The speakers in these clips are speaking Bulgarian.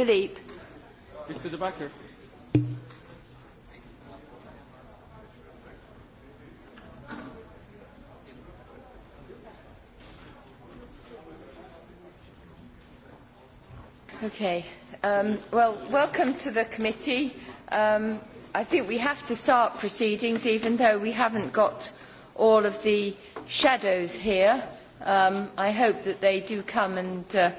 Philippe. Mr. De Backer. Okay. Um, well, welcome to the committee. Um, I think we have to start proceedings, even though we haven't got all of the shadows here. Um, I hope that they do come and uh,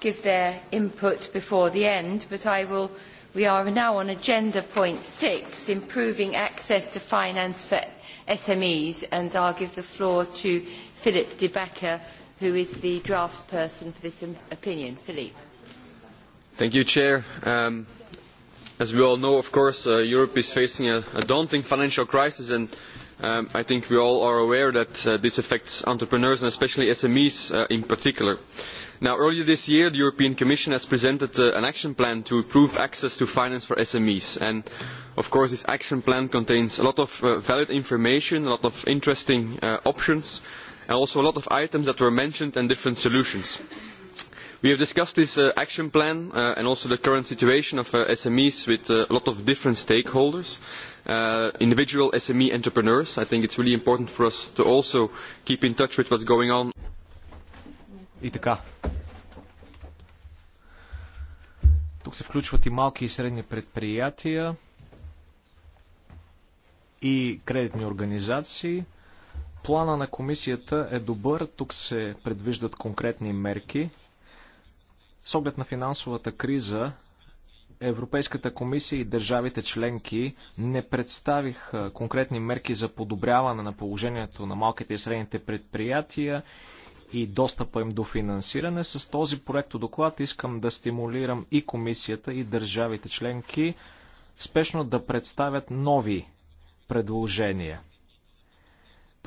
give their input before the end, but I will, we are now on agenda point six, improving access to finance for SMEs, and I'll give the floor to Philip De Backer, who is the draftsperson for this opinion. Philip. Thank you, Chair. as we all know, of course, Europe is facing a, daunting financial crisis, and I think we all are aware that this affects entrepreneurs and especially SMEs in particular. earlier this year, the European Commission has presented an action plan to improve access to finance for SMEs. And of course, this action plan contains a lot of valid information, a lot of interesting options, and also a lot of items that were mentioned and different solutions. We have discussed this action plan and also the current situation of SMEs with a lot of different stakeholders, individual SME entrepreneurs. I think it's really important for us to also keep in touch with what's going on. И така. Тук се включват и малки и средни предприятия и кредитни организации. Плана на комисията е добър. Тук се предвиждат конкретни мерки. С оглед на финансовата криза, Европейската комисия и държавите членки не представиха конкретни мерки за подобряване на положението на малките и средните предприятия и достъпа им до финансиране. С този проект доклад искам да стимулирам и комисията, и държавите членки спешно да представят нови предложения –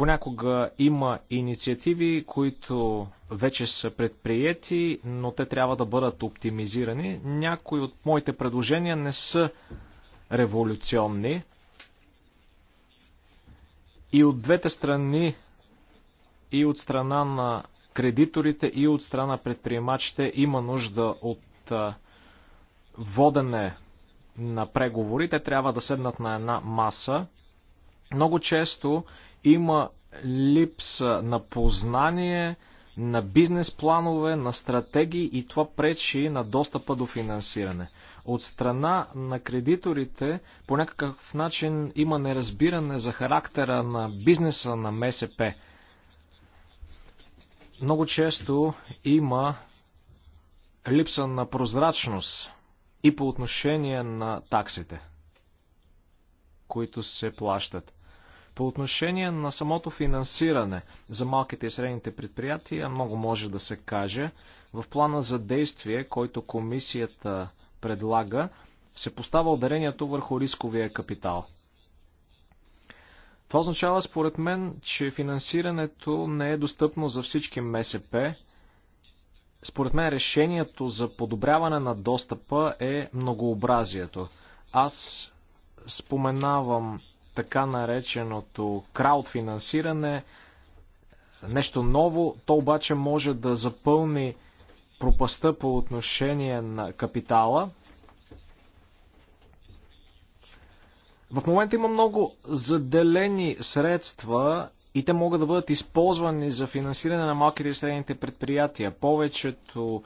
Понякога има инициативи, които вече са предприяти, но те трябва да бъдат оптимизирани. Някои от моите предложения не са революционни. И от двете страни, и от страна на кредиторите, и от страна на предприемачите има нужда от водене на преговори. Те трябва да седнат на една маса. Много често има липса на познание, на бизнес планове, на стратегии и това пречи на достъпа до финансиране. От страна на кредиторите по някакъв начин има неразбиране за характера на бизнеса на МСП. Много често има липса на прозрачност и по отношение на таксите, които се плащат. По отношение на самото финансиране за малките и средните предприятия, много може да се каже. В плана за действие, който комисията предлага, се поставя ударението върху рисковия капитал. Това означава, според мен, че финансирането не е достъпно за всички МСП. Според мен решението за подобряване на достъпа е многообразието. Аз споменавам така нареченото краудфинансиране, нещо ново, то обаче може да запълни пропаста по отношение на капитала. В момента има много заделени средства и те могат да бъдат използвани за финансиране на малките и средните предприятия. Повечето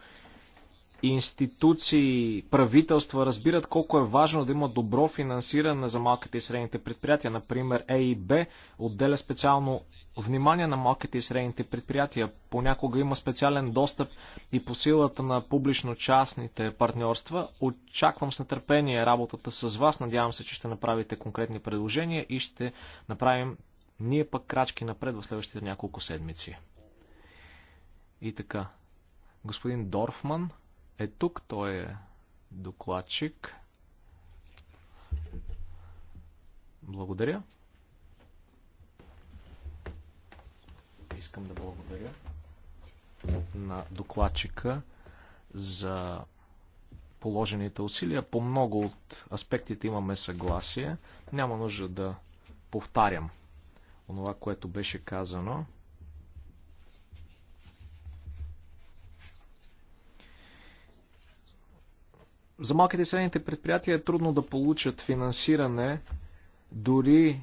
институции, правителства разбират колко е важно да има добро финансиране за малките и средните предприятия. Например, ЕИБ отделя специално внимание на малките и средните предприятия. Понякога има специален достъп и по силата на публично-частните партньорства. Очаквам с нетърпение работата с вас. Надявам се, че ще направите конкретни предложения и ще направим ние пък крачки напред в следващите няколко седмици. И така. Господин Дорфман е тук, той е докладчик. Благодаря. Искам да благодаря на докладчика за положените усилия. По много от аспектите имаме съгласие. Няма нужда да повтарям онова, което беше казано. За малките и средните предприятия е трудно да получат финансиране дори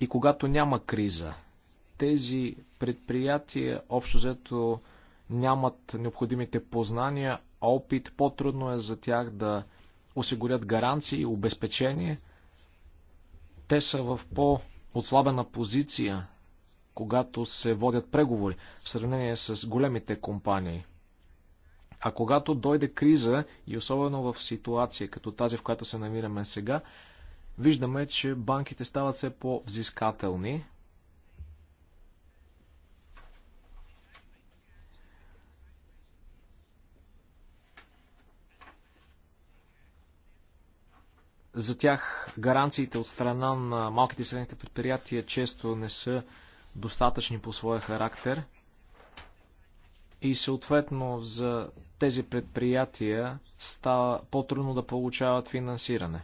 и когато няма криза. Тези предприятия общо взето нямат необходимите познания, опит, по-трудно е за тях да осигурят гаранции, обезпечение. Те са в по-отслабена позиция, когато се водят преговори в сравнение с големите компании – а когато дойде криза и особено в ситуация като тази, в която се намираме сега, виждаме, че банките стават все по-взискателни. За тях гаранциите от страна на малките и средните предприятия често не са достатъчни по своя характер – и съответно за тези предприятия става по-трудно да получават финансиране.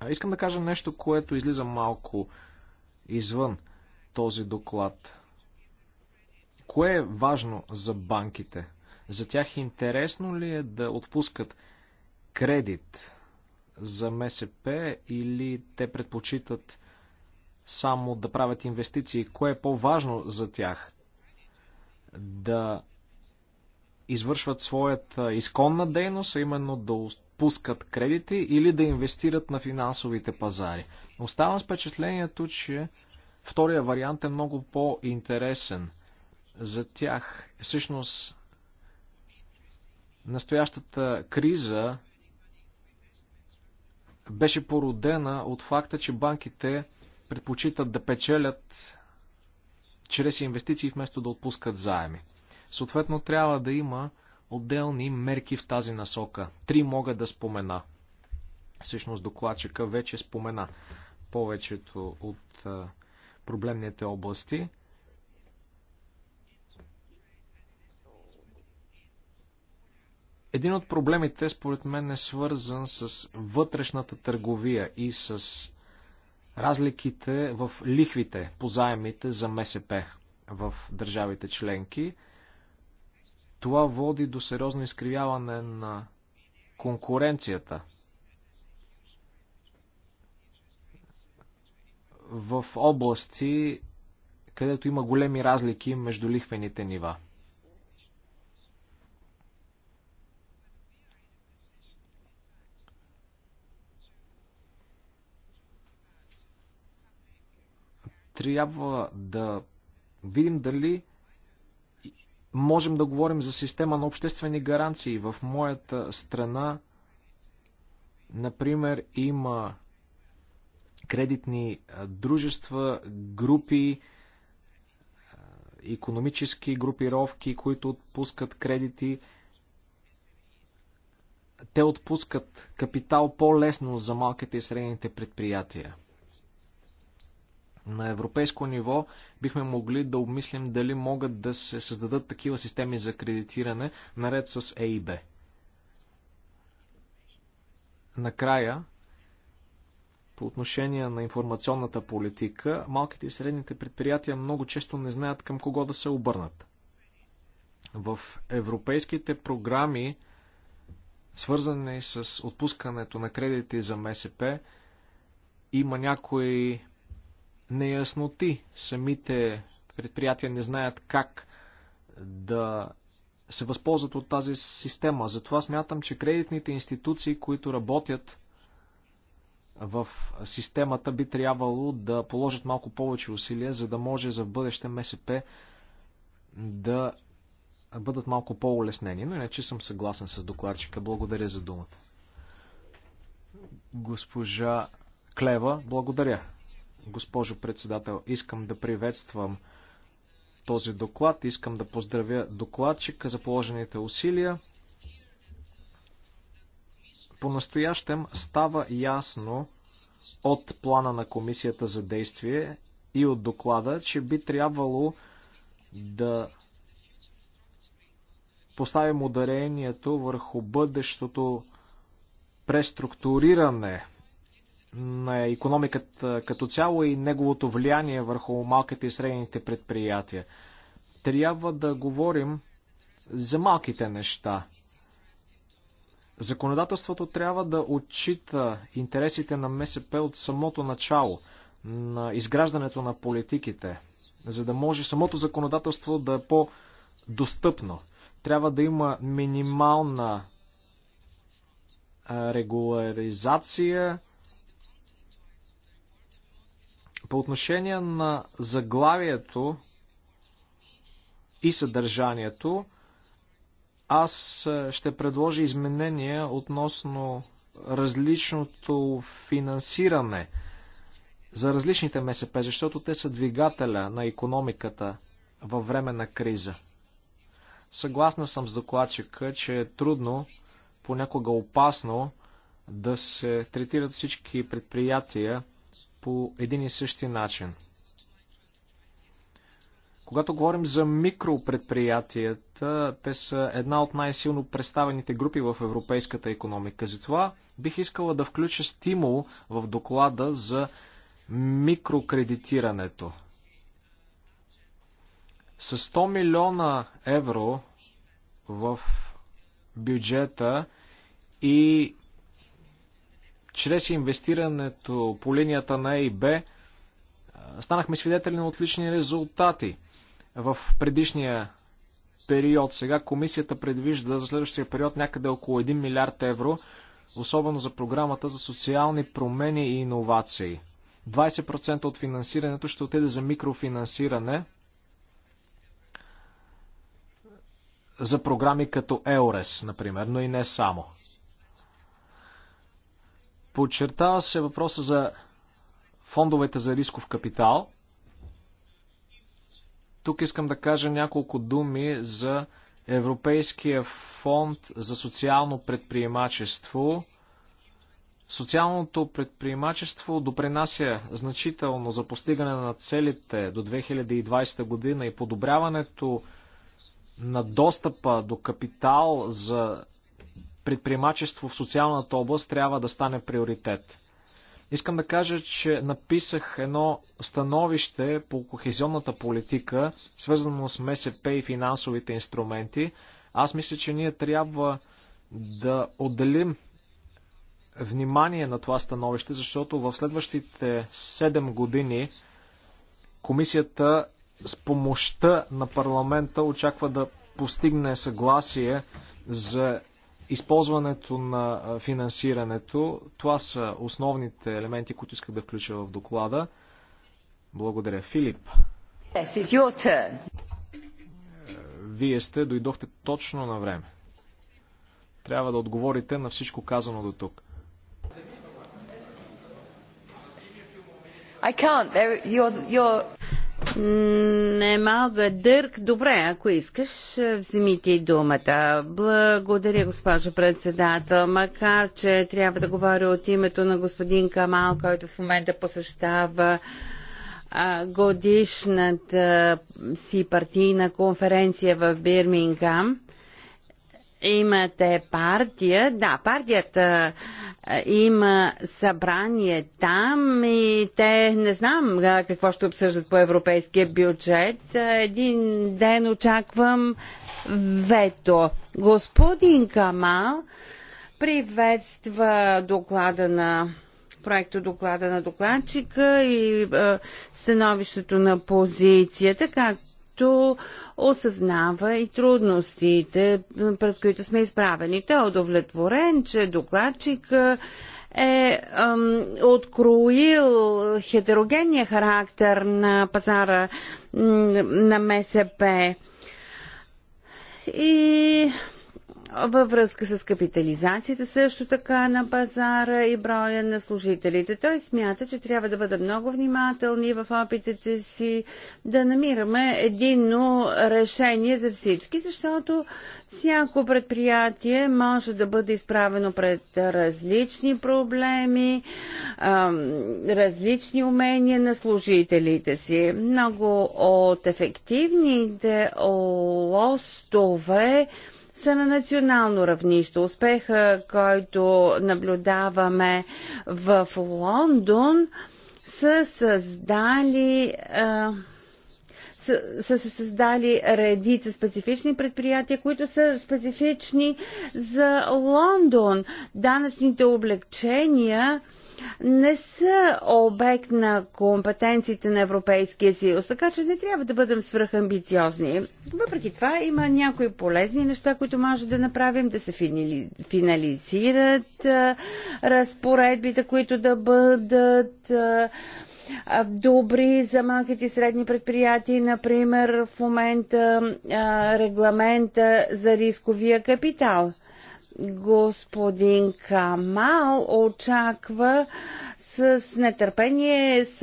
А искам да кажа нещо, което излиза малко извън този доклад. Кое е важно за банките? За тях интересно ли е да отпускат кредит за МСП или те предпочитат само да правят инвестиции? Кое е по-важно за тях? Да извършват своята изконна дейност, а именно да пускат кредити или да инвестират на финансовите пазари. Оставам с впечатлението, че втория вариант е много по-интересен за тях. Всъщност, настоящата криза беше породена от факта, че банките предпочитат да печелят чрез инвестиции, вместо да отпускат заеми. Съответно, трябва да има отделни мерки в тази насока. Три мога да спомена. Всъщност докладчика вече спомена повечето от проблемните области – Един от проблемите, според мен, е свързан с вътрешната търговия и с разликите в лихвите по заемите за МСП в държавите членки. Това води до сериозно изкривяване на конкуренцията. В области, където има големи разлики между лихвените нива. трябва да видим дали можем да говорим за система на обществени гаранции. В моята страна, например, има кредитни дружества, групи, економически групировки, които отпускат кредити. Те отпускат капитал по-лесно за малките и средните предприятия. На европейско ниво бихме могли да обмислим дали могат да се създадат такива системи за кредитиране наред с Е и Б. Накрая, по отношение на информационната политика, малките и средните предприятия много често не знаят към кого да се обърнат. В европейските програми, свързани с отпускането на кредити за МСП, има някои неясноти. Самите предприятия не знаят как да се възползват от тази система. Затова смятам, че кредитните институции, които работят в системата, би трябвало да положат малко повече усилия, за да може за бъдеще МСП да бъдат малко по-улеснени. Но иначе съм съгласен с докладчика. Благодаря за думата. Госпожа Клева, благодаря госпожо председател. Искам да приветствам този доклад. Искам да поздравя докладчика за положените усилия. По-настоящем става ясно от плана на комисията за действие и от доклада, че би трябвало да поставим ударението върху бъдещото преструктуриране на економиката като цяло и неговото влияние върху малките и средните предприятия. Трябва да говорим за малките неща. Законодателството трябва да отчита интересите на МСП от самото начало на изграждането на политиките, за да може самото законодателство да е по-достъпно. Трябва да има минимална регуларизация, по отношение на заглавието и съдържанието, аз е, ще предложа изменения относно различното финансиране за различните МСП, защото те са двигателя на економиката във време на криза. Съгласна съм с докладчика, че е трудно, понякога опасно да се третират всички предприятия по един и същи начин. Когато говорим за микропредприятията, те са една от най-силно представените групи в европейската економика. Затова бих искала да включа стимул в доклада за микрокредитирането. С 100 милиона евро в бюджета и чрез инвестирането по линията на Б, станахме свидетели на отлични резултати в предишния период. Сега комисията предвижда за следващия период някъде около 1 милиард евро, особено за програмата за социални промени и иновации. 20% от финансирането ще отиде за микрофинансиране за програми като EURES, например, но и не само. Подчертава се въпроса за фондовете за рисков капитал. Тук искам да кажа няколко думи за Европейския фонд за социално предприемачество. Социалното предприемачество допринася значително за постигане на целите до 2020 година и подобряването на достъпа до капитал за предприемачество в социалната област трябва да стане приоритет. Искам да кажа, че написах едно становище по кохезионната политика, свързано с МСП и финансовите инструменти. Аз мисля, че ние трябва да отделим внимание на това становище, защото в следващите 7 години комисията с помощта на парламента очаква да постигне съгласие за използването на финансирането. Това са основните елементи, които исках да включа в доклада. Благодаря. Филип. Yes, Вие сте, дойдохте точно на време. Трябва да отговорите на всичко казано до тук. I can't. You're, you're... Не мога, е Дърк. Добре, ако искаш, е, вземи ти думата. Благодаря, госпожо председател. Макар, че трябва да говоря от името на господин Камал, който в момента посещава годишната си партийна конференция в Бирмингам имате партия, да, партията е, има събрание там и те не знам е, какво ще обсъждат по европейския бюджет. Е, един ден очаквам вето. Господин Камал приветства доклада на проекто доклада на докладчика и становището на позицията, както който осъзнава и трудностите, пред които сме изправени. Той е удовлетворен, че докладчик е ам, откроил хетерогенния характер на пазара на МСП. И във връзка с капитализацията също така на пазара и броя на служителите. Той смята, че трябва да бъдем много внимателни в опитите си да намираме единно решение за всички, защото всяко предприятие може да бъде изправено пред различни проблеми, различни умения на служителите си. Много от ефективните лостове, са на национално равнище. Успеха, който наблюдаваме в Лондон, са създали а, са се създали редица специфични предприятия, които са специфични за Лондон. Данъчните облегчения не са обект на компетенциите на Европейския съюз, така че не трябва да бъдем свръхамбициозни. Въпреки това има някои полезни неща, които може да направим, да се финализират разпоредбите, които да бъдат добри за малките и средни предприятия. Например, в момента регламента за рисковия капитал – господин Камал очаква с нетърпение с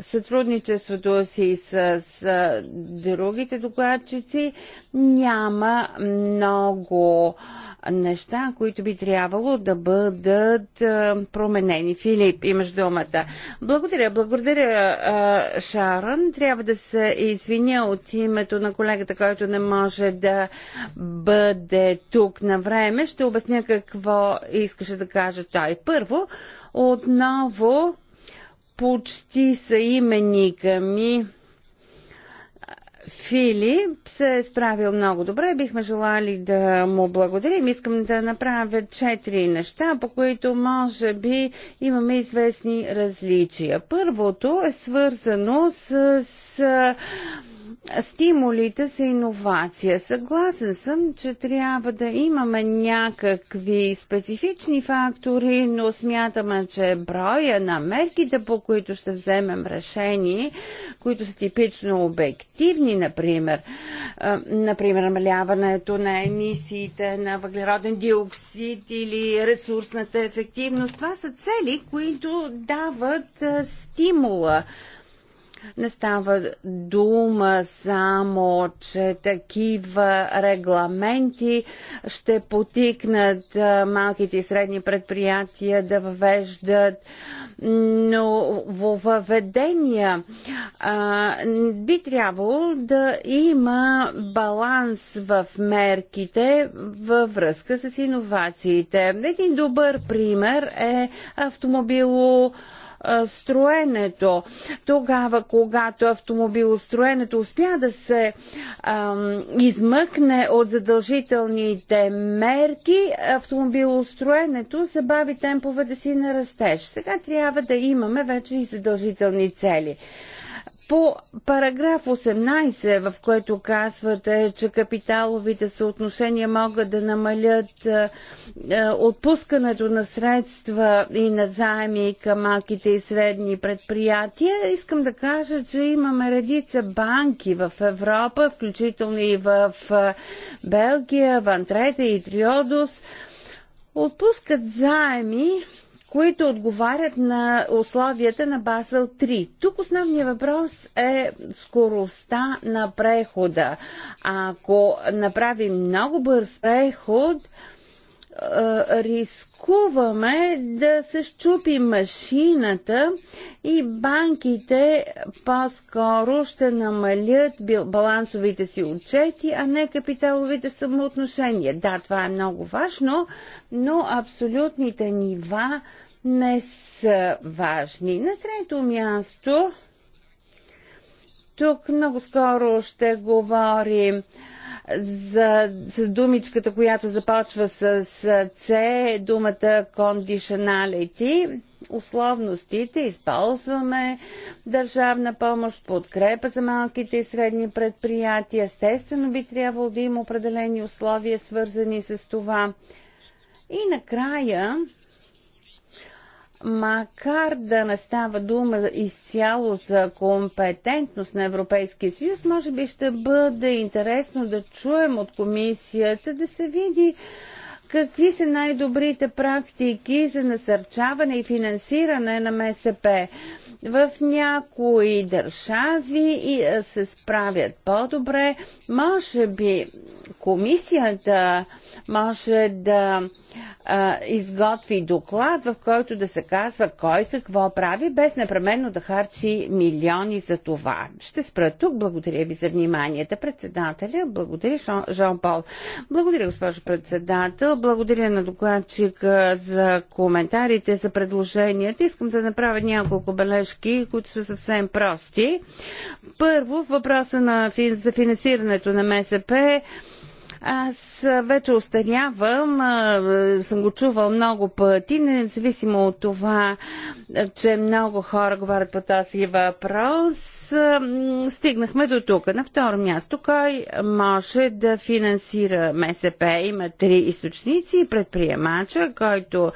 сътрудничеството си с, другите докладчици. Няма много неща, които би трябвало да бъдат променени. Филип, имаш думата. Благодаря, благодаря, Шаран. Трябва да се извиня от името на колегата, който не може да бъде тук на време. Ще обясня какво искаше да каже той. Първо, отново почти са именика ми Филип се е справил много добре. Бихме желали да му благодарим. Искам да направя четири неща, по които може би имаме известни различия. Първото е свързано с, с стимулите са иновация. Съгласен съм, че трябва да имаме някакви специфични фактори, но смятаме, че броя на мерките, по които ще вземем решение, които са типично обективни, например, например, намаляването на емисиите на въглероден диоксид или ресурсната ефективност, това са цели, които дават стимула не става дума само, че такива регламенти ще потикнат малките и средни предприятия да въвеждат но въведения Би трябвало да има баланс в мерките във връзка с иновациите. Един добър пример е автомобило строенето. Тогава, когато автомобилостроенето успя да се ам, измъкне от задължителните мерки, автомобилостроенето забави темповете си на растеж. Сега трябва да имаме вече и задължителни цели по параграф 18, в който казвате, че капиталовите съотношения могат да намалят е, е, отпускането на средства и на заеми към малките и средни предприятия, искам да кажа, че имаме редица банки в Европа, включително и в е, Белгия, Вантрета и Триодос, отпускат заеми които отговарят на условията на Базел 3. Тук основният въпрос е скоростта на прехода. Ако направим много бърз преход, рискуваме да се щупи машината и банките по-скоро ще намалят балансовите си отчети, а не капиталовите самоотношения. Да, това е много важно, но абсолютните нива не са важни. На трето място, тук много скоро ще говорим за, с думичката, която започва с, с C, думата conditionality, условностите, използваме държавна помощ, подкрепа за малките и средни предприятия. Естествено би трябвало да има определени условия, свързани с това. И накрая макар да не става дума изцяло за компетентност на Европейския съюз, може би ще бъде интересно да чуем от комисията да се види какви са най-добрите практики за насърчаване и финансиране на МСП. В някои държави и се справят по-добре. Може би комисията може да а, изготви доклад, в който да се казва кой какво прави, без непременно да харчи милиони за това. Ще спра тук. Благодаря ви за вниманието. Председателя, благодаря Жан Пол. Благодаря, госпожо председател. Благодаря на докладчик за коментарите, за предложенията. Искам да направя няколко бележки бележки, които са съвсем прости. Първо, въпроса на, за финансирането на МСП. Аз вече остарявам, съм го чувал много пъти, независимо от това, че много хора говорят по този въпрос. Стигнахме до тук. На второ място, кой може да финансира МСП? Има три източници. Предприемача, който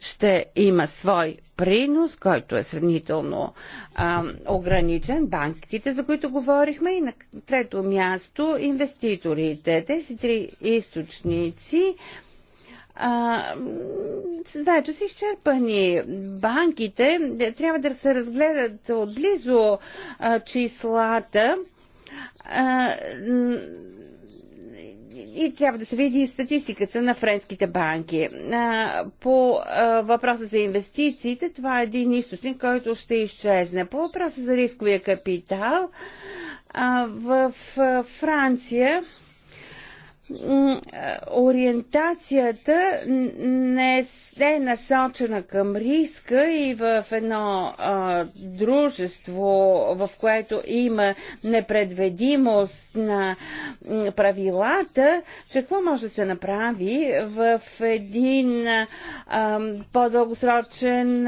ще има свой принос, който е сравнително а, ограничен, банките, за които говорихме, и на трето място инвеститорите. Тези три източници а, вече са изчерпани. Банките трябва да се разгледат отблизо а, числата. А, и трябва да се види статистиката на френските банки. По въпроса за инвестициите, това е един източник, който ще изчезне. По въпроса за рисковия капитал, в Франция ориентацията не е насочена към риска и в едно а, дружество, в което има непредведимост на правилата, какво може да се направи в един по-дългосрочен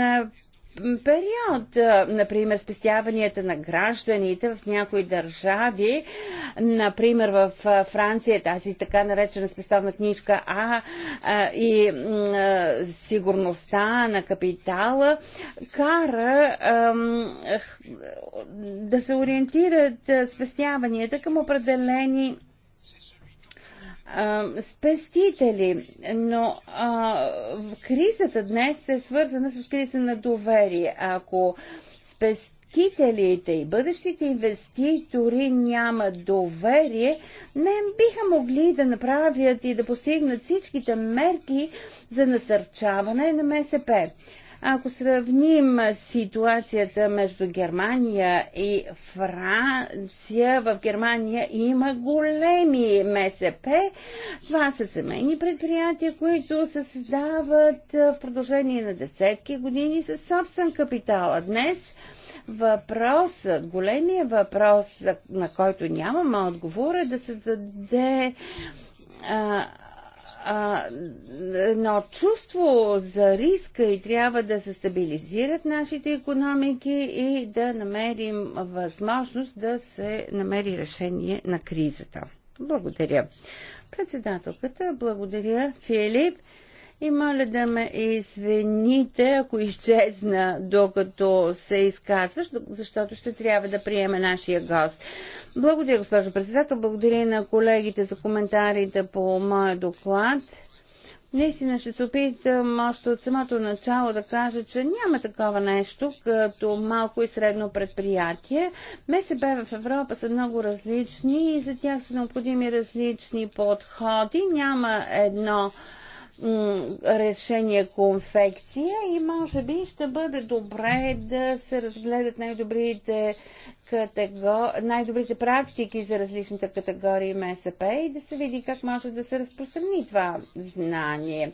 период. Например, спестяванията на гражданите в някои държави, например в Франция, е тази така наречена спестовна книжка А и сигурността на капитала, кара да се ориентират спестяванията към определени спестители, но а, кризата днес е свързана с криза на доверие. Ако спестителите и бъдещите инвеститори нямат доверие, не биха могли да направят и да постигнат всичките мерки за насърчаване на МСП. Ако сравним ситуацията между Германия и Франция, в Германия има големи МСП. Това са семейни предприятия, които се създават в продължение на десетки години със собствен капитал. А днес въпросът, големия въпрос, на който нямаме отговор, е да се даде а, а, едно чувство за риска и трябва да се стабилизират нашите економики и да намерим възможност да се намери решение на кризата. Благодаря. Председателката, благодаря, Филип. И моля да ме извините, ако изчезна докато се изказваш, защото ще трябва да приеме нашия гост. Благодаря, госпожо председател. Благодаря на колегите за коментарите по моя доклад. Наистина ще се опитам още от самото начало да кажа, че няма такова нещо като малко и средно предприятие. МСБ в Европа са много различни и за тях са необходими различни подходи. Няма едно решение конфекция и може би ще бъде добре да се разгледат най-добрите катего... най-добрите практики за различните категории МСП и да се види как може да се разпространи това знание.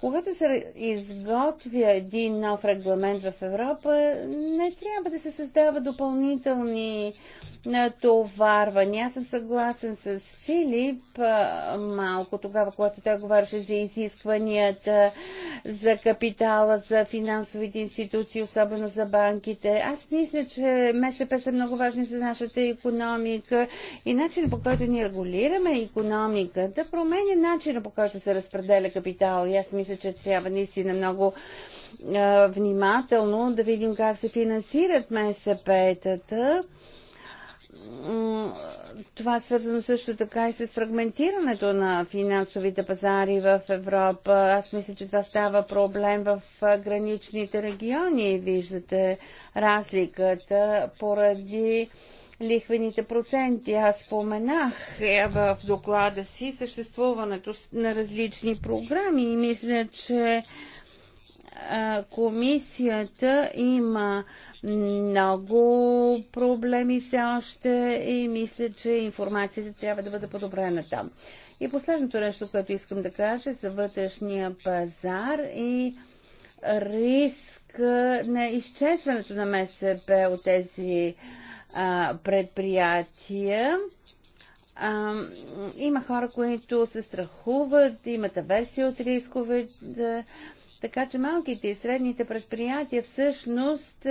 Когато се изготвя един нов регламент в Европа, не трябва да се създават допълнителни натоварване. Аз съм съгласен с Филип малко тогава, когато той говореше за изискванията за капитала, за финансовите институции, особено за банките. Аз мисля, че МСП са много важни за нашата економика и начинът по който ни регулираме економиката да променя начина по който се разпределя капитал. И аз мисля, че трябва наистина много внимателно да видим как се финансират МСП-тата това е свързано също така и с фрагментирането на финансовите пазари в Европа. Аз мисля, че това става проблем в граничните региони. Виждате разликата поради лихвените проценти. Аз споменах е, в доклада си съществуването на различни програми и мисля, че комисията има много проблеми все още и мисля, че информацията трябва да бъде подобрена там. И последното нещо, което искам да кажа за вътрешния пазар и риск на изчезването на МСП от тези а, предприятия. А, има хора, които се страхуват, имат аверсия от рисковете. Да, така че малките и средните предприятия всъщност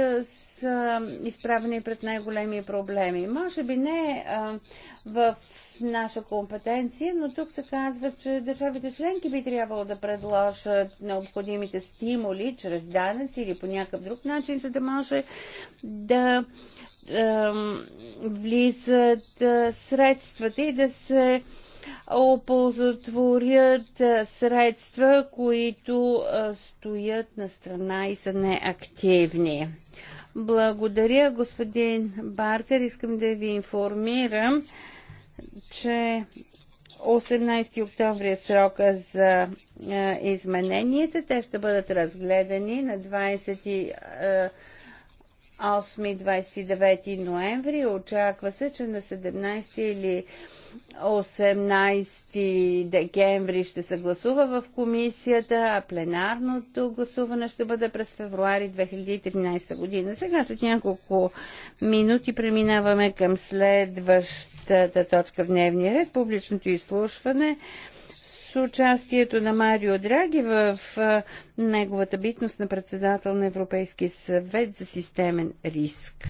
са изправени пред най-големи проблеми. Може би не а, в наша компетенция, но тук се казва, че държавите членки би трябвало да предложат необходимите стимули чрез данъци или по някакъв друг начин, за да може да влизат средствата и да се оползотворят средства, които стоят на страна и са неактивни. Благодаря, господин Баркер. Искам да ви информирам, че 18 октомври е срока за изменението. измененията. Те ще бъдат разгледани на 20. 8-29 ноември. Очаква се, че на 17 или 18 декември ще се гласува в комисията, а пленарното гласуване ще бъде през февруари 2013 година. Сега след няколко минути преминаваме към следващата точка в дневния ред – публичното изслушване с участието на Марио Драги в неговата битност на председател на Европейския съвет за системен риск.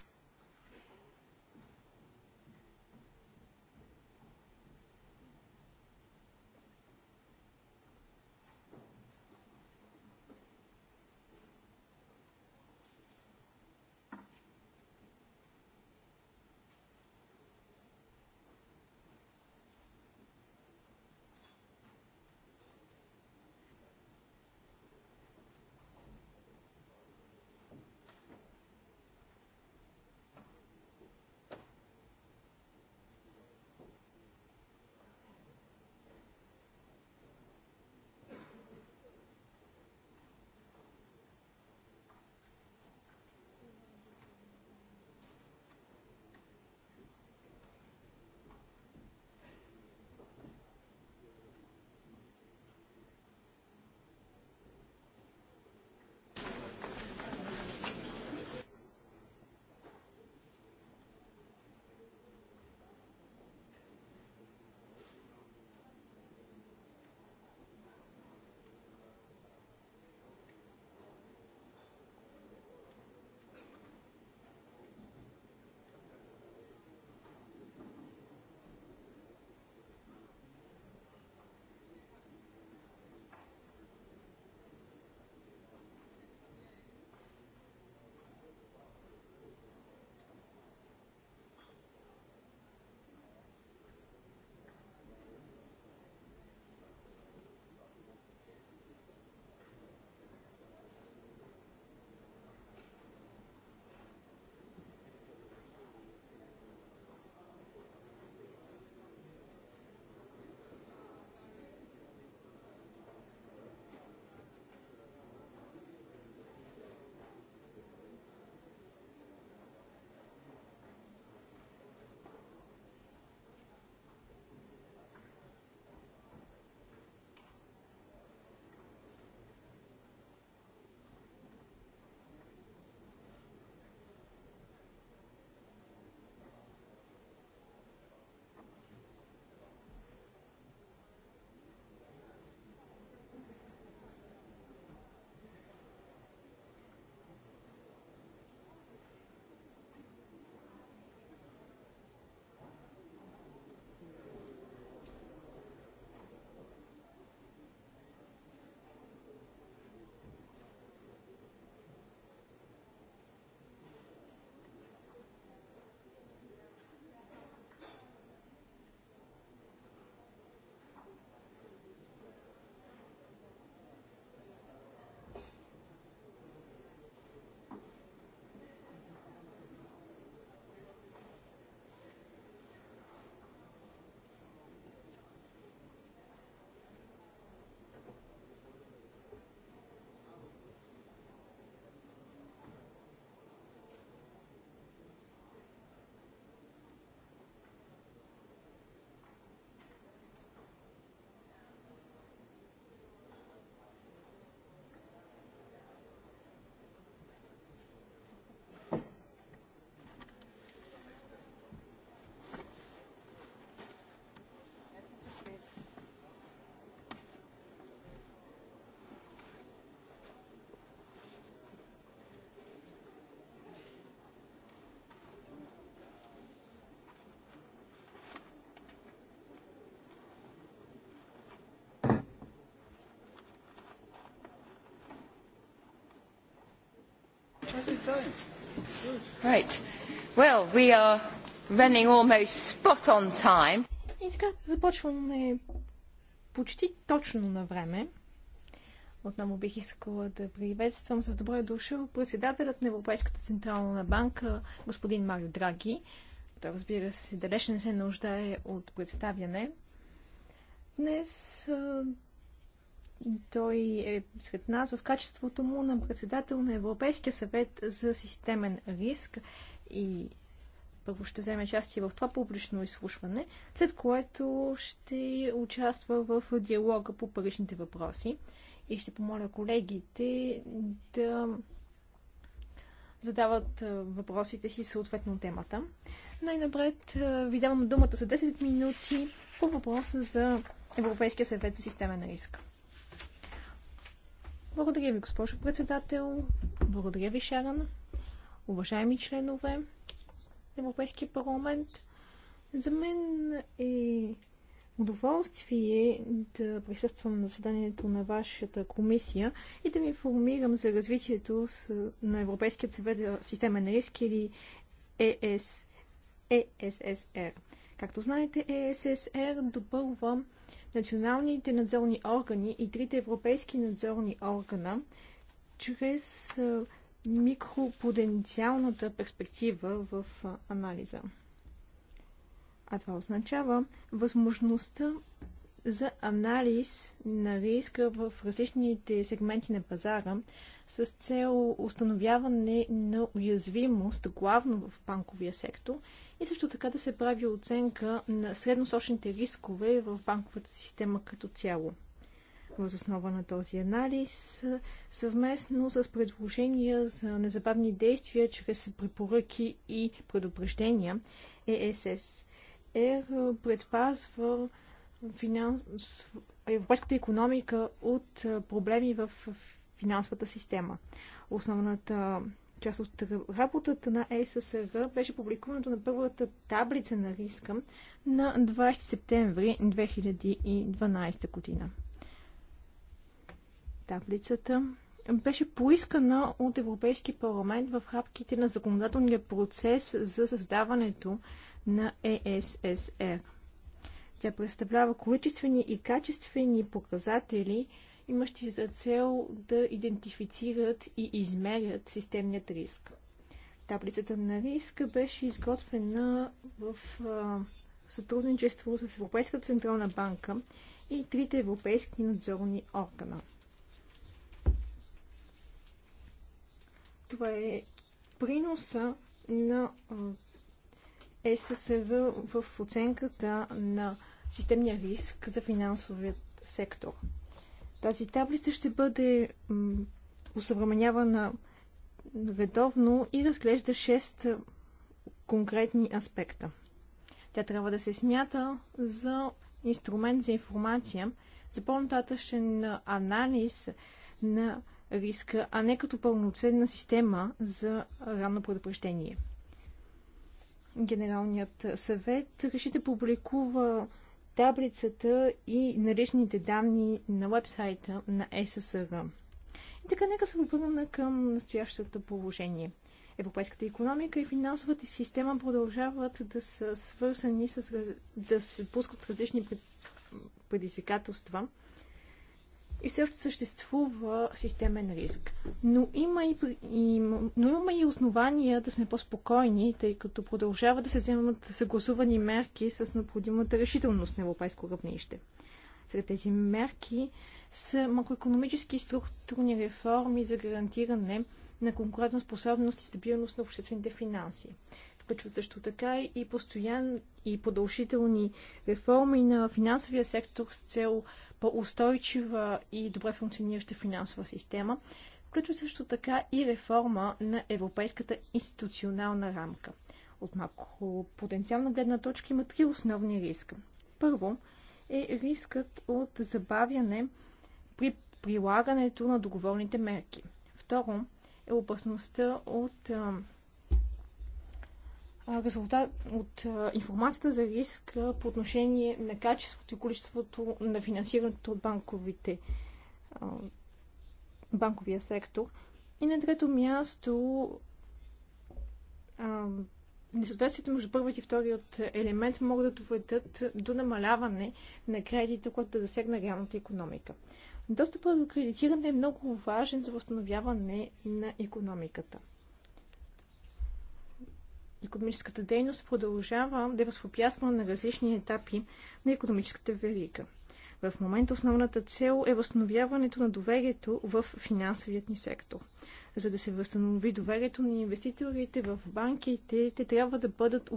Right. Well, we are running almost spot on time. И така, започваме почти точно на време. Отново бих искала да приветствам с добре дошъл председателят на Европейската централна банка, господин Марио Драги. Той, разбира се, далеч не се нуждае от представяне. Днес той е сред нас в качеството му на председател на Европейския съвет за системен риск и първо ще вземе участие в това публично изслушване, след което ще участва в диалога по паричните въпроси и ще помоля колегите да задават въпросите си съответно темата. Най-напред ви давам думата за 10 минути по въпроса за Европейския съвет за системен риск. Благодаря ви, госпожо председател. Благодаря ви, Шаран. Уважаеми членове на Европейския парламент, за мен е удоволствие да присъствам на заседанието на вашата комисия и да ви информирам за развитието на Европейския съвет за системен риск или ЕС, e ЕССР. E Както знаете, ЕССР e допълва националните надзорни органи и трите европейски надзорни органа чрез микропотенциалната перспектива в анализа. А това означава възможността за анализ на риска в различните сегменти на пазара с цел установяване на уязвимост, главно в банковия сектор, и също така да се прави оценка на средносрочните рискове в банковата система като цяло. Въз основа на този анализ, съвместно с предложения за незабавни действия чрез препоръки и предупреждения, ЕСС предпазва финанс... европейската економика от проблеми в финансовата система. Основната Част от работата на ЕССР беше публикуването на първата таблица на риска на 20 септември 2012 година. Таблицата беше поискана от Европейски парламент в рамките на законодателния процес за създаването на ЕССР. Тя представлява количествени и качествени показатели имащи за цел да идентифицират и измерят системният риск. Таблицата на риска беше изготвена в сътрудничество с Европейската централна банка и трите европейски надзорни органа. Това е приноса на ССВ в оценката на системния риск за финансовият сектор. Тази таблица ще бъде усъвременявана редовно и разглежда 6 конкретни аспекта. Тя трябва да се смята за инструмент за информация, за по-нататъчен анализ на риска, а не като пълноценна система за ранно предупреждение. Генералният съвет реши да публикува таблицата и наличните данни на вебсайта на ССР. И така, нека се обърна към настоящото положение. Европейската економика и финансовата система продължават да са свързани с да се пускат различни предизвикателства, и все още съществува системен риск. Но има и, и, но има и основания да сме по-спокойни, тъй като продължава да се вземат съгласувани мерки с необходимата решителност на европейско равнище. Сред тези мерки са макроекономически и структурни реформи за гарантиране на конкурентоспособност и стабилност на обществените финанси включват също така и постоянни и продължителни реформи на финансовия сектор с цел по-устойчива и добре функционираща финансова система, включва също така и реформа на европейската институционална рамка. От малко потенциална гледна точка има три основни риска. Първо е рискът от забавяне при прилагането на договорните мерки. Второ е опасността от резултат от информацията за риск по отношение на качеството и количеството на финансирането от банковите, банковия сектор. И на трето място несъответствието между първият и вторият елемент могат да доведат до намаляване на кредита, което да засегне реалната економика. Достъпът до кредитиране е много важен за възстановяване на економиката економическата дейност продължава да е възпопясва на различни етапи на економическата верига. В момента основната цел е възстановяването на доверието в финансовият ни сектор. За да се възстанови доверието на инвеститорите в банките, те трябва да бъдат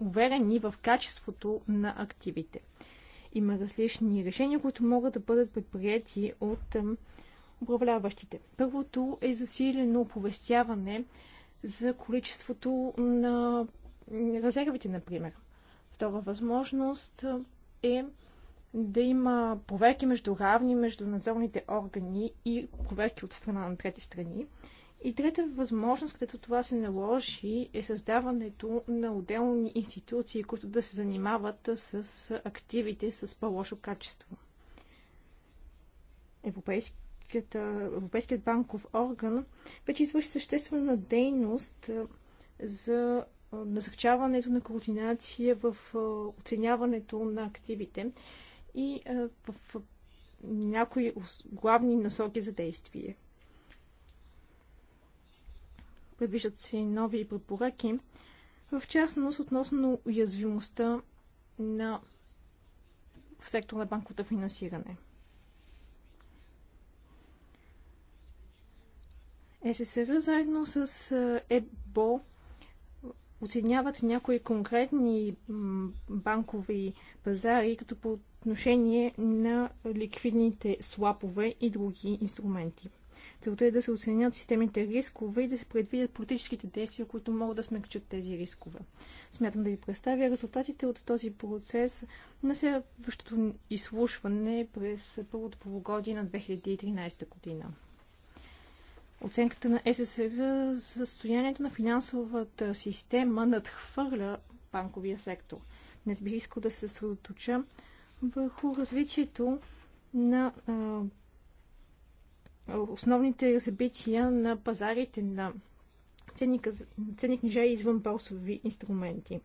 уверени в качеството на активите. Има различни решения, които могат да бъдат предприяти от управляващите. Първото е засилено оповестяване за количеството на резервите, например. Втора възможност е да има проверки между равни, между надзорните органи и проверки от страна на трети страни. И трета възможност, където това се наложи, е създаването на отделни институции, които да се занимават с активите с по-лошо качество. Европейски Европейският банков орган вече извърши съществена дейност за насърчаването на координация в оценяването на активите и в някои главни насоки за действие. Предвиждат се нови препоръки, в частност относно уязвимостта на в сектор на банковото финансиране. СССР, заедно с ЕБО оценяват някои конкретни банкови пазари, като по отношение на ликвидните слапове и други инструменти. Целта е да се оценят системните рискове и да се предвидят политическите действия, които могат да смекчат тези рискове. Смятам да ви представя резултатите от този процес на следващото изслушване през първото полугодие на 2013 година. Оценката на ССР за състоянието на финансовата система надхвърля банковия сектор. Днес бих искал да се съсредоточа върху развитието на а, основните събития на пазарите на ценни, ценни книжа и извън борсови инструменти.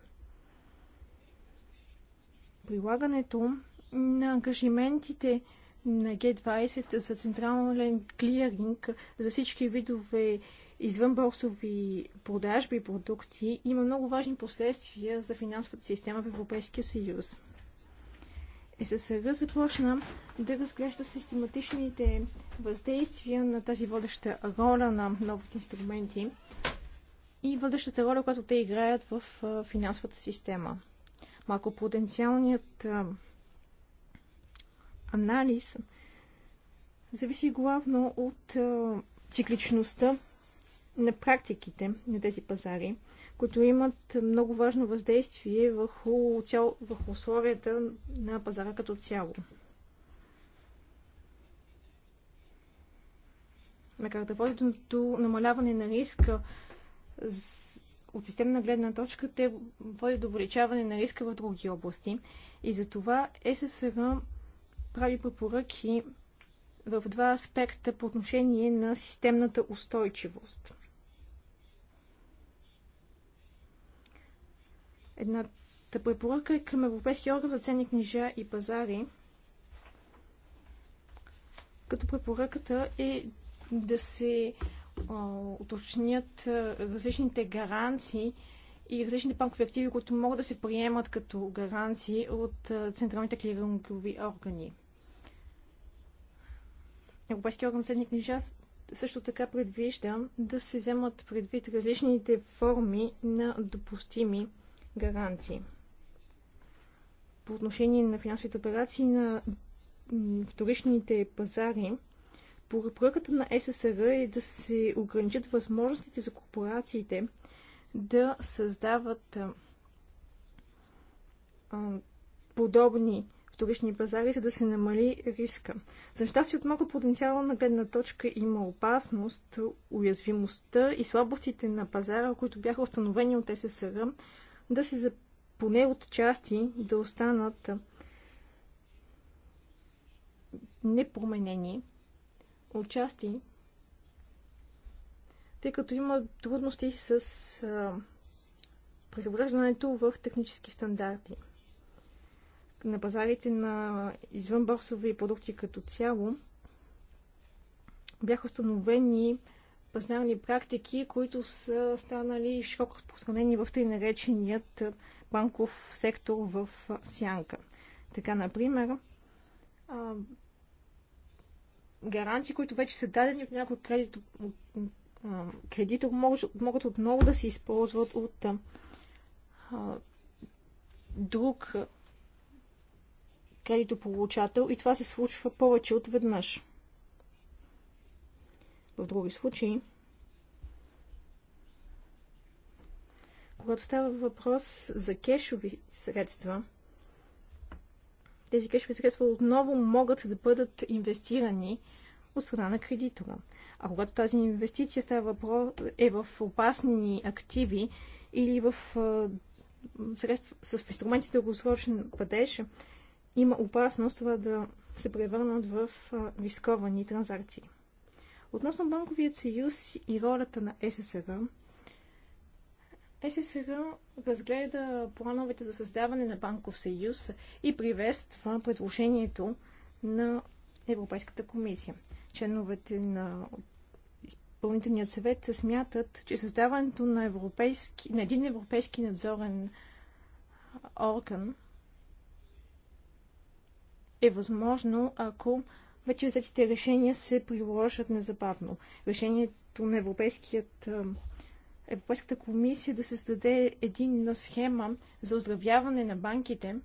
Прилагането на ангажиментите на Г20 за централен клиринг за всички видове извънборсови продажби и продукти има много важни последствия за финансовата система в Европейския съюз. ССР започна да разглежда систематичните въздействия на тази водеща роля на новите инструменти и водещата роля, която те играят в финансовата система. Макропотенциалният потенциалният анализ зависи главно от цикличността на практиките на тези пазари, които имат много важно въздействие върху, цяло, върху условията на пазара като цяло. Макар да води до намаляване на риска от системна гледна точка, те водят до увеличаване на риска в други области. И за това ССР прави препоръки в два аспекта по отношение на системната устойчивост. Едната препоръка е към Европейския орган за ценни книжа и пазари, като препоръката е да се уточнят различните гаранции и различните банкови активи, които могат да се приемат като гаранции от централните клирингови органи. Европейския орган за книжа също така предвижда да се вземат предвид различните форми на допустими гаранции. По отношение на финансовите операции на вторичните пазари, препоръката на ССР е да се ограничат възможностите за корпорациите да създават подобни вторични пазари, за да се намали риска. За нещастие от малко потенциална гледна точка има опасност, уязвимостта и слабостите на пазара, които бяха установени от СССР, да се поне от части да останат непроменени от части. тъй като има трудности с превръщането в технически стандарти на пазарите на извънборсови продукти като цяло, бяха установени пазарни практики, които са станали широко разпространени в тъй нареченият банков сектор в Сянка. Така, например, гаранции, които вече са дадени от някой кредитор, кредитор могат отново да се използват от друг кредитополучател и това се случва повече от веднъж. В други случаи, когато става въпрос за кешови средства, тези кешови средства отново могат да бъдат инвестирани от страна на кредитора. А когато тази инвестиция става въпрос, е в опасни активи или в средства, с инструменти с дългосрочен падеж, има опасност това да се превърнат в рисковани транзакции. Относно Банковият съюз и ролята на ССР, ССР разгледа плановете за създаване на Банков съюз и приветства предложението на Европейската комисия. Членовете на изпълнителният съвет се смятат, че създаването на, европейски, на един европейски надзорен орган е възможно, ако вече взетите решения се приложат незабавно. Решението на Европейският, Европейската комисия да създаде единна схема за оздравяване на банките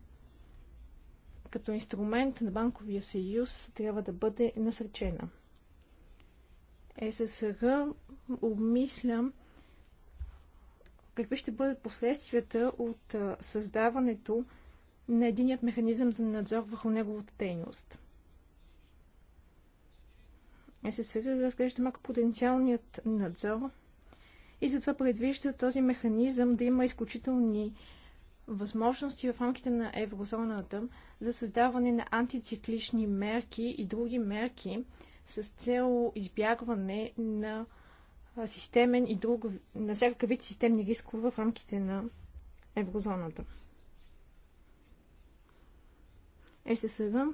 като инструмент на банковия съюз трябва да бъде насърчена. ССР обмисля какви ще бъдат последствията от създаването на единият механизъм за надзор върху неговата дейност. ССР разглежда малко потенциалният надзор и затова предвижда този механизъм да има изключителни възможности в рамките на еврозоната за създаване на антициклични мерки и други мерки с цел избягване на системен и друг, на всякакъв вид системни рискове в рамките на еврозоната. ССР,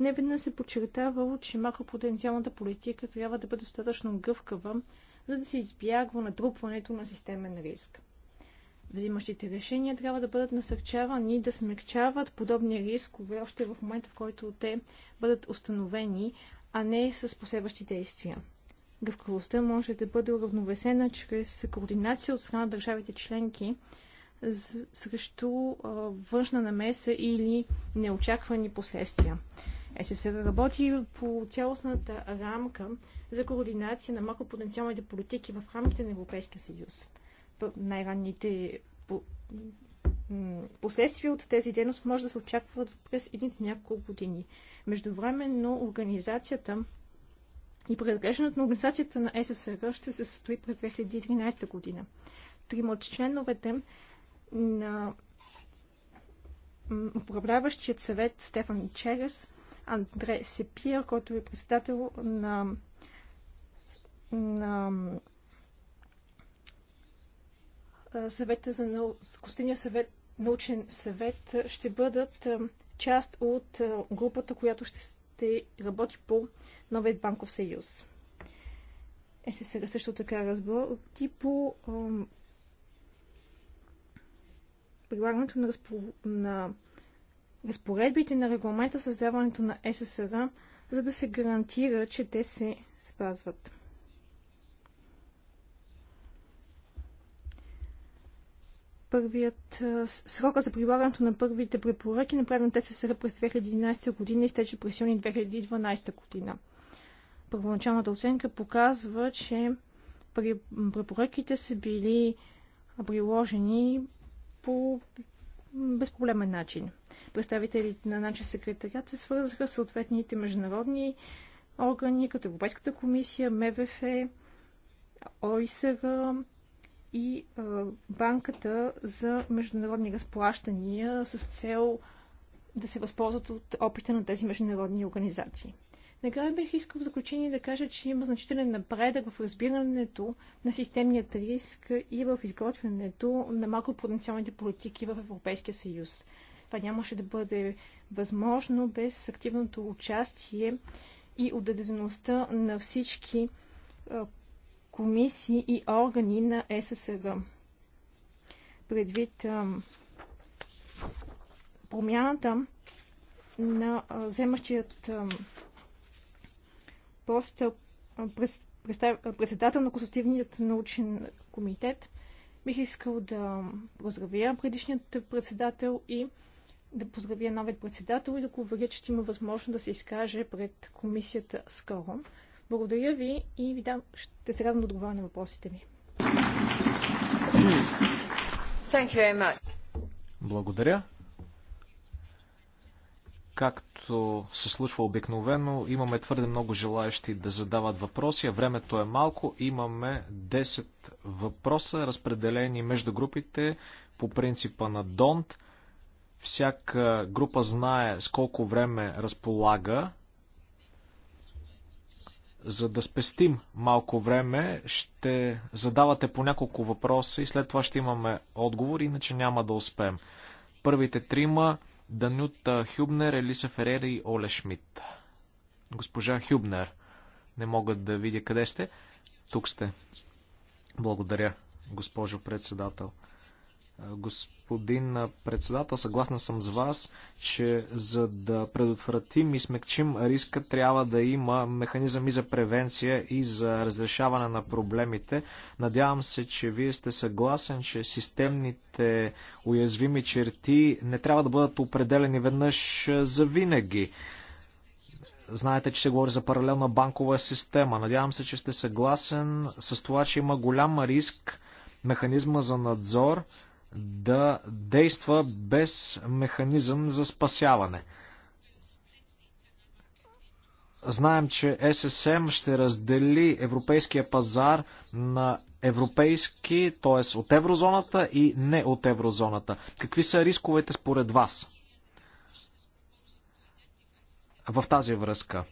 веднъж се подчертавало, че макропотенциалната политика трябва да бъде достатъчно гъвкава, за да се избягва натрупването на системен риск. Взимащите решения трябва да бъдат насърчавани да смягчават подобни рискове още в момента, в който те бъдат установени, а не с последващи действия. Гъвкавостта може да бъде уравновесена чрез координация от страна на държавите членки, срещу външна намеса или неочаквани последствия. Е, се работи по цялостната рамка за координация на макропотенциалните политики в рамките на Европейския съюз. Най-ранните последствия от тези дейност може да се очакват през едните няколко години. Междувременно организацията и преразглеждането на организацията на е ССР ще се състои през 2013 година. Трима от членовете на управляващият съвет Стефан Черес, Андре Сепир, който е председател на, на съвета за нау... Костения съвет, научен съвет, ще бъдат част от групата, която ще, ще работи по новият банков съюз. Е сега също така разбрал. типо прилагането на, разпор... на разпоредбите на регламента създаването на ССР, за да се гарантира, че те се спазват. първият срока за прилагането на първите препоръки, направен от СССР през 2011 година, изтече през юни 2012 година. Първоначалната оценка показва, че препоръките са били приложени по безпроблемен начин. Представителите на нашия секретариат се свързаха с съответните международни органи, като Европейската комисия, МВФ, ОИСР и Банката за международни разплащания с цел да се възползват от опита на тези международни организации. Накрая бих искал в заключение да кажа, че има значителен напредък в разбирането на системният риск и в изготвянето на макропотенциалните политики в Европейския съюз. Това нямаше да бъде възможно без активното участие и отдадеността на всички комисии и органи на ССР. Предвид промяната на вземащият пост председател на Консултативният научен комитет. Бих искал да поздравя предишният председател и да поздравя новият председател и да го уверя, че има възможност да се изкаже пред комисията скоро. Благодаря ви и ви дам, ще се радвам да отговоря на въпросите ви. Благодаря. Както се случва обикновено, имаме твърде много желаящи да задават въпроси, а времето е малко. Имаме 10 въпроса, разпределени между групите по принципа на Донт. Всяка група знае с колко време разполага. За да спестим малко време, ще задавате по няколко въпроса и след това ще имаме отговор, иначе няма да успеем. Първите трима Данюта Хюбнер, Елиса Ферер и Оле Шмидт. Госпожа Хюбнер, не мога да видя къде сте. Тук сте. Благодаря, госпожо председател. Господин председател, съгласна съм с вас, че за да предотвратим и смекчим риска, трябва да има механизъм и за превенция и за разрешаване на проблемите. Надявам се, че вие сте съгласен, че системните уязвими черти не трябва да бъдат определени веднъж за винаги. Знаете, че се говори за паралелна банкова система. Надявам се, че сте съгласен с това, че има голям риск механизма за надзор да действа без механизъм за спасяване. Знаем, че ССМ ще раздели европейския пазар на европейски, т.е. от еврозоната и не от еврозоната. Какви са рисковете според вас в тази връзка?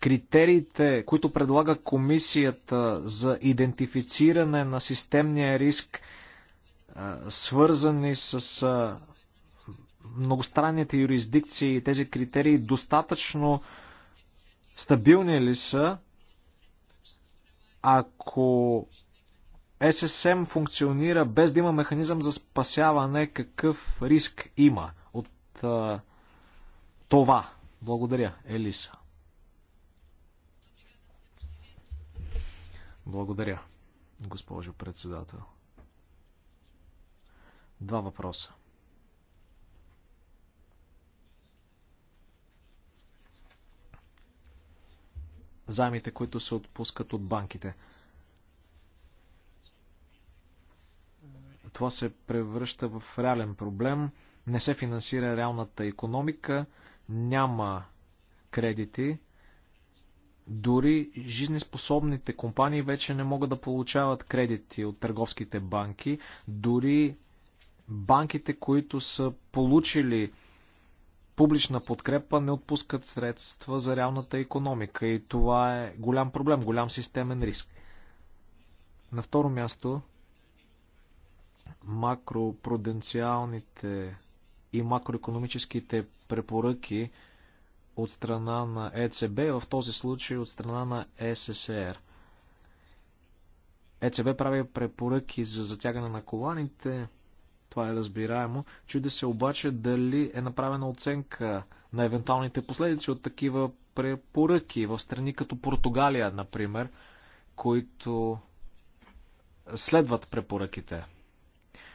Критериите, които предлага комисията за идентифициране на системния риск, свързани с многостранните юрисдикции и тези критерии достатъчно стабилни ли са, ако ССМ функционира без да има механизъм за спасяване, какъв риск има от а, това? Благодаря, Елиса. Благодаря, госпожо председател. Два въпроса. Займите, които се отпускат от банките. Това се превръща в реален проблем. Не се финансира реалната економика, няма кредити. Дори жизнеспособните компании вече не могат да получават кредити от търговските банки. Дори банките, които са получили публична подкрепа, не отпускат средства за реалната економика и това е голям проблем, голям системен риск. На второ място, макропруденциалните и макроекономическите препоръки от страна на ЕЦБ, в този случай от страна на е ССР. ЕЦБ прави препоръки за затягане на коланите, това е разбираемо. Чуди се обаче дали е направена оценка на евентуалните последици от такива препоръки в страни като Португалия, например, които следват препоръките.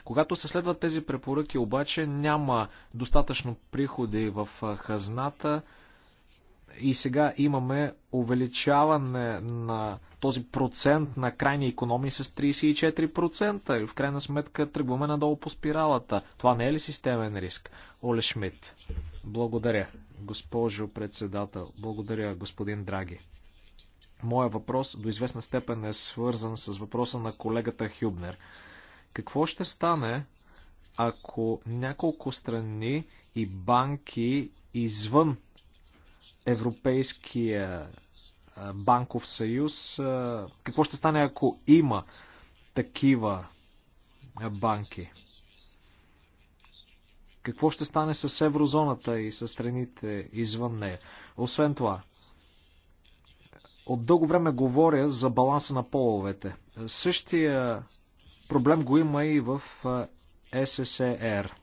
Когато се следват тези препоръки, обаче няма достатъчно приходи в хазната, и сега имаме увеличаване на този процент на крайни економии с 34% и в крайна сметка тръгваме надолу по спиралата. Това не е ли системен риск? Оле Шмидт. Благодаря, госпожо председател. Благодаря, господин Драги. Моя въпрос до известна степен е свързан с въпроса на колегата Хюбнер. Какво ще стане, ако няколко страни и банки извън Европейския банков съюз. Какво ще стане, ако има такива банки? Какво ще стане с еврозоната и с страните извън нея? Освен това, от дълго време говоря за баланса на половете. Същия проблем го има и в СССР. Е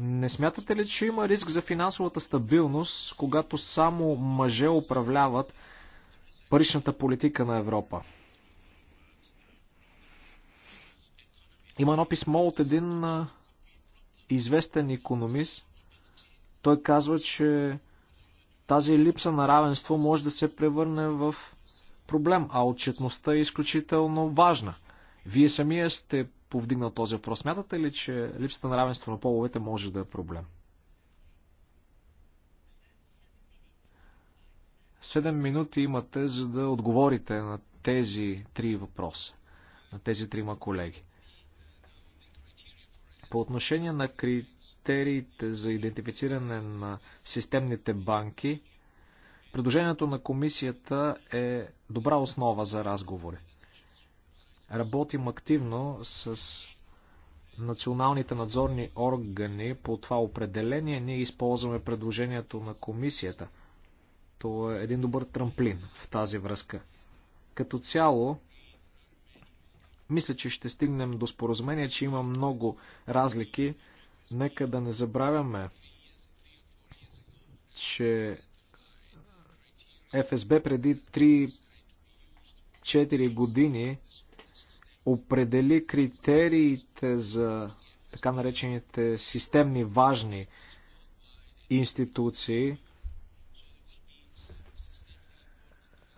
Не смятате ли, че има риск за финансовата стабилност, когато само мъже управляват паричната политика на Европа? Има едно писмо от един известен економист. Той казва, че тази липса на равенство може да се превърне в проблем, а отчетността е изключително важна – вие самия сте повдигнал този въпрос. Смятате ли, че липсата на равенство на половете може да е проблем? 7 минути имате, за да отговорите на тези три въпроса, на тези трима колеги. По отношение на критериите за идентифициране на системните банки, предложението на комисията е добра основа за разговори. Работим активно с националните надзорни органи по това определение. Ние използваме предложението на комисията. То е един добър трамплин в тази връзка. Като цяло, мисля, че ще стигнем до споразумение, че има много разлики. Нека да не забравяме, че ФСБ преди 3-4 години определи критериите за така наречените системни важни институции.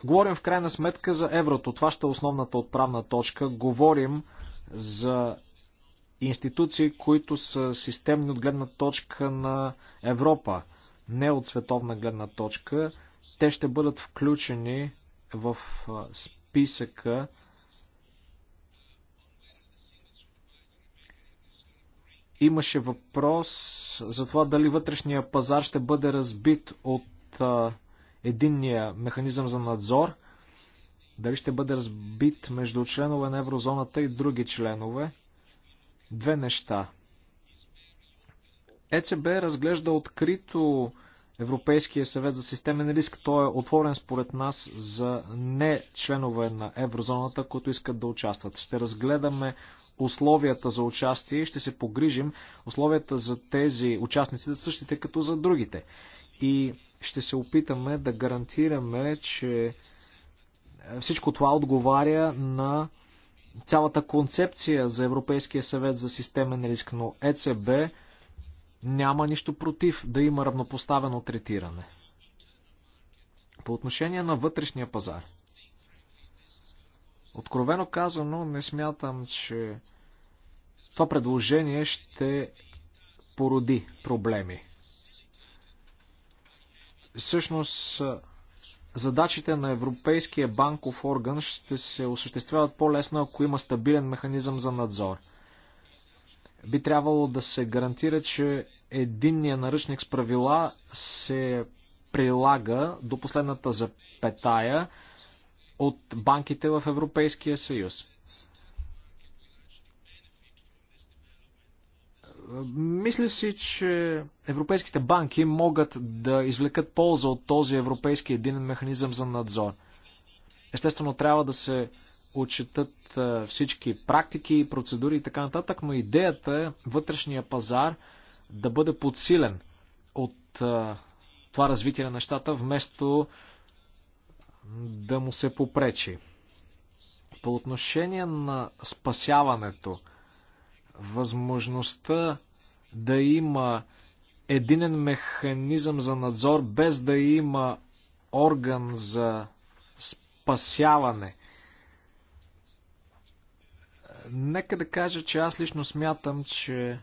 Говорим в крайна сметка за еврото. Това ще е основната отправна точка. Говорим за институции, които са системни от гледна точка на Европа, не от световна гледна точка. Те ще бъдат включени в списъка Имаше въпрос за това дали вътрешния пазар ще бъде разбит от а, единния механизъм за надзор, дали ще бъде разбит между членове на еврозоната и други членове. Две неща. ЕЦБ разглежда открито Европейския съвет за системен риск. Той е отворен според нас за не членове на еврозоната, които искат да участват. Ще разгледаме условията за участие и ще се погрижим условията за тези участници да същите като за другите. И ще се опитаме да гарантираме, че е, всичко това отговаря на цялата концепция за Европейския съвет за системен риск, но ЕЦБ няма нищо против да има равнопоставено третиране. По отношение на вътрешния пазар – Откровено казано, не смятам, че това предложение ще породи проблеми. Всъщност, задачите на Европейския банков орган ще се осъществяват по-лесно, ако има стабилен механизъм за надзор. Би трябвало да се гарантира, че единния наръчник с правила се прилага до последната запетая, от банките в Европейския съюз. Мисля си, че европейските банки могат да извлекат полза от този европейски един механизъм за надзор. Естествено, трябва да се отчитат всички практики, процедури и така нататък, но идеята е вътрешния пазар да бъде подсилен от това развитие на нещата, вместо да му се попречи. По отношение на спасяването, възможността да има единен механизъм за надзор, без да има орган за спасяване. Нека да кажа, че аз лично смятам, че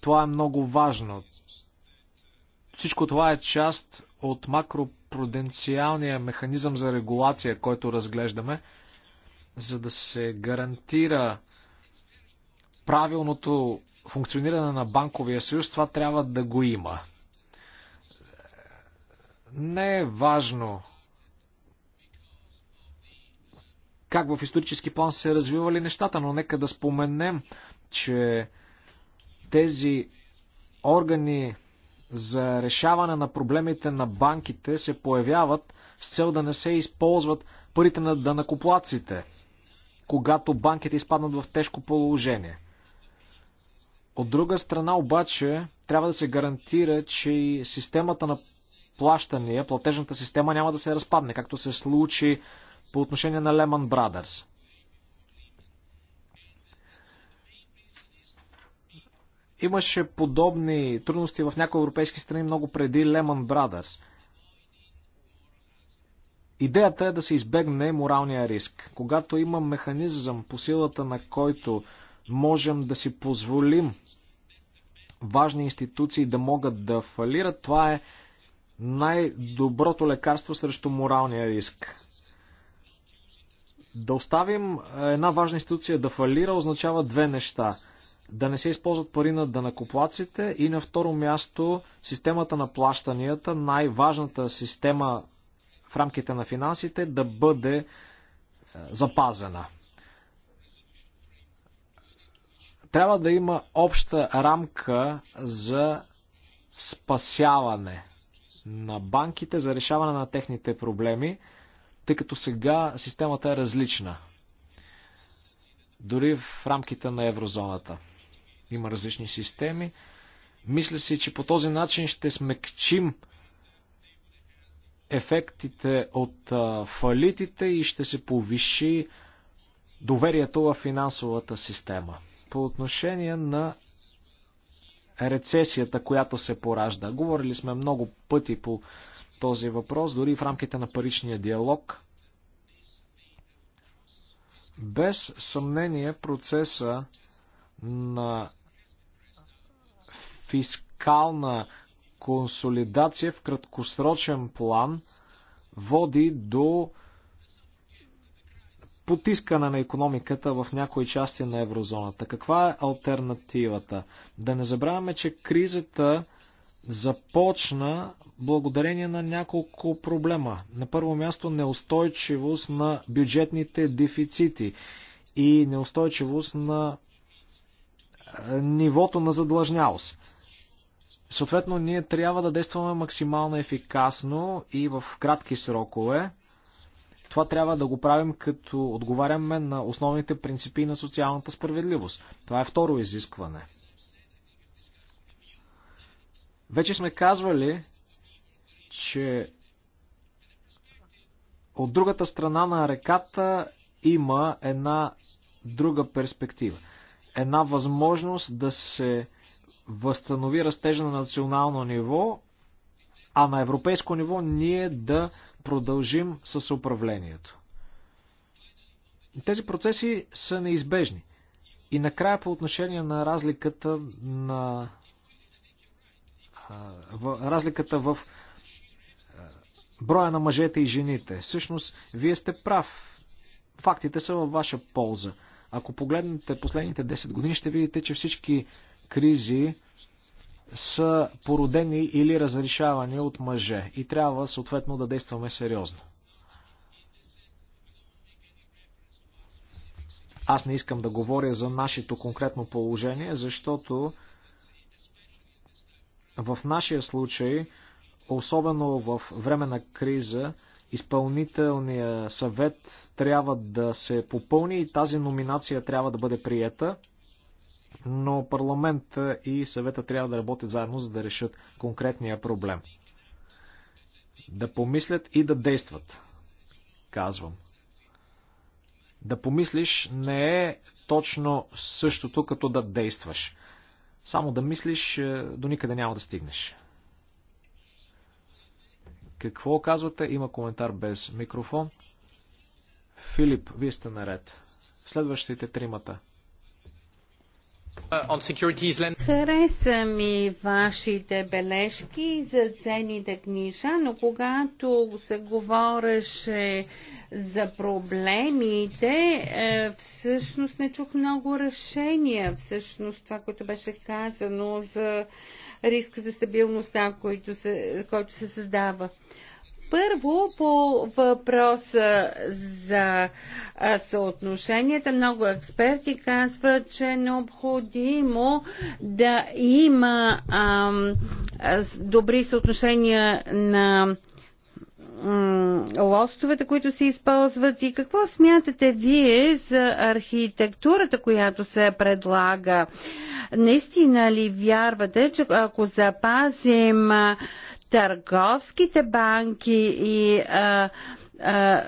това е много важно. Всичко това е част от макро пруденциалния механизъм за регулация, който разглеждаме, за да се гарантира правилното функциониране на банковия съюз, това трябва да го има. Не е важно как в исторически план се развивали нещата, но нека да споменем, че тези органи за решаване на проблемите на банките се появяват с цел да не се използват парите на данакоплаците, когато банките изпаднат в тежко положение. От друга страна обаче трябва да се гарантира, че и системата на плащания, платежната система няма да се разпадне, както се случи по отношение на Lehman Brothers. Имаше подобни трудности в някои европейски страни много преди Lehman Brothers. Идеята е да се избегне моралния риск. Когато има механизъм, по силата на който можем да си позволим важни институции да могат да фалират, това е най-доброто лекарство срещу моралния риск. Да оставим една важна институция да фалира означава две неща – да не се използват пари на данакоплаците и на второ място системата на плащанията, най-важната система в рамките на финансите, да бъде е, запазена. Трябва да има обща рамка за спасяване на банките, за решаване на техните проблеми, тъй като сега системата е различна. Дори в рамките на еврозоната. Има различни системи. Мисля си, че по този начин ще смекчим ефектите от фалитите и ще се повиши доверието в финансовата система. По отношение на рецесията, която се поражда. Говорили сме много пъти по този въпрос, дори в рамките на паричния диалог. Без съмнение процеса на фискална консолидация в краткосрочен план води до потискане на економиката в някои части на еврозоната. Каква е альтернативата? Да не забравяме, че кризата започна благодарение на няколко проблема. На първо място неустойчивост на бюджетните дефицити и неустойчивост на е, нивото на задлъжнялост. Съответно, ние трябва да действаме максимално ефикасно и в кратки срокове. Това трябва да го правим като отговаряме на основните принципи на социалната справедливост. Това е второ изискване. Вече сме казвали, че от другата страна на реката има една друга перспектива. Една възможност да се възстанови растежа на национално ниво, а на европейско ниво ние да продължим с управлението. Тези процеси са неизбежни. И накрая по отношение на разликата на разликата в броя на мъжете и жените. Всъщност, вие сте прав. Фактите са във ваша полза. Ако погледнете последните 10 години, ще видите, че всички кризи са породени или разрешавани от мъже и трябва съответно да действаме сериозно. Аз не искам да говоря за нашето конкретно положение, защото в нашия случай, особено в време на криза, изпълнителният съвет трябва да се попълни и тази номинация трябва да бъде приета но парламент и съвета трябва да работят заедно, за да решат конкретния проблем. Да помислят и да действат, казвам. Да помислиш не е точно същото, като да действаш. Само да мислиш, е, до никъде няма да стигнеш. Какво казвате? Има коментар без микрофон. Филип, вие сте наред. Следващите тримата. Хареса ми вашите бележки за ценните книжа, но когато се говореше за проблемите, е, всъщност не чух много решения. Всъщност това, което беше казано за риска за стабилността, който се, който се създава. Първо, по въпроса за съотношенията, много експерти казват, че е необходимо да има ам, добри съотношения на лостовете, които се използват и какво смятате вие за архитектурата, която се предлага? Наистина ли вярвате, че ако запазим търговските банки и а, а,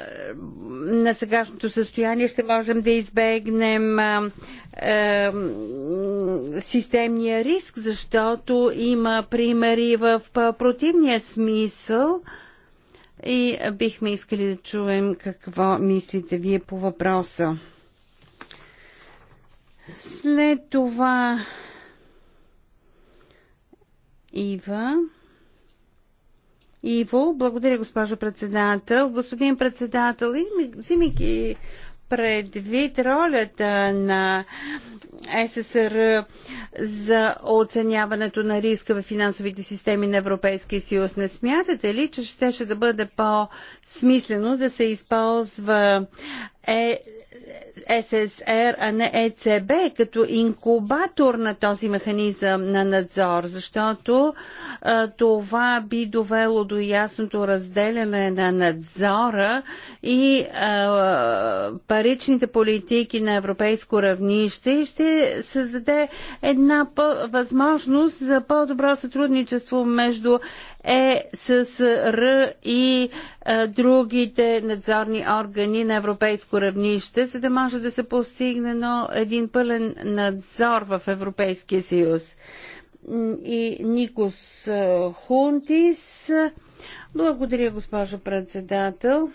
на сегашното състояние ще можем да избегнем а, а, е, системния риск, защото има примери в противния смисъл и бихме искали да чуем какво мислите вие по въпроса. След това Ива. Иво. Благодаря, госпожо председател. Господин председател, взимайки предвид ролята на ССР за оценяването на риска в финансовите системи на Европейския съюз. Не смятате ли, че ще, ще да бъде по-смислено да се използва е ССР, а не ЕЦБ, като инкубатор на този механизъм на надзор, защото а, това би довело до ясното разделяне на надзора и а, паричните политики на европейско равнище и ще създаде една възможност за по-добро сътрудничество между е ССР и а, е, другите надзорни органи на европейско равнище, за да може да се постигне но един пълен надзор в Европейския съюз. И Никос е, Хунтис. Благодаря, госпожо председател.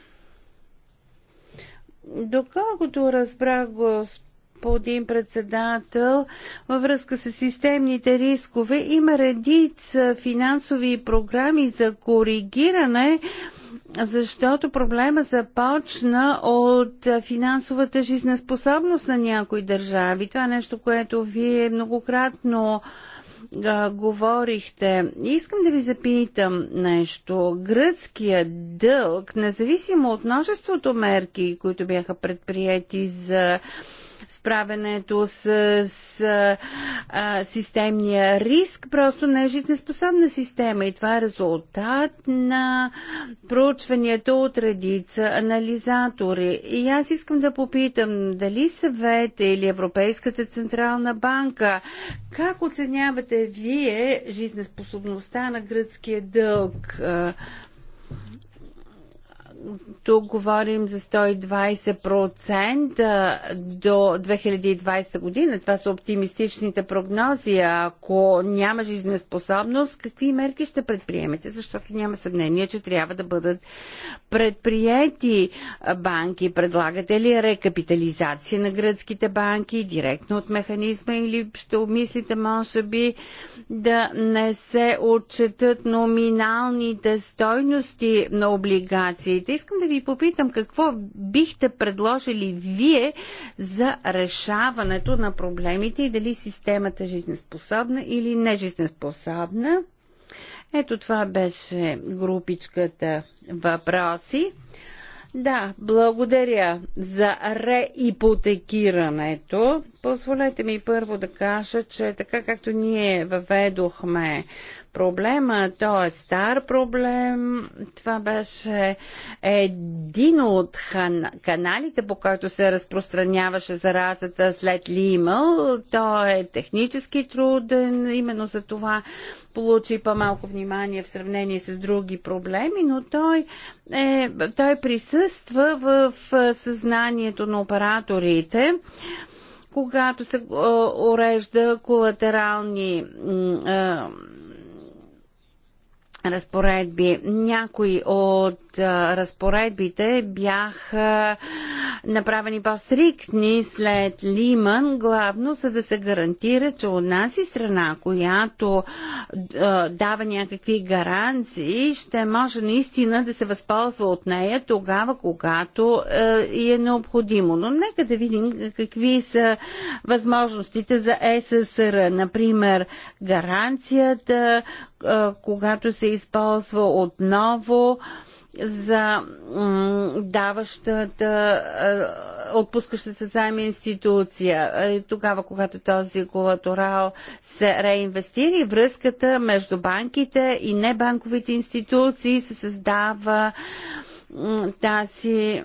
Доколкото разбрах, госпожо господин председател. Във връзка с системните рискове има редица финансови програми за коригиране защото проблема започна от финансовата жизнеспособност на някои държави. Това е нещо, което вие многократно а, говорихте. Искам да ви запитам нещо. Гръцкият дълг, независимо от множеството мерки, които бяха предприяти за справенето с, с а, системния риск просто не е жизнеспособна система и това е резултат на проучването от редица анализатори. И аз искам да попитам дали съвета или Европейската централна банка, как оценявате вие жизнеспособността на гръцкия дълг? тук говорим за 120% до 2020 година. Това са оптимистичните прогнози. Ако няма жизнеспособност, какви мерки ще предприемете? Защото няма съмнение, че трябва да бъдат предприяти банки. Предлагате ли рекапитализация на гръцките банки директно от механизма или ще обмислите, може би, да не се отчетат номиналните стойности на облигациите? комисията. Искам да ви попитам какво бихте предложили вие за решаването на проблемите и дали системата е жизнеспособна или не жизнеспособна. Ето това беше групичката въпроси. Да, благодаря за реипотекирането. Позволете ми първо да кажа, че така както ние въведохме проблема. Той е стар проблем. Това беше един от хан... каналите, по който се разпространяваше заразата след Лимъл. Той е технически труден. Именно за това получи по-малко внимание в сравнение с други проблеми, но той, е, той присъства в съзнанието на операторите когато се урежда колатерални разпоредби. Някои от разпоредбите бяха направени по-стриктни след Лиман, главно за да се гарантира, че от нас и страна, която дава някакви гаранции, ще може наистина да се възползва от нея тогава, когато е необходимо. Но нека да видим какви са възможностите за ССР. Например, гаранцията, когато се използва отново за даващата, отпускащата заем институция, тогава, когато този колаторал се реинвестира и връзката между банките и небанковите институции се създава тази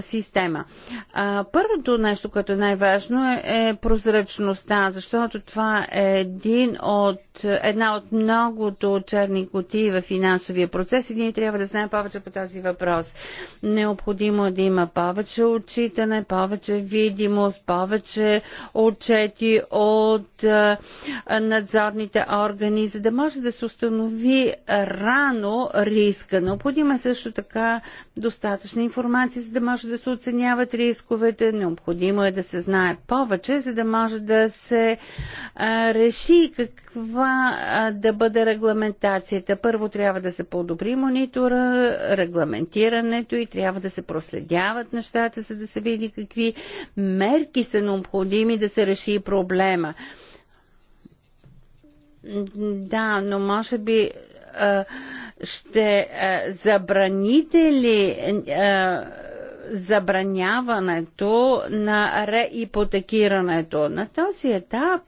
система. Първото нещо, което е най-важно е, е прозрачността, защото това е един от, една от многото черни кутии в финансовия процес и ние трябва да знаем повече по този въпрос. Необходимо е да има повече отчитане, повече видимост, повече отчети от надзорните органи, за да може да се установи рано риска. Необходимо е също така така достатъчна информация, за да може да се оценяват рисковете. Необходимо е да се знае повече, за да може да се а, реши каква а, да бъде регламентацията. Първо трябва да се подобри монитора, регламентирането и трябва да се проследяват нещата, за да се види какви мерки са необходими да се реши проблема. Да, но може би а, ще е, забраните ли е, забраняването на реипотекирането? На този етап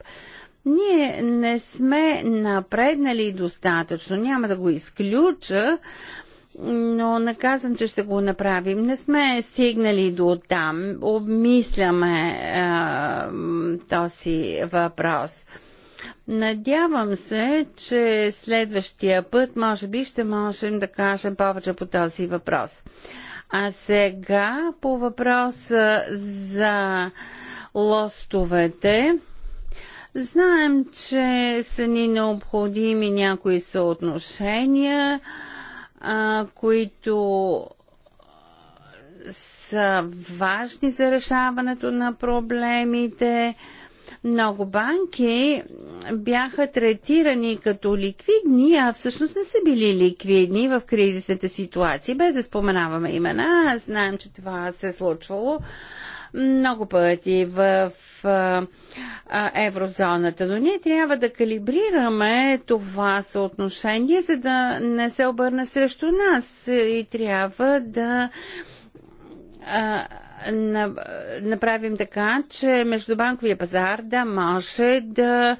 ние не сме напреднали достатъчно. Няма да го изключа, но наказвам, че ще го направим. Не сме стигнали до там. Обмисляме а, е, този въпрос. Надявам се, че следващия път може би ще можем да кажем повече по този въпрос. А сега по въпроса за лостовете. Знаем, че са ни необходими някои съотношения, а, които са важни за решаването на проблемите. А, много банки бяха третирани като ликвидни, а всъщност не са били ликвидни в кризисните ситуации. Без да споменаваме имена, знаем, че това се е случвало много пъти в еврозоната, но ние трябва да калибрираме това съотношение, за да не се обърне срещу нас и трябва да направим така, че междубанковия пазар да може да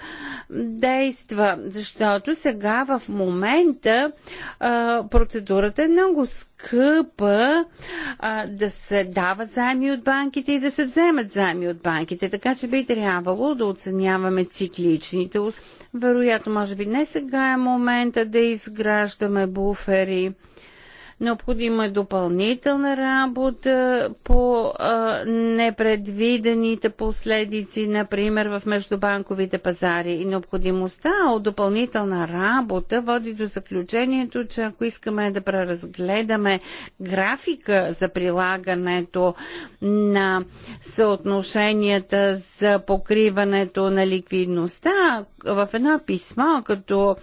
действа, защото сега в момента процедурата е много скъпа да се дават заеми от банките и да се вземат заеми от банките, така че би трябвало да оценяваме цикличните условия вероятно, може би не сега е момента да изграждаме буфери. Необходима е допълнителна работа по а, непредвидените последици, например в междубанковите пазари. И необходимостта от допълнителна работа води до заключението, че ако искаме да преразгледаме графика за прилагането на съотношенията за покриването на ликвидността, в едно писмо, като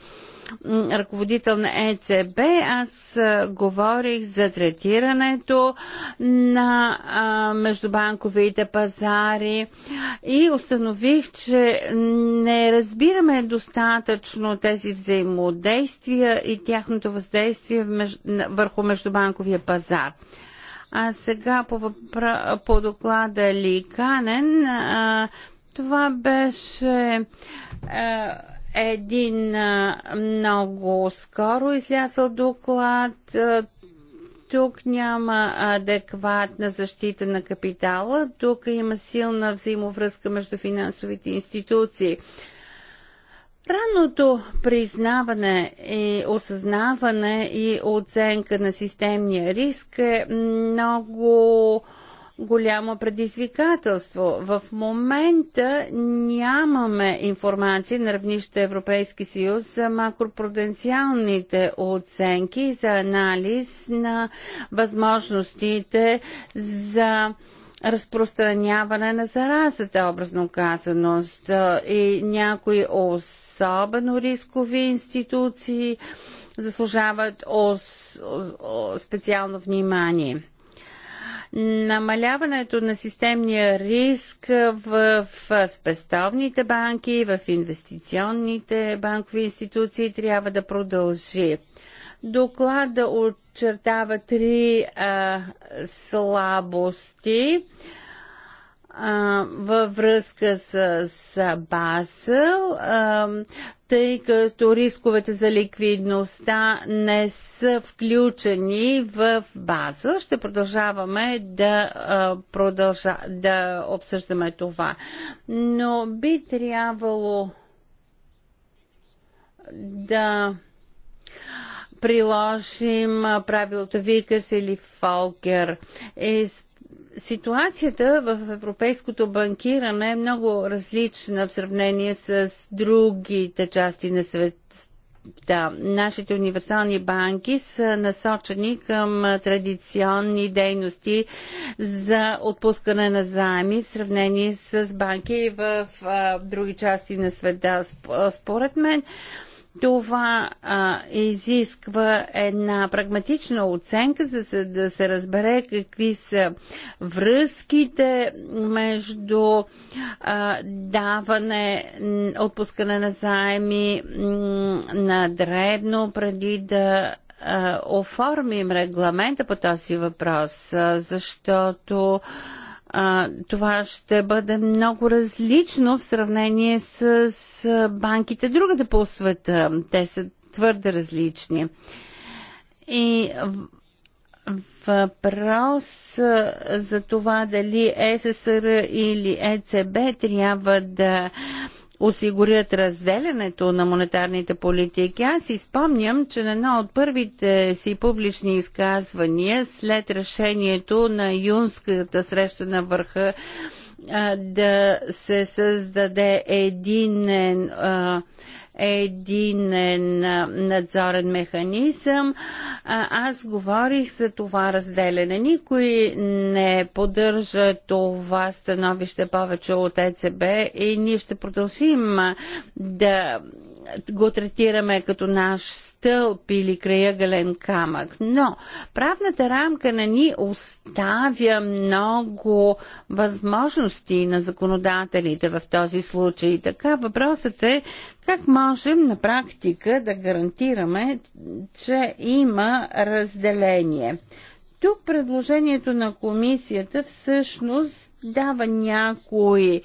ръководител на ЕЦБ, аз говорих за третирането на междубанковите пазари и установих, че не разбираме достатъчно тези взаимодействия и тяхното въздействие върху междубанковия пазар. А сега по, въпра... по доклада Ликанен, а, това беше а, един много скоро излязъл доклад. Тук няма адекватна защита на капитала. Тук има силна взаимовръзка между финансовите институции. Ранното признаване и осъзнаване и оценка на системния риск е много голямо предизвикателство. В момента нямаме информация на равнище Европейски съюз за макропруденциалните оценки за анализ на възможностите за разпространяване на заразата, образно казаност, и някои особено рискови институции заслужават специално внимание намаляването на системния риск в, в спестовните банки, в инвестиционните банкови институции трябва да продължи. Доклада очертава три а, слабости. А, а, във връзка с, с Басъл, а, тъй като рисковете за ликвидността не са включени в Базъл. Ще продължаваме да, а, продължа, да обсъждаме това. Но би трябвало да приложим правилото Викърс или Фолкер. из. Ситуацията в европейското банкиране е много различна в сравнение с другите части на света. Да, нашите универсални банки са насочени към традиционни дейности за отпускане на заеми в сравнение с банки в а, други части на света. Според мен, а, това а, изисква една прагматична оценка, за да се, да се разбере какви са връзките между а, даване, отпускане на заеми на дребно, преди да а, оформим регламента по този въпрос, защото а, а, това ще бъде много различно в сравнение с, с банките другата по света. Те са твърде различни. И въпрос за това дали ССР или ЕЦБ трябва да осигурят разделянето на монетарните политики. Аз изпомням, че на едно от първите си публични изказвания след решението на юнската среща на върха да се създаде единен, единен надзорен механизъм. Аз говорих за това разделяне. Никой не поддържа това становище повече от ЕЦБ и ние ще продължим да го третираме като наш стълб или краягален камък. Но правната рамка на ни оставя много възможности на законодателите в този случай. Така въпросът е как можем на практика да гарантираме, че има разделение. Тук предложението на комисията всъщност дава някои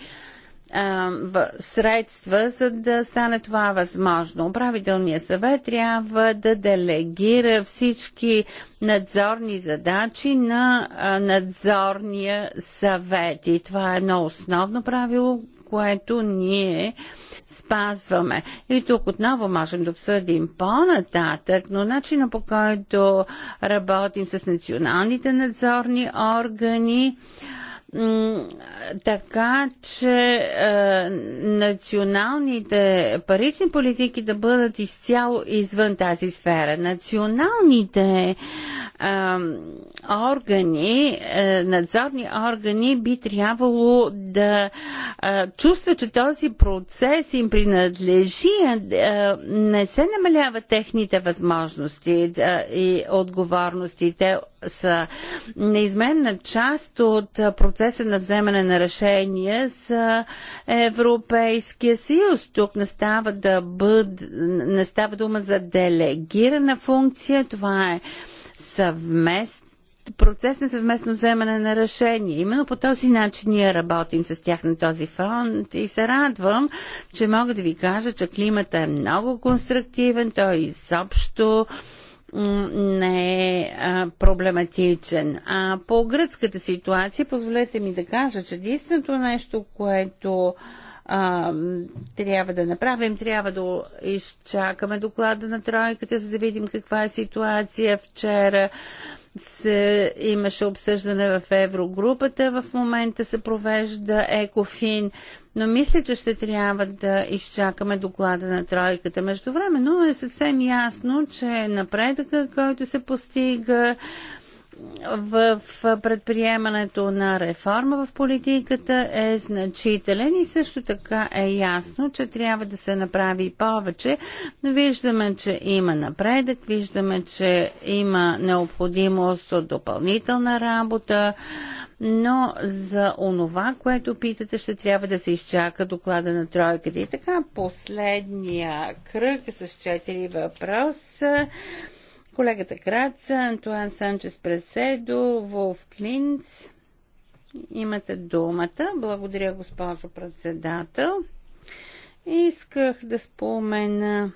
средства, за да стане това възможно. Управителният съвет трябва да делегира всички надзорни задачи на надзорния съвет. И това е едно основно правило, което ние спазваме. И тук отново можем да обсъдим по-нататък, но начина по който работим с националните надзорни органи, така че е, националните парични политики да бъдат изцяло извън тази сфера. Националните е, органи, е, надзорни органи би трябвало да е, чувстват, че този процес им принадлежи, е, не се намаляват техните възможности е, и отговорности. Те са неизменна част от процеса процеса на вземане на решения за Европейския съюз. Тук не става, да бъд, не става дума за делегирана функция, това е съвместно процес на съвместно вземане на решение. Именно по този начин ние работим с тях на този фронт и се радвам, че мога да ви кажа, че климата е много конструктивен, той изобщо не е а, проблематичен. А по гръцката ситуация, позволете ми да кажа, че единственото нещо, което а, трябва да направим, трябва да изчакаме доклада на тройката, за да видим каква е ситуация. Вчера се, имаше обсъждане в Еврогрупата, в момента се провежда Екофин но мисля, че ще трябва да изчакаме доклада на тройката. Между време, но е съвсем ясно, че напредъка, който се постига в предприемането на реформа в политиката е значителен и също така е ясно, че трябва да се направи повече, но виждаме, че има напредък, виждаме, че има необходимост от допълнителна работа, но за онова, което питате, ще трябва да се изчака доклада на тройката. И така, последния кръг с четири въпроса колегата Краца, Антуан Санчес Преседо, Волф Клинц. Имате думата. Благодаря, госпожо председател. Исках да спомена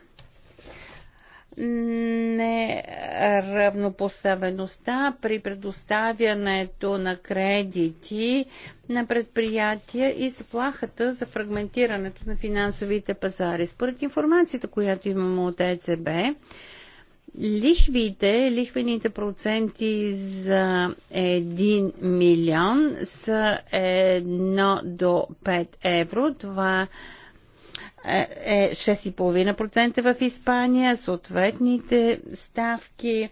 неравнопоставеността при предоставянето на кредити на предприятия и заплахата за фрагментирането на финансовите пазари. Според информацията, която имаме от ЕЦБ, Лихвите, лихвените проценти за 1 милион са 1 до 5 евро. Това е 6,5% е в Испания. Съответните ставки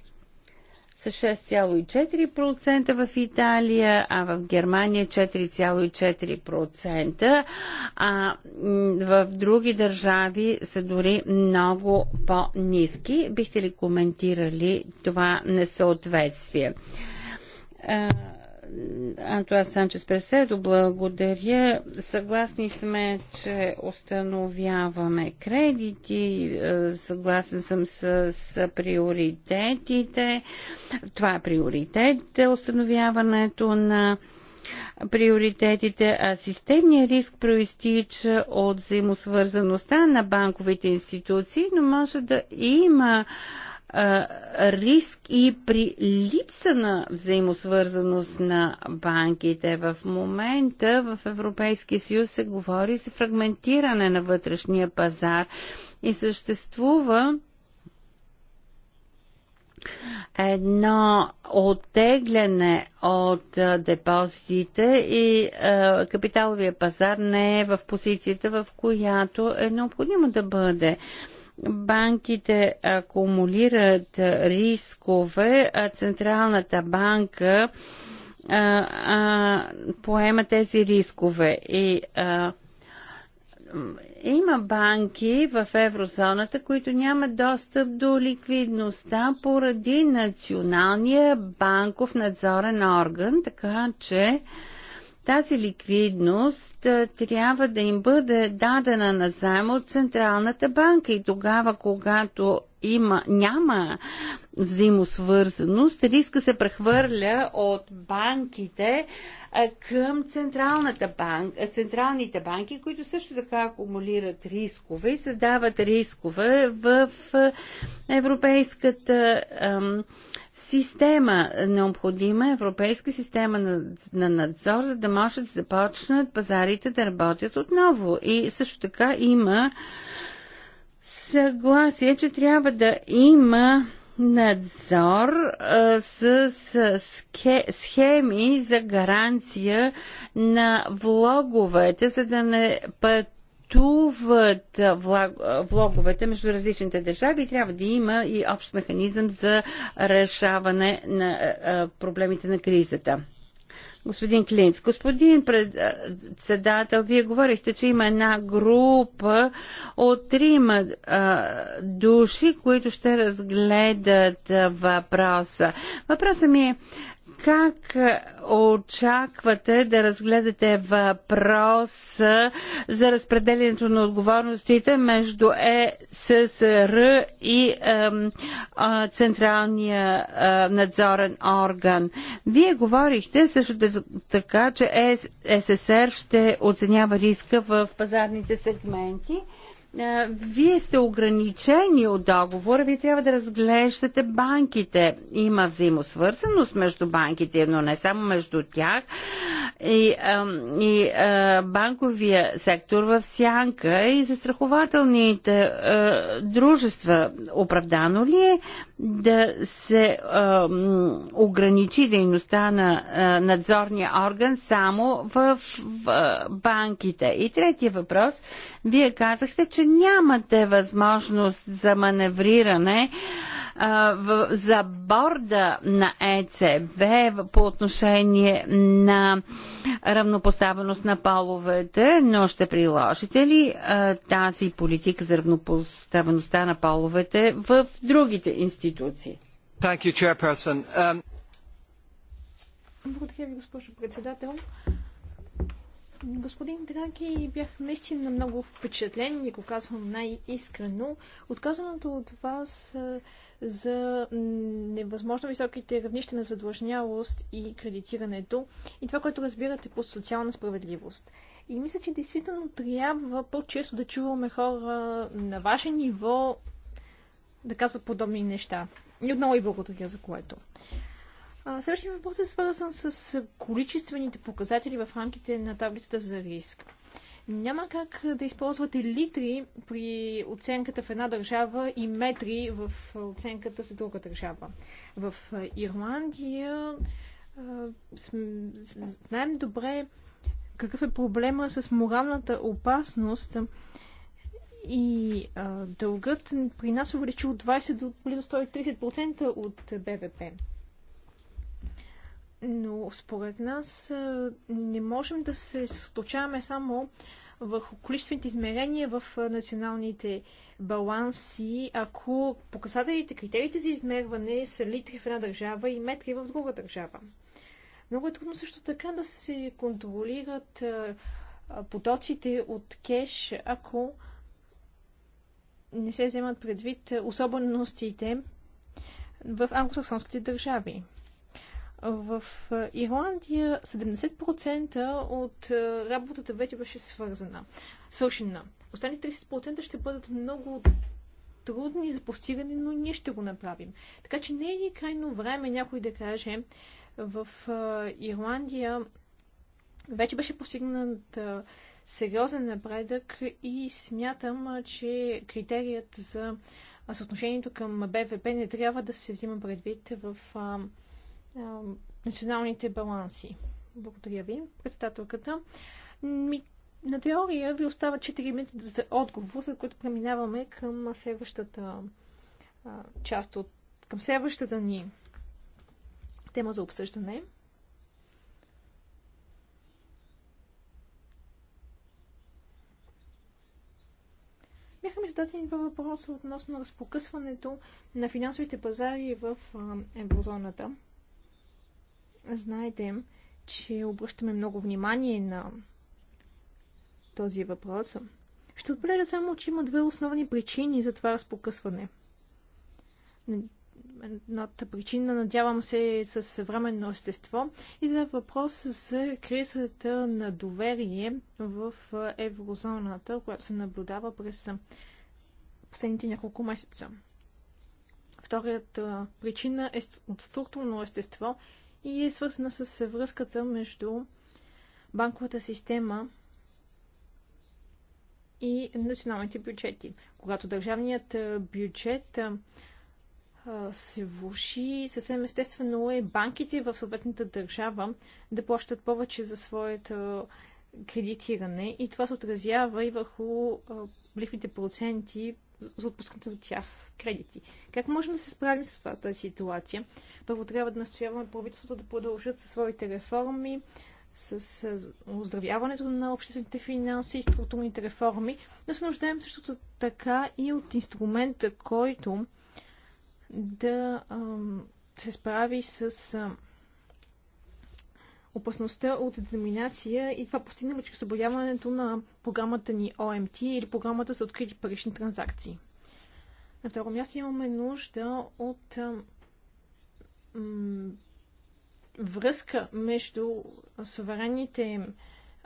с 6,4% в Италия, а в Германия 4,4%, а в други държави са дори много по-низки. Бихте ли коментирали това несъответствие? Антуан Санчес Преседо, благодаря. Съгласни сме, че установяваме кредити, е, съгласен съм с, с приоритетите. Това е приоритет, е, установяването на приоритетите, а системният риск проистича от взаимосвързаността на банковите институции, но може да има риск и при липса на взаимосвързаност на банките. В момента в Европейския съюз се говори за фрагментиране на вътрешния пазар и съществува едно оттегляне от депозитите и е, капиталовия пазар не е в позицията, в която е необходимо да бъде. Е, банките акумулират рискове, а Централната банка а, а, поема тези рискове. И а, има банки в еврозоната, които нямат достъп до ликвидността поради националния банков надзорен орган, така че а, тази ликвидност трябва да им бъде дадена на заем от Централната банка и тогава, когато има, няма взаимосвързаност, риска се прехвърля от банките към централната банк, централните банки, които също така акумулират рискове и създават рискове в европейската ам, система. Необходима е европейска система на, на надзор, за да може да започнат пазарите да работят отново. И също така има съгласие, че трябва да има надзор а, с, ске, схеми за гаранция на влоговете, за да не пътуват влоговете между различните държави и трябва да има и общ механизъм за решаване на проблемите на кризата. Господин Клинц, господин председател, вие говорихте, че има една група от трима души, които ще разгледат въпроса. Въпросът ми е как е, очаквате да разгледате въпрос за разпределението на отговорностите между ЕССР и Централния е, надзорен орган? Вие говорихте също така, че ЕССР ще оценява риска в пазарните сегменти вие сте ограничени от договора, вие трябва да разглеждате банките. Има взаимосвързаност между банките, но не само между тях. И, и банковия сектор в сянка и застрахователните дружества. Оправдано ли е да се ограничи дейността на надзорния орган само в, в банките? И третия въпрос. Вие казахте, че че нямате възможност за маневриране за борда на ЕЦБ по отношение на равнопоставеност на половете, но ще приложите ли тази политика за равнопоставеността на половете в другите институции? Thank you, Chairperson. Um... Благодаря ви, госпожо председател. Господин Драги, бях наистина много впечатлен и го казвам най-искрено. Отказаното от вас за невъзможно високите равнища на задлъжнялост и кредитирането и това, което разбирате по социална справедливост. И мисля, че действително трябва по-често да чуваме хора на ваше ниво да казват подобни неща. И отново и благодаря за което. Следващия въпрос е свързан с количествените показатели в рамките на таблицата за риск. Няма как да използвате литри при оценката в една държава и метри в оценката за друга държава. В Ирландия знаем добре какъв е проблема с моралната опасност и дългът при нас увеличи от 20 до близо 130% от БВП но според нас не можем да се състочаваме само върху количествените измерения в националните баланси, ако показателите, критериите за измерване са литри в една държава и метри в друга държава. Много е трудно също така да се контролират потоците от кеш, ако не се вземат предвид особеностите в англосаксонските държави. В Ирландия 70% от работата вече беше свързана, свършена. Останалите 30% ще бъдат много трудни за постигане, но ние ще го направим. Така че не е ли крайно време някой да каже, в Ирландия вече беше постигнат сериозен напредък и смятам, че критерият за съотношението към БВП не трябва да се взима предвид в националните баланси. Благодаря ви, председателката. Ми, на теория ви остава 4 минути за отговор, за което преминаваме към следващата а, част от към следващата ни тема за обсъждане. Бяха ми зададени два въпроса относно разпокъсването на финансовите пазари в еврозоната. Знаете, че обръщаме много внимание на този въпрос. Ще отбележа само, че има две основни причини за това разпокъсване. Едната причина, надявам се, е с съвременно естество и за въпрос за кризата на доверие в еврозоната, която се наблюдава през последните няколко месеца. Втората причина е от структурно естество и е свързана с връзката между банковата система и националните бюджети. Когато държавният бюджет се влуши, съвсем естествено е банките в съответната държава да плащат повече за своето кредитиране и това се отразява и върху лихвите проценти за отпускането от тях кредити. Как можем да се справим с това, тази ситуация? Първо трябва да настояваме правителството да продължат със своите реформи, с оздравяването на обществените финанси и структурните реформи, да се нуждаем също така и от инструмента, който да се справи с опасността от детерминация и това постигнем чрез обявяването на програмата ни ОМТ или програмата за открити парични транзакции. На второ място имаме нужда от връзка между суверенните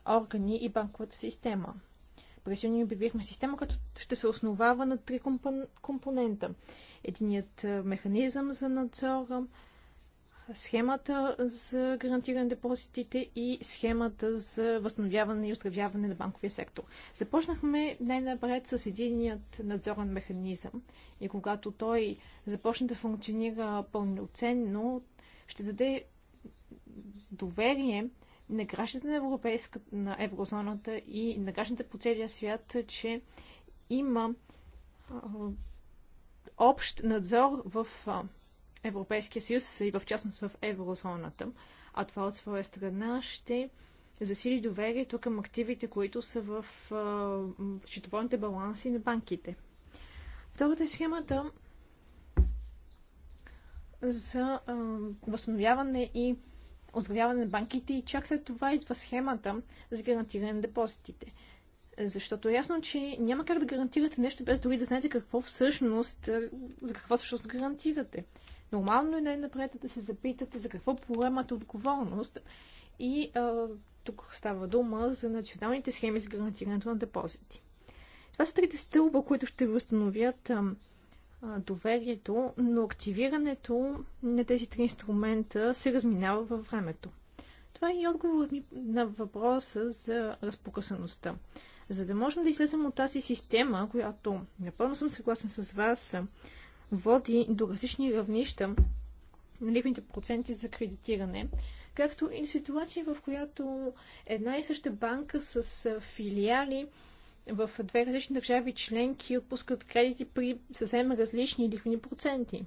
органи и банковата система. През юни обявихме система, като ще се основава на три компонента. Единият механизъм за надзора, схемата за гарантиране на депозитите и схемата за възстановяване и оздравяване на банковия сектор. Започнахме най-напред с единият надзорен механизъм и когато той започне да функционира пълноценно, ще даде доверие на гражданите на, Европейската, на еврозоната и на гражданите по целия свят, че има общ надзор в Европейския съюз и в частност в еврозоната. А това от своя страна ще засили доверието към активите, които са в счетоводните баланси на банките. Втората е схемата за а, възстановяване и оздравяване на банките и чак след това идва схемата за гарантиране на депозитите. Защото е ясно, че няма как да гарантирате нещо без дори да знаете какво всъщност, за какво всъщност гарантирате. Нормално е най-напред да се запитате за какво поемате отговорност и а, тук става дума за националните схеми за гарантирането на депозити. Това са трите стълба, които ще възстановят а, доверието, но активирането на тези три инструмента се разминава във времето. Това е и отговорът ми на въпроса за разпокъсаността. За да можем да излезем от тази система, която напълно съм съгласен с вас, води до различни равнища на лихвените проценти за кредитиране, както и ситуация, в която една и съща банка с филиали в две различни държави членки отпускат кредити при съвсем различни лихвени проценти.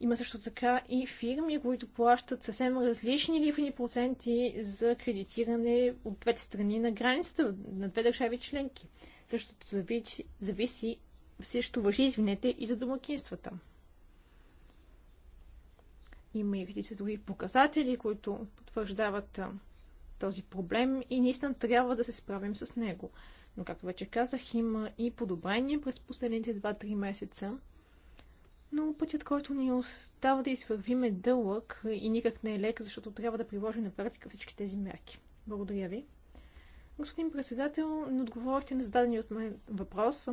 Има също така и фирми, които плащат съвсем различни лихвени проценти за кредитиране от двете страни на границата, на две държави членки. Същото зависи, зависи също въжи, извинете, и за домакинствата. Има и видите други показатели, които потвърждават този проблем и наистина трябва да се справим с него. Но, както вече казах, има и подобрение през последните 2-3 месеца. Но пътят, който ни остава да извървим е дълъг и никак не е лек, защото трябва да приложим на практика всички тези мерки. Благодаря ви. Господин председател, не отговорихте на зададения от мен въпрос.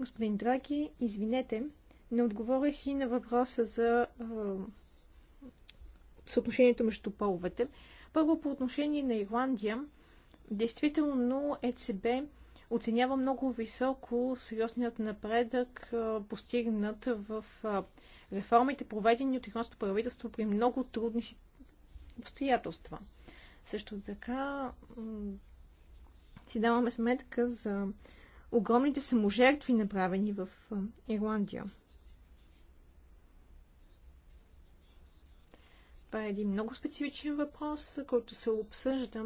Господин Драги, извинете, не отговорих и на въпроса за а, съотношението между половете. Първо по отношение на Ирландия, действително ЕЦБ оценява много високо сериозният напредък, постигнат в реформите, проведени от ирландското правителство при много трудни обстоятелства. Също така си даваме сметка за огромните саможертви, направени в Ирландия. Това е един много специфичен въпрос, който се обсъжда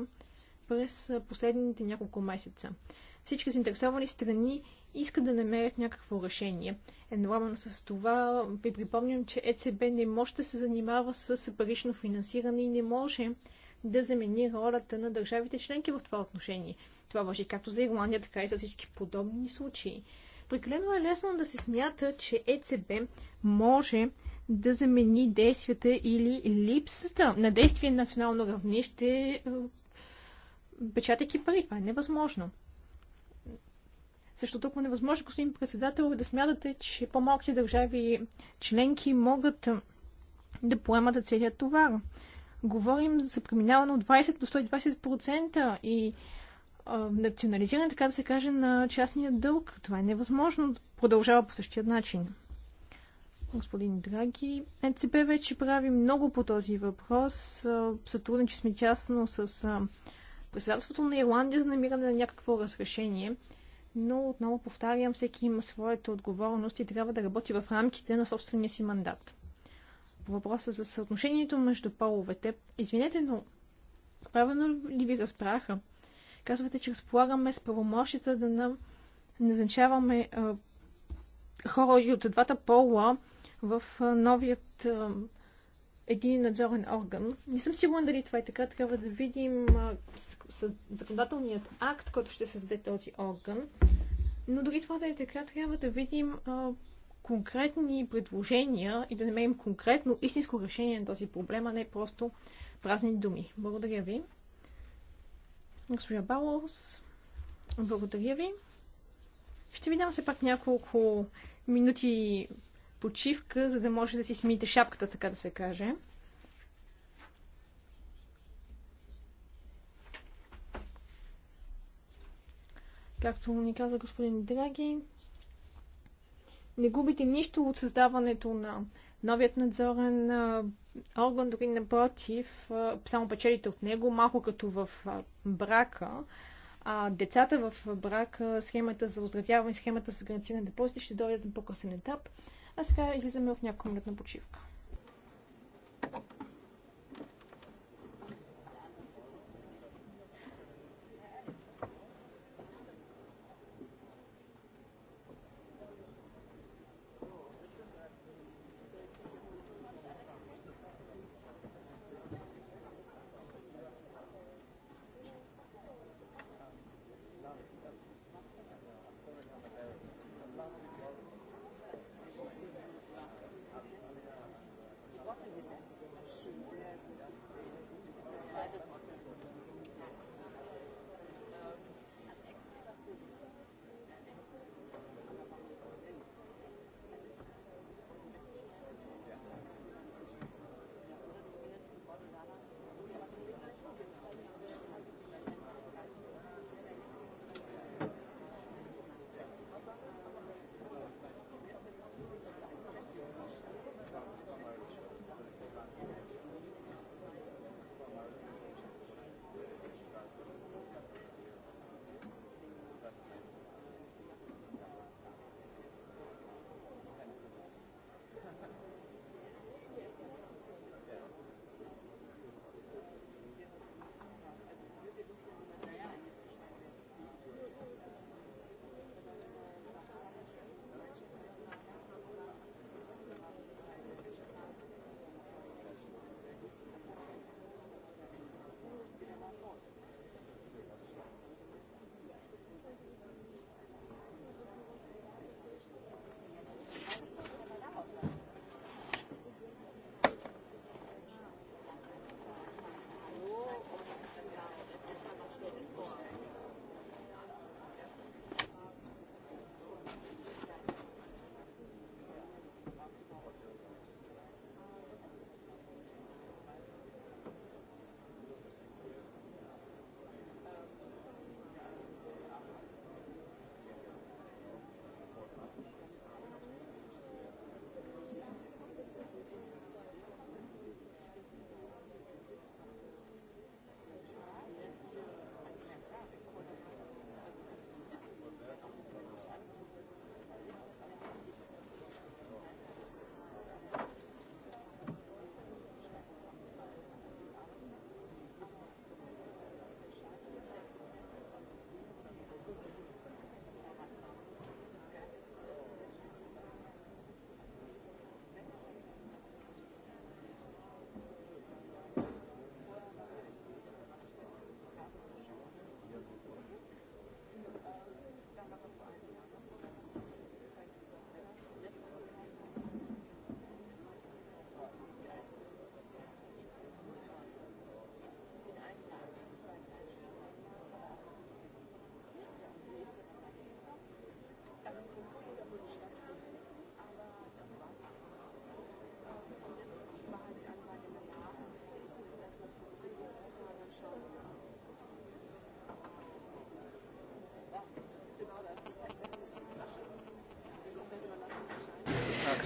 през последните няколко месеца. Всички заинтересовани страни искат да намерят някакво решение. Едновременно с това ви припомням, че ЕЦБ не може да се занимава с парично финансиране и не може да замени ролята на държавите членки в това отношение. Това въжи както за Ирландия, така и за всички подобни случаи. Прекалено е лесно да се смята, че ЕЦБ може да замени действията или липсата на действие на национално равнище, е, печатайки пари. Това е невъзможно. Също толкова невъзможно, господин председател, е да смятате, че по-малките държави членки могат е, да поемат целият товар. Говорим за преминаване от 20 до 120% и национализиране, така да се каже, на частния дълг. Това е невъзможно да продължава по същия начин. Господин Драги, ЕЦБ вече прави много по този въпрос. Сътрудничи сме тясно с председателството на Ирландия за намиране на някакво разрешение. Но отново повтарям, всеки има своята отговорност и трябва да работи в рамките на собствения си мандат. По въпроса за съотношението между половете, извинете, но правилно ли ви разбраха? Казвате, че разполагаме с правомощите да на... назначаваме а, хора и от двата пола в а, новият а, един надзорен орган. Не съм сигурна дали това е така. Трябва да видим а, с, с законодателният акт, който ще създаде този орган. Но дори това да е така, трябва да видим а, конкретни предложения и да намерим конкретно истинско решение на този проблем, а не просто празни думи. Благодаря ви. Госпожа Балос, благодаря ви. Ще ви дам все пак няколко минути почивка, за да може да си смиете шапката, така да се каже. Както ни каза господин Драги, не губите нищо от създаването на новият надзорен орган, дори напротив, само печелите от него, малко като в брака. А децата в брака, схемата за оздравяване, схемата за гарантиране депозит ще дойдат на по-късен етап. А сега излизаме в някакъв минут на почивка.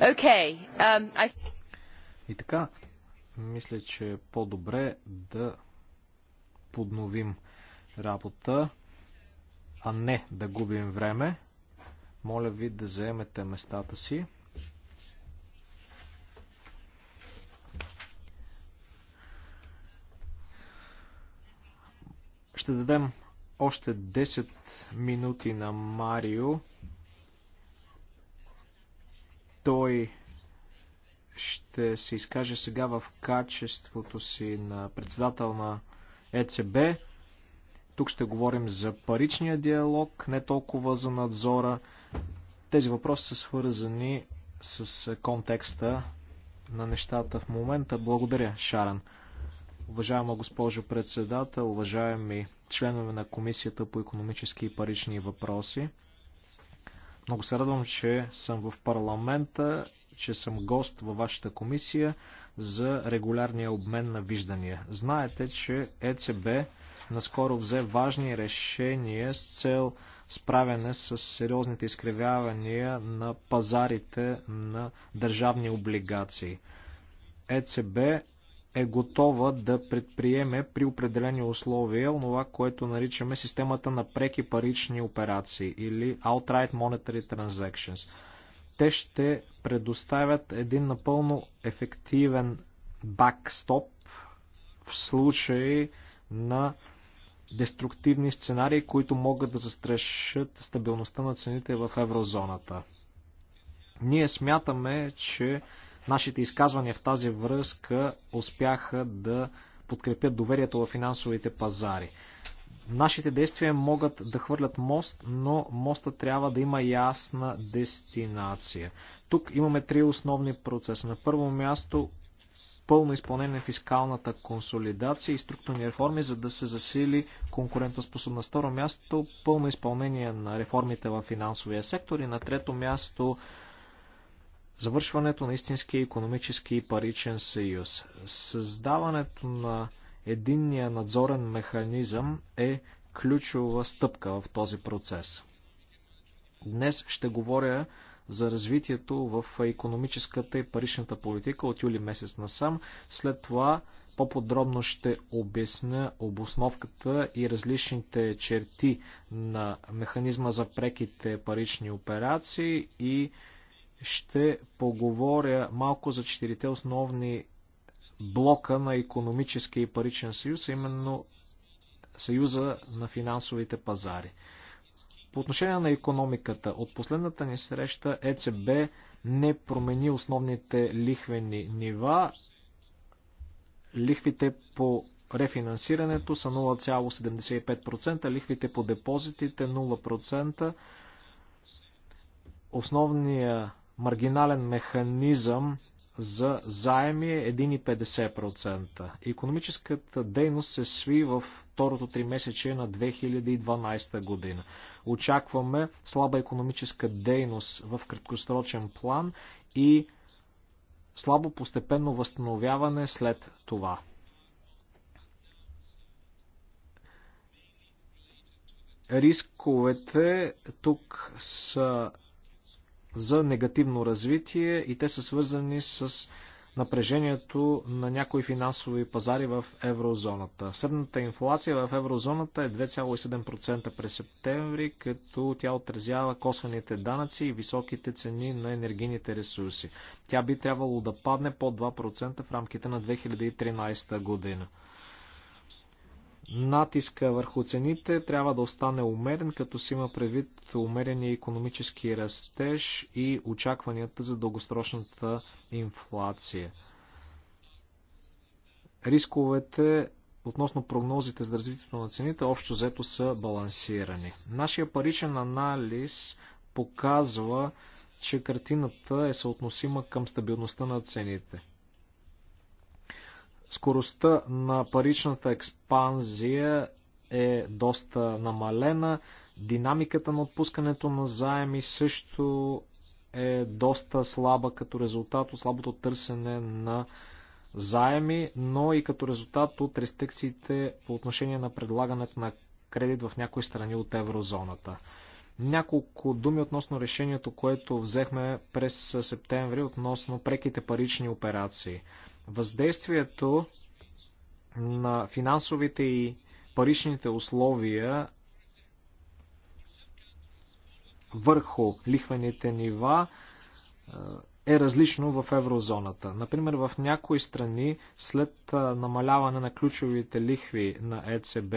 Okay. Um, I... И така, мисля, че е по-добре да подновим работа, а не да губим време. Моля ви да заемете местата си. Ще дадем още 10 минути на Марио той ще се изкаже сега в качеството си на председател на ЕЦБ. Тук ще говорим за паричния диалог, не толкова за надзора. Тези въпроси са свързани с контекста на нещата в момента. Благодаря, Шаран. Уважаема госпожо председател, уважаеми членове на Комисията по економически и парични въпроси, много се радвам, че съм в парламента, че съм гост във вашата комисия за регулярния обмен на виждания. Знаете, че ЕЦБ наскоро взе важни решения с цел справяне с сериозните изкривявания на пазарите на държавни облигации. ЕЦБ е готова да предприеме при определени условия онова, което наричаме системата на преки парични операции или Outright Monetary Transactions. Те ще предоставят един напълно ефективен бакстоп в случай на деструктивни сценарии, които могат да застрашат стабилността на цените в еврозоната. Ние смятаме, че Нашите изказвания в тази връзка успяха да подкрепят доверието в финансовите пазари. Нашите действия могат да хвърлят мост, но моста трябва да има ясна дестинация. Тук имаме три основни процеса. На първо място пълно изпълнение на фискалната консолидация и структурни реформи, за да се засили конкурентоспособността. Второ място пълно изпълнение на реформите в финансовия сектор и на трето място завършването на истински економически и паричен съюз. Създаването на единния надзорен механизъм е ключова стъпка в този процес. Днес ще говоря за развитието в економическата и паричната политика от юли месец насам. След това по-подробно ще обясня обосновката и различните черти на механизма за преките парични операции и ще поговоря малко за четирите основни блока на економическия и паричен съюз, а именно съюза на финансовите пазари. По отношение на економиката, от последната ни среща ЕЦБ не промени основните лихвени нива. Лихвите по рефинансирането са 0,75%, лихвите по депозитите 0%. Основният маргинален механизъм за заеми е 1,50%. Економическата дейност се сви в второто три месече на 2012 година. Очакваме слаба економическа дейност в краткосрочен план и слабо постепенно възстановяване след това. Рисковете тук са за негативно развитие и те са свързани с напрежението на някои финансови пазари в еврозоната. Средната инфлация в еврозоната е 2,7% през септември, като тя отразява косвените данъци и високите цени на енергийните ресурси. Тя би трябвало да падне по 2% в рамките на 2013 година натиска върху цените трябва да остане умерен, като си има предвид умерения економически растеж и очакванията за дългосрочната инфлация. Рисковете относно прогнозите за развитието на цените общо взето са балансирани. Нашия паричен анализ показва, че картината е съотносима към стабилността на цените. Скоростта на паричната експанзия е доста намалена. Динамиката на отпускането на заеми също е доста слаба като резултат от слабото търсене на заеми, но и като резултат от рестрикциите по отношение на предлагането на кредит в някои страни от еврозоната. Няколко думи относно решението, което взехме през септември относно преките парични операции. Въздействието на финансовите и паричните условия върху лихвените нива е различно в еврозоната. Например, в някои страни след намаляване на ключовите лихви на ЕЦБ,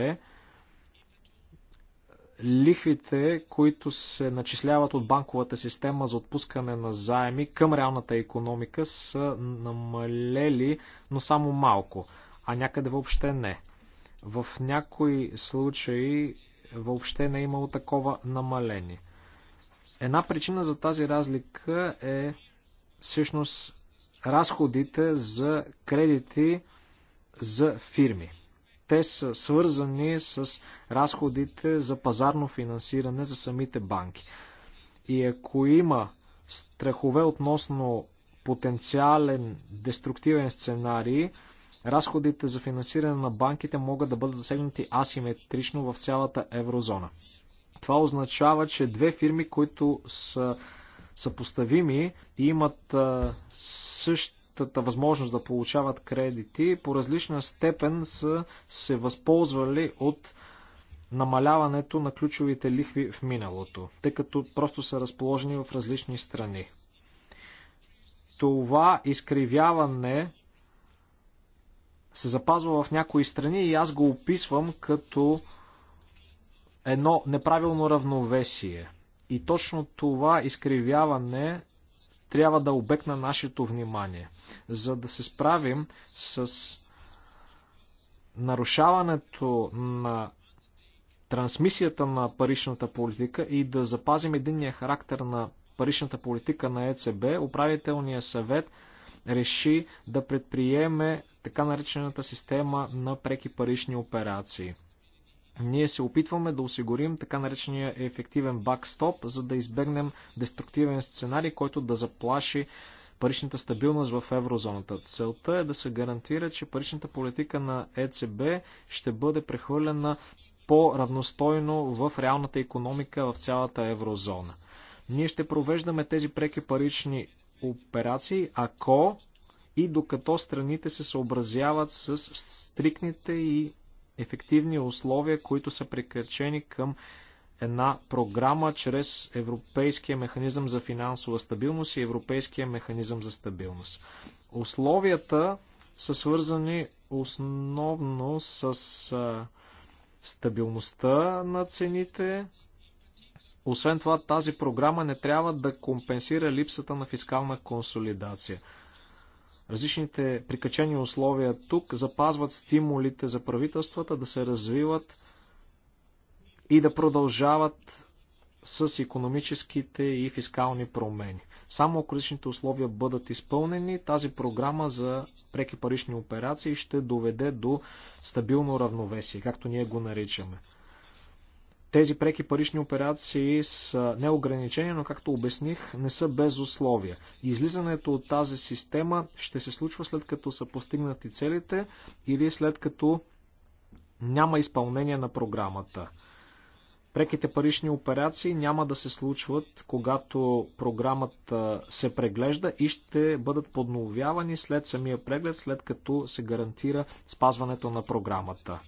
лихвите, които се начисляват от банковата система за отпускане на заеми към реалната економика са намалели, но само малко, а някъде въобще не. В някои случаи въобще не е имало такова намаление. Една причина за тази разлика е всъщност разходите за кредити за фирми те са свързани с разходите за пазарно финансиране за самите банки. И ако има страхове относно потенциален деструктивен сценарий, разходите за финансиране на банките могат да бъдат засегнати асиметрично в цялата еврозона. Това означава, че две фирми, които са съпоставими и имат а, същ тата възможност да получават кредити, по различна степен са се възползвали от намаляването на ключовите лихви в миналото, тъй като просто са разположени в различни страни. Това изкривяване се запазва в някои страни и аз го описвам като едно неправилно равновесие. И точно това изкривяване трябва да е обекна нашето внимание. За да се справим с нарушаването на трансмисията на паричната политика и да запазим единния характер на паричната политика на ЕЦБ, управителният съвет реши да предприеме така наречената система на преки парични операции – ние се опитваме да осигурим така наречения ефективен бакстоп, за да избегнем деструктивен сценарий, който да заплаши паричната стабилност в еврозоната. Целта е да се гарантира, че паричната политика на ЕЦБ ще бъде прехвърлена по-равностойно в реалната економика в цялата еврозона. Ние ще провеждаме тези преки парични операции, ако и докато страните се съобразяват с стрикните и ефективни условия, които са прикачени към една програма чрез Европейския механизъм за финансова стабилност и Европейския механизъм за стабилност. Условията са свързани основно с стабилността на цените. Освен това, тази програма не трябва да компенсира липсата на фискална консолидация различните прикачени условия тук запазват стимулите за правителствата да се развиват и да продължават с економическите и фискални промени. Само ако различните условия бъдат изпълнени, тази програма за преки парични операции ще доведе до стабилно равновесие, както ние го наричаме. Тези преки парични операции са неограничени, но както обясних, не са без условия. Излизането от тази система ще се случва след като са постигнати целите или след като няма изпълнение на програмата. Преките парични операции няма да се случват, когато програмата се преглежда и ще бъдат подновявани след самия преглед, след като се гарантира спазването на програмата.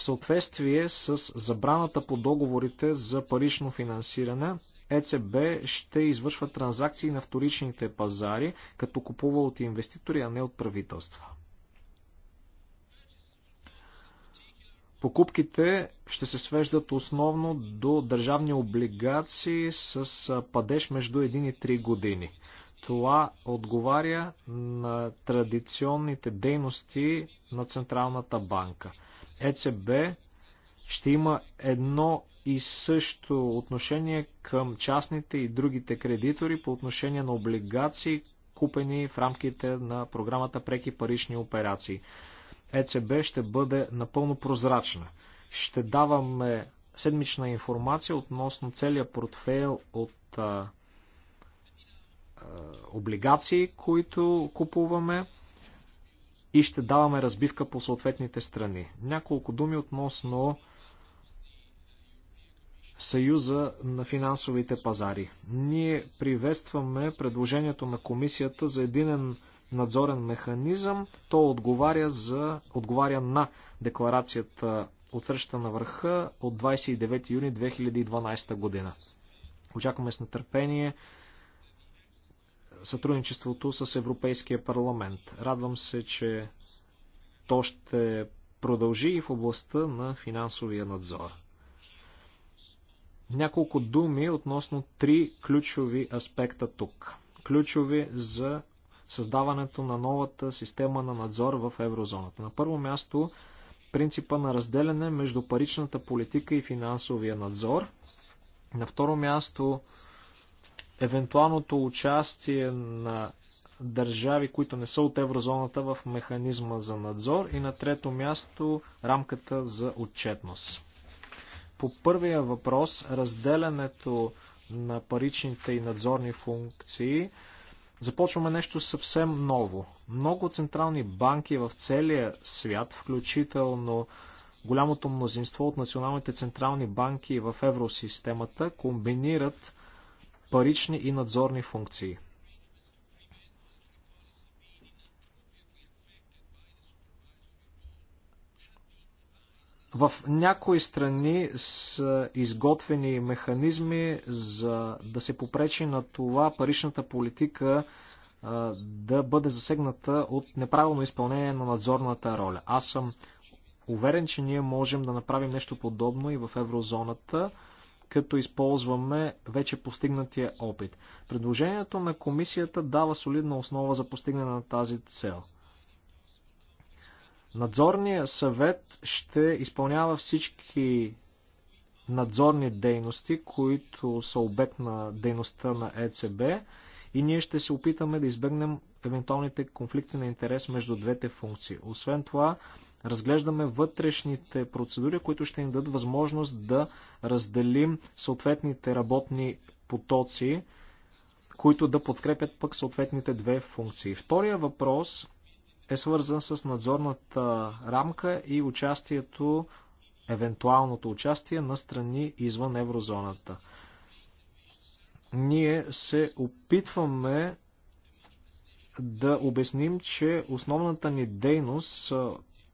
В съответствие с забраната по договорите за парично финансиране, ЕЦБ ще извършва транзакции на вторичните пазари, като купува от инвеститори, а не от правителства. Покупките ще се свеждат основно до държавни облигации с падеж между 1 и 3 години. Това отговаря на традиционните дейности на Централната банка – ЕЦБ ще има едно и също отношение към частните и другите кредитори по отношение на облигации, купени в рамките на програмата Преки парични операции. ЕЦБ ще бъде напълно прозрачна. Ще даваме седмична информация относно целият портфейл от а, а, облигации, които купуваме и ще даваме разбивка по съответните страни. Няколко думи относно Съюза на финансовите пазари. Ние приветстваме предложението на комисията за единен надзорен механизъм. То отговаря, за, отговаря на декларацията от среща на върха от 29 юни 2012 година. Очакваме с нетърпение сътрудничеството с Европейския парламент. Радвам се, че то ще продължи и в областта на финансовия надзор. Няколко думи относно три ключови аспекта тук. Ключови за създаването на новата система на надзор в еврозоната. На първо място принципа на разделяне между паричната политика и финансовия надзор. На второ място евентуалното участие на държави, които не са от еврозоната в механизма за надзор и на трето място рамката за отчетност. По първия въпрос, разделянето на паричните и надзорни функции, започваме нещо съвсем ново. Много централни банки в целия свят, включително голямото мнозинство от националните централни банки в евросистемата, комбинират парични и надзорни функции. В някои страни са изготвени механизми за да се попречи на това паричната политика да бъде засегната от неправилно изпълнение на надзорната роля. Аз съм уверен, че ние можем да направим нещо подобно и в еврозоната като използваме вече постигнатия опит. Предложението на комисията дава солидна основа за постигане на тази цел. Надзорният съвет ще изпълнява всички надзорни дейности, които са обект на дейността на ЕЦБ и ние ще се опитаме да избегнем евентуалните конфликти на интерес между двете функции. Освен това, Разглеждаме вътрешните процедури, които ще ни дадат възможност да разделим съответните работни потоци, които да подкрепят пък съответните две функции. Втория въпрос е свързан с надзорната рамка и участието, евентуалното участие на страни извън еврозоната. Ние се опитваме да обясним, че основната ни дейност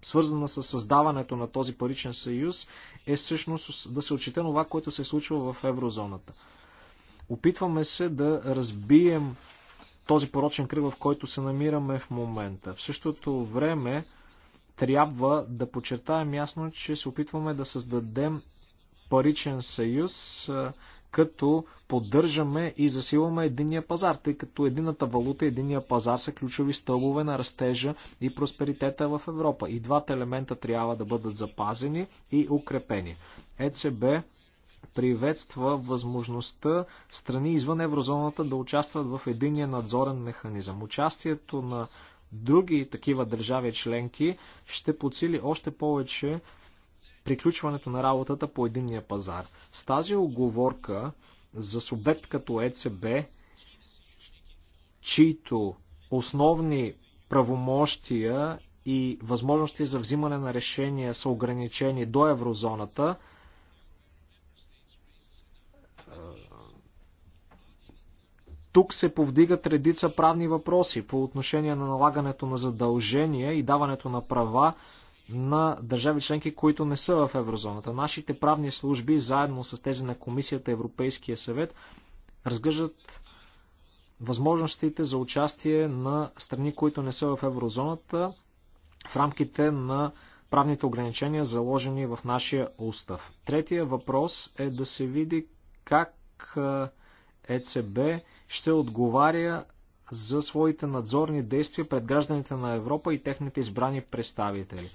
свързана с създаването на този паричен съюз, е всъщност да се отчете това, което се е случва в еврозоната. Опитваме се да разбием този порочен кръг, в който се намираме в момента. В същото време трябва да подчертаем ясно, че се опитваме да създадем паричен съюз, като поддържаме и засилваме единния пазар, тъй като едината валута и единния пазар са ключови стълбове на растежа и просперитета в Европа. И двата елемента трябва да бъдат запазени и укрепени. ЕЦБ приветства възможността страни извън еврозоната да участват в единния надзорен механизъм. Участието на други такива държави членки ще подсили още повече приключването на работата по единния пазар. С тази оговорка за субект като ЕЦБ, чието основни правомощия и възможности за взимане на решения са ограничени до еврозоната, е, Тук се повдигат редица правни въпроси по отношение на налагането на задължения и даването на права на държави членки, които не са в еврозоната. Нашите правни служби, заедно с тези на Комисията Европейския съвет, разглеждат възможностите за участие на страни, които не са в еврозоната, в рамките на правните ограничения, заложени в нашия устав. Третия въпрос е да се види как ЕЦБ ще отговаря за своите надзорни действия пред гражданите на Европа и техните избрани представители.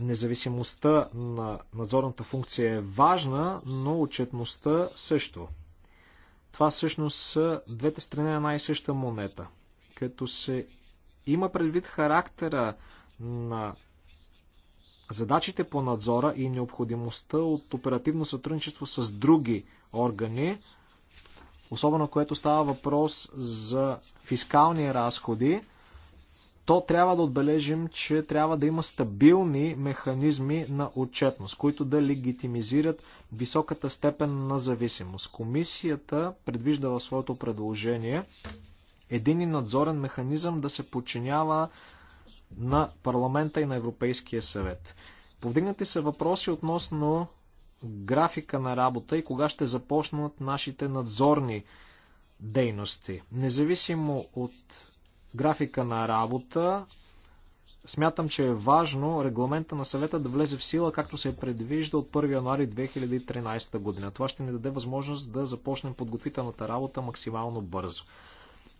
Независимостта на надзорната функция е важна, но отчетността също. Това всъщност са двете страни на една и съща монета. Като се има предвид характера на задачите по надзора и необходимостта от оперативно сътрудничество с други органи, особено което става въпрос за фискални разходи, то трябва да отбележим, че трябва да има стабилни механизми на отчетност, които да легитимизират високата степен на зависимост. Комисията предвижда в своето предложение един и надзорен механизъм да се подчинява на парламента и на Европейския съвет. Повдигнати са въпроси относно графика на работа и кога ще започнат нашите надзорни дейности. Независимо от графика на работа. Смятам, че е важно регламента на съвета да влезе в сила, както се е предвижда от 1 януари 2013 година. Това ще ни даде възможност да започнем подготвителната работа максимално бързо.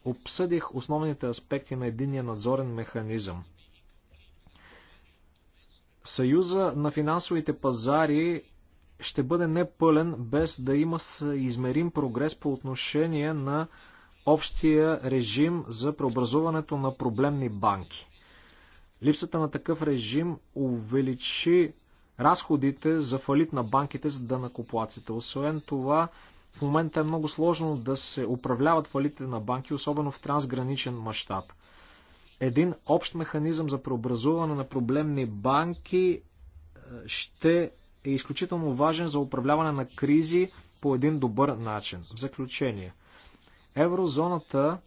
Обсъдих основните аспекти на единния надзорен механизъм. Съюза на финансовите пазари ще бъде непълен без да има измерим прогрес по отношение на общия режим за преобразуването на проблемни банки. Липсата на такъв режим увеличи разходите за фалит на банките за дънакоплаците. Освен това, в момента е много сложно да се управляват фалите на банки, особено в трансграничен мащаб. Един общ механизъм за преобразуване на проблемни банки е, ще е изключително важен за управляване на кризи по един добър начин. В заключение, Еврозоната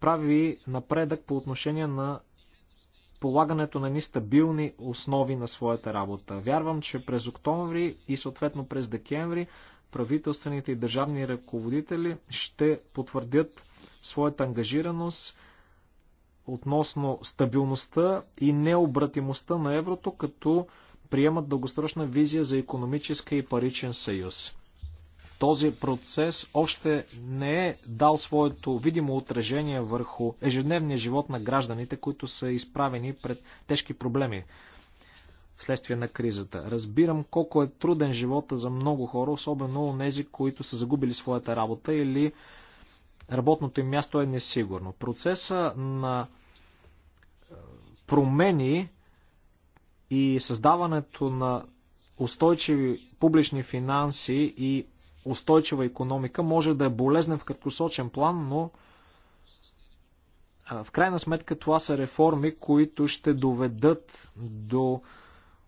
прави напредък по отношение на полагането на ни стабилни основи на своята работа. Вярвам, че през октомври и съответно през декември правителствените и държавни ръководители ще потвърдят своята ангажираност относно стабилността и необратимостта на еврото, като приемат дългосрочна визия за економическа и паричен съюз. Този процес още не е дал своето видимо отражение върху ежедневния живот на гражданите, които са изправени пред тежки проблеми вследствие на кризата. Разбирам колко е труден живота за много хора, особено у нези, които са загубили своята работа или работното им място е несигурно. Процеса на е, промени и създаването на устойчиви публични финанси и устойчива економика може да е болезнен в краткосрочен план, но в крайна сметка това са реформи, които ще доведат до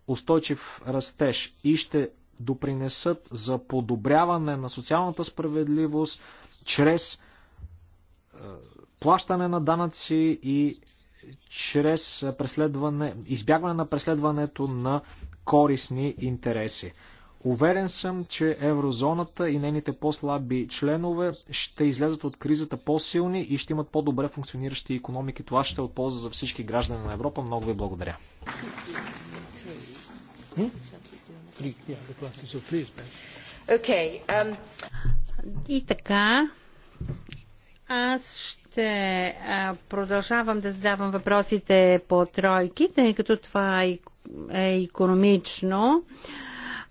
устойчив растеж и ще допринесат за подобряване на социалната справедливост чрез плащане на данъци и чрез избягване на преследването на корисни интереси. Уверен съм, че еврозоната и нейните по-слаби членове ще излязат от кризата по-силни и ще имат по-добре функциониращи економики. Това ще е от полза за всички граждани на Европа. Много ви благодаря. Okay, um... И така, аз ще продължавам да задавам въпросите по тройки, тъй като това е економично. Е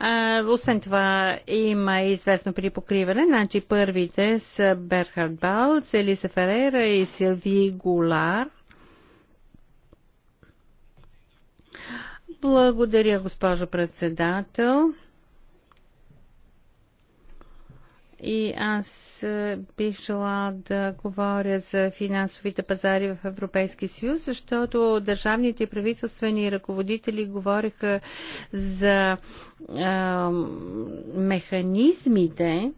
а, освен това има известно припокриване. Значи първите са Берхард Балц, Елиса Ферера и Силви Голар. Благодаря, госпожо председател. И аз бих жела да говоря за финансовите пазари в Европейския съюз, защото държавните и правителствени ръководители говориха за а, механизмите.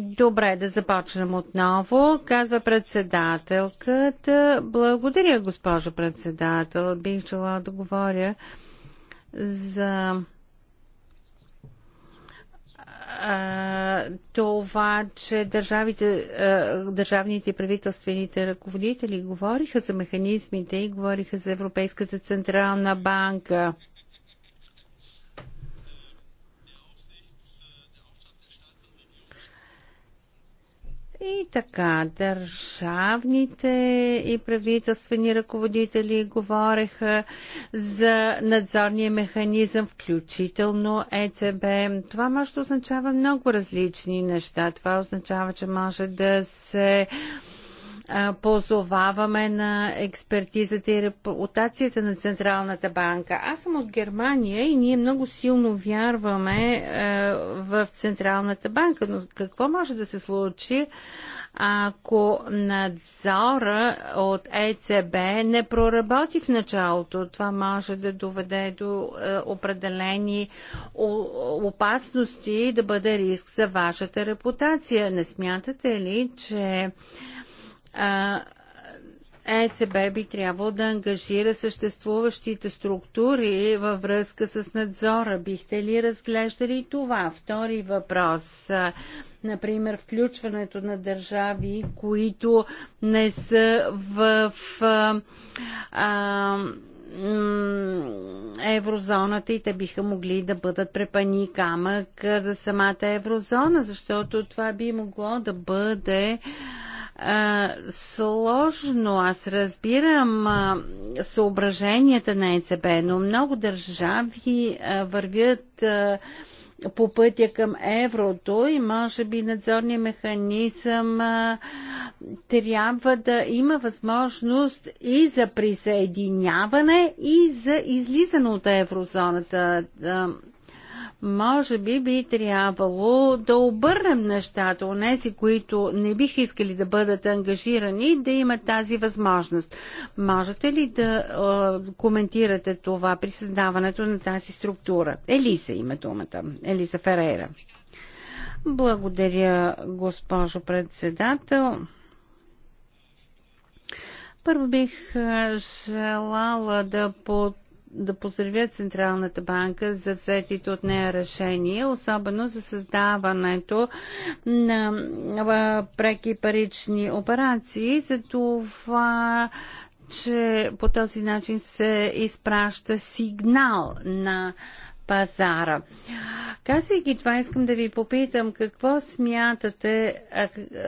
Добре, да започнем отново, казва председателката. Благодаря, госпожо председател. Бих желала да говоря за това, че държавите, държавните и правителствените ръководители говориха за механизмите и говориха за Европейската централна банка. И така, държавните и правителствени ръководители говореха за надзорния механизъм, включително ЕЦБ. Това може да означава много различни неща. Това означава, че може да се позоваваме на експертизата и репутацията на Централната банка. Аз съм от Германия и ние много силно вярваме е, в Централната банка, но какво може да се случи, ако надзора от ЕЦБ не проработи в началото? Това може да доведе до е, определени опасности да бъде риск за вашата репутация. Не смятате ли, че ЕЦБ би трябвало да ангажира съществуващите структури във връзка с надзора. Бихте ли разглеждали това? Втори въпрос. Например, включването на държави, които не са в. в а, еврозоната и те биха могли да бъдат препани камък за самата еврозона, защото това би могло да бъде а, сложно. Аз разбирам а, съображенията на ЕЦБ, но много държави а, вървят а, по пътя към еврото и може би надзорния механизъм а, трябва да има възможност и за присъединяване, и за излизане от еврозоната. А, може би би трябвало да обърнем нещата. Онези, които не биха искали да бъдат ангажирани, да имат тази възможност. Можете ли да е, коментирате това при създаването на тази структура? Елиса има думата. Елиса Ферейра. Благодаря, госпожо председател. Първо бих желала да под да поздравя Централната банка за взетите от нея решения, особено за създаването на преки парични операции. За това че по този начин се изпраща сигнал на пазара. Казвайки това, искам да ви попитам какво смятате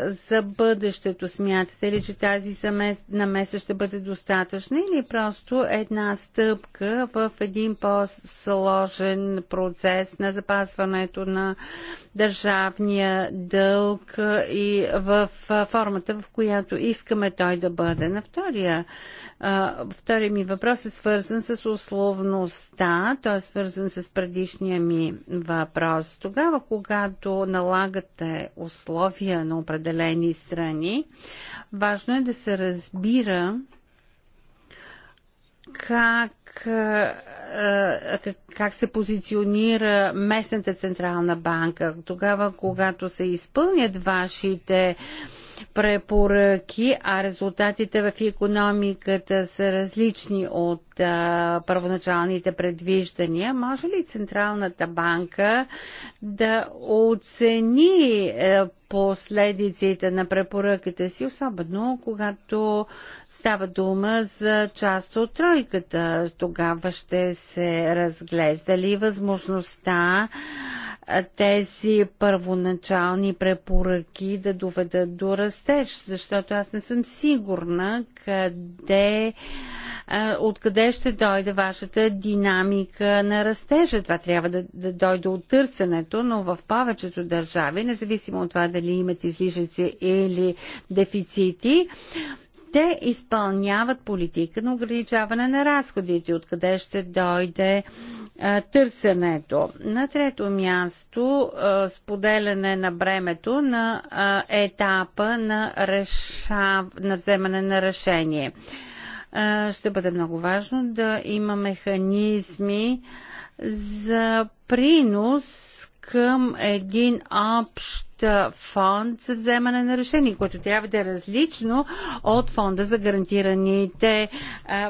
за бъдещето. Смятате ли, че тази намеса ще бъде достатъчна или просто една стъпка в един по-сложен процес на запазването на държавния дълг и в формата, в която искаме той да бъде? На втория, втория ми въпрос е свързан с условността, той е свързан с с предишния ми въпрос. Тогава, когато налагате условия на определени страни, важно е да се разбира как, е, е, как се позиционира местната централна банка тогава, когато се изпълнят вашите препоръки, а резултатите в економиката са различни от а, първоначалните предвиждания, може ли Централната банка да оцени а, е, последиците на препоръките си, особено когато става дума за част от тройката? Тогава ще се разглежда ли възможността тези първоначални препоръки да доведат до растеж, защото аз не съм сигурна къде, откъде ще дойде вашата динамика на растежа. Това трябва да, да дойде от търсенето, но в повечето държави, независимо от това дали имат излишъци или дефицити, те изпълняват политика на ограничаване на разходите, откъде ще дойде а, търсенето. На трето място споделяне на бремето на етапа на, решав... на вземане на решение. Ще бъде много важно да има механизми за принос към един общ фонд за вземане на решение, което трябва да е различно от фонда за гарантираните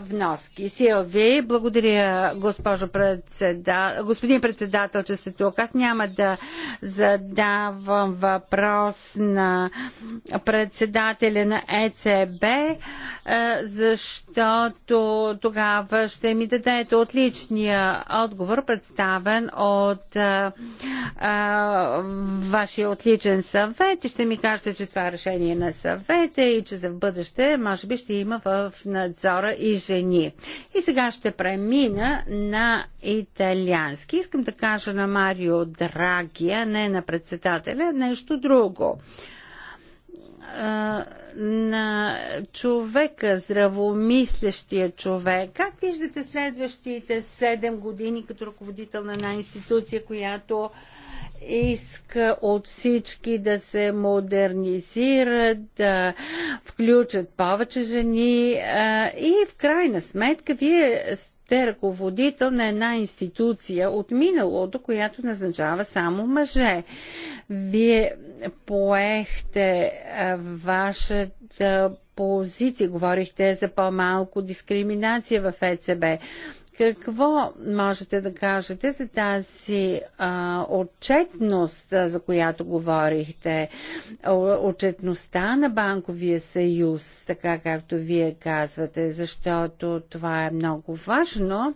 вноски. Силви, благодаря госпожо председател, господин председател, че сте тук. Аз няма да задавам въпрос на председателя на ЕЦБ, защото тогава ще ми дадете отличния отговор, представен от а, вашия отличен личен съвет и ще ми кажете, че това е решение на съвета и че за в бъдеще може би ще има в надзора и жени. И сега ще премина на италиански. Искам да кажа на Марио Драгия, а не на председателя, нещо друго на човека, здравомислещия човек. Как виждате следващите 7 години като ръководител на една институция, която иска от всички да се модернизират, да включат повече жени и в крайна сметка вие сте ръководител на една институция от миналото, която назначава само мъже. Вие поехте вашата позиция, говорихте за по-малко дискриминация в ЕЦБ, какво можете да кажете за тази а, отчетност, за която говорихте? Отчетността на Банковия съюз, така както вие казвате, защото това е много важно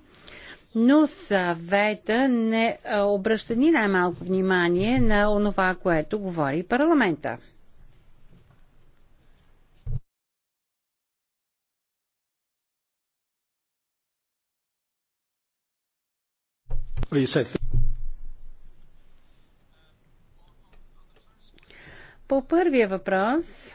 но съвета не обръща ни най-малко внимание на онова, което говори парламента. you По първия въпрос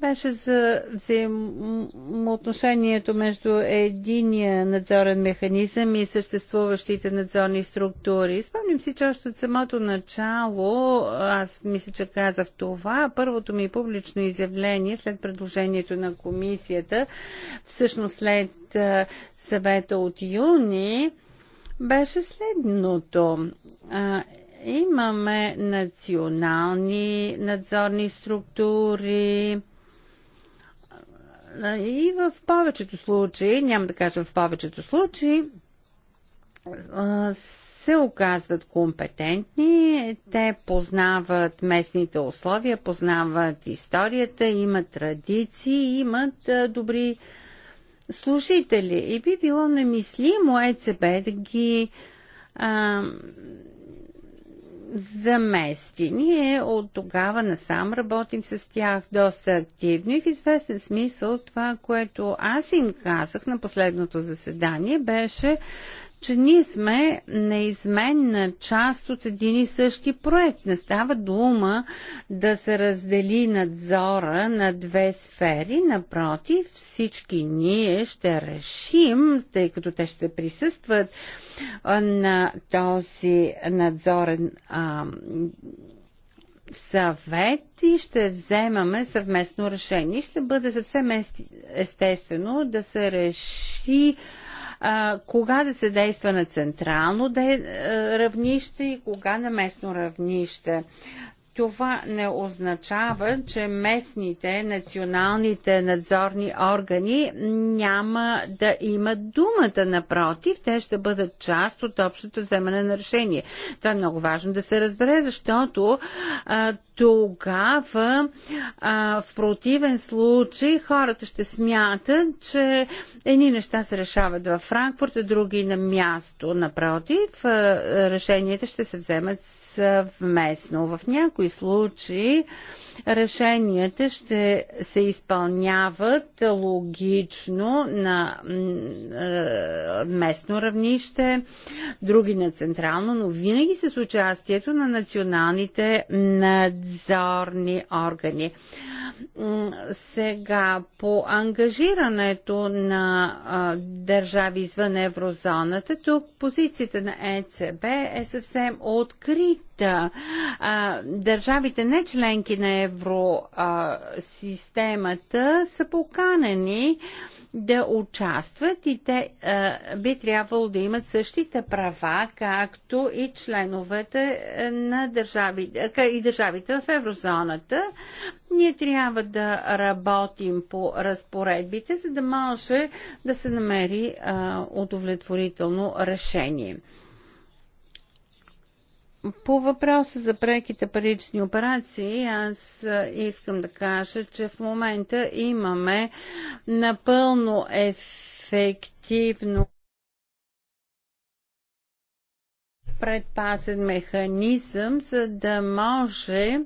беше за взаимоотношението между единия надзорен механизъм и съществуващите надзорни структури. Спомням си, че още от самото начало, аз мисля, че казах това, първото ми публично изявление след предложението на комисията, всъщност след съвета от юни, беше следното имаме национални надзорни структури, и в повечето случаи, няма да кажа в повечето случаи, се оказват компетентни, те познават местните условия, познават историята, имат традиции, имат добри служители. И би било немислимо ЕЦБ да ги а, замести. Ние от тогава насам работим с тях доста активно и в известен смисъл това, което аз им казах на последното заседание, беше, че ние сме неизменна част от един и същи проект. Не става дума да се раздели надзора на две сфери. Напротив, всички ние ще решим, тъй като те ще присъстват на този надзорен а, съвет и ще вземаме съвместно решение. Ще бъде съвсем естествено да се реши а, кога да се действа на централно де, е, равнище и кога на местно равнище. Това не означава, че местните, националните надзорни органи няма да имат думата. Напротив, те ще бъдат част от общото вземане на решение. Това е много важно да се разбере, защото а, тогава а, в противен случай хората ще смятат, че едни неща се решават във Франкфурт, а други на място. Напротив, а, решенията ще се вземат съвместно. В някои случаи решенията ще се изпълняват логично на местно равнище, други на централно, но винаги с участието на националните надзорници надзорни органи. Сега, по ангажирането на държави извън еврозоната, тук позицията на ЕЦБ е съвсем открита. държавите не членки на евросистемата са поканени а, да участват и те а, би трябвало да имат същите права, както и членовете на държави, и държавите в еврозоната. Ние трябва да работим по разпоредбите, за да може да се намери а, удовлетворително решение. По въпроса за преките парични операции, аз искам да кажа, че в момента имаме напълно ефективно предпазен механизъм, за да може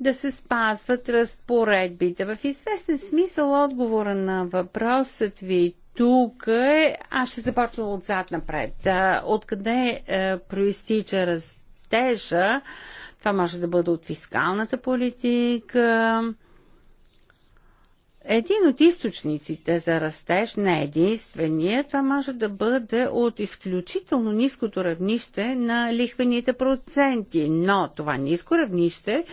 да се спазват разпоредбите. В известен смисъл отговора на въпросът ви тук е... Аз ще започна отзад напред. Откъде е, проистича раз растежа. Това може да бъде от фискалната политика. Един от източниците за растеж, не единствения, това може да бъде от изключително ниското равнище на лихвените проценти. Но това ниско равнище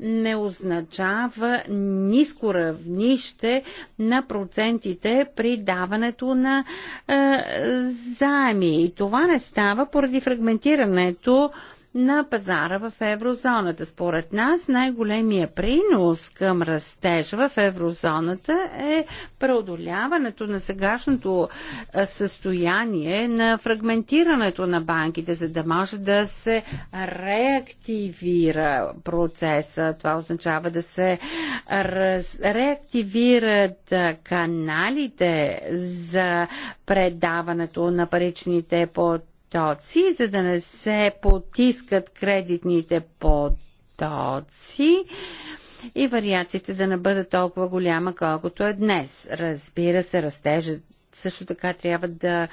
не означава ниско равнище на процентите при даването на е, заеми. И това не става поради фрагментирането на пазара в еврозоната. Според нас най-големия принос към растежа в еврозоната е преодоляването на сегашното състояние на фрагментирането на банките, за да може да се реактивира процеса. Това означава да се реактивират каналите за предаването на паричните под потоци, за да не се потискат кредитните потоци и вариациите да не бъдат толкова голяма, колкото е днес. Разбира се, растежът също така трябва да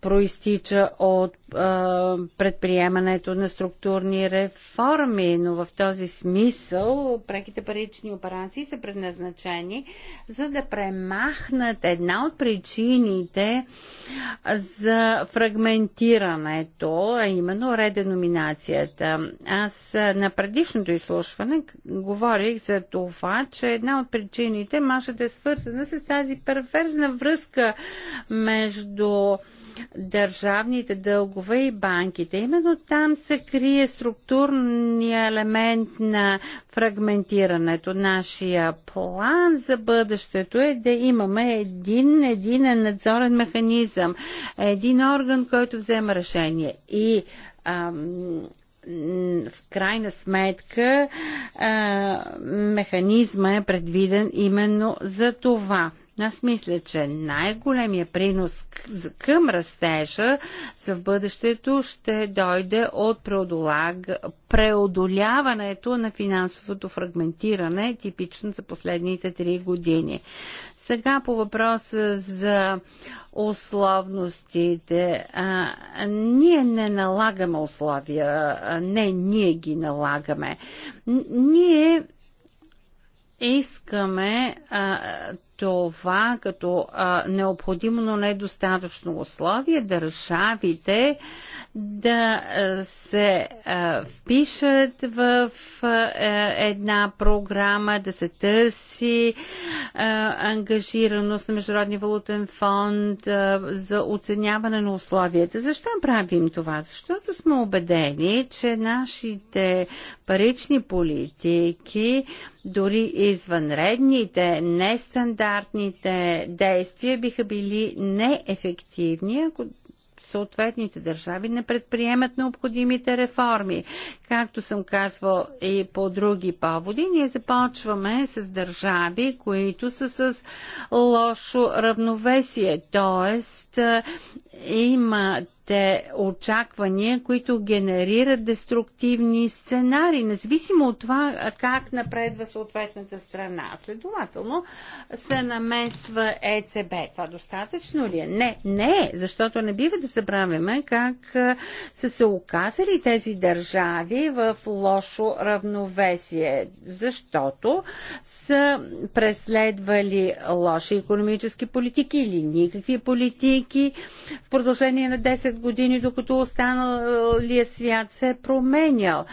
проистича от а, предприемането на структурни реформи, но в този смисъл преките парични операции са предназначени за да премахнат една от причините за фрагментирането, а именно реденоминацията. Аз на предишното изслушване говорих за това, че една от причините може да е свързана с тази перверзна връзка между държавните дългове и банките. Именно там се крие структурния елемент на фрагментирането. Нашия план за бъдещето е да имаме един единен надзорен механизъм, един орган, който взема решение. И ам, в крайна сметка а, механизма е предвиден именно за това. Аз мисля, че най-големия принос към растежа за в бъдещето ще дойде от преодоляването на финансовото фрагментиране, типично за последните три години. Сега по въпроса за условностите. А, ние не налагаме условия. А, не, ние ги налагаме. Н- ние искаме а, това като а, необходимо, но недостатъчно условие държавите да а, се а, впишат в а, е, една програма, да се търси а, ангажираност на Международния валутен фонд а, за оценяване на условията. Защо правим това? Защото сме убедени, че нашите парични политики, дори извънредните, нестандартни, стандартните действия биха били неефективни, ако съответните държави не предприемат необходимите реформи. Както съм казвал и по други поводи, ние започваме с държави, които са с лошо равновесие, т.е имате очаквания, които генерират деструктивни сценари, независимо от това как напредва съответната страна. Следователно се намесва ЕЦБ. Това достатъчно ли е? Не, не, е, защото не бива да забравяме как са се оказали тези държави в лошо равновесие, защото са преследвали лоши економически политики или никакви политики. В продължение на 10 години, докато останалия свят се е променял.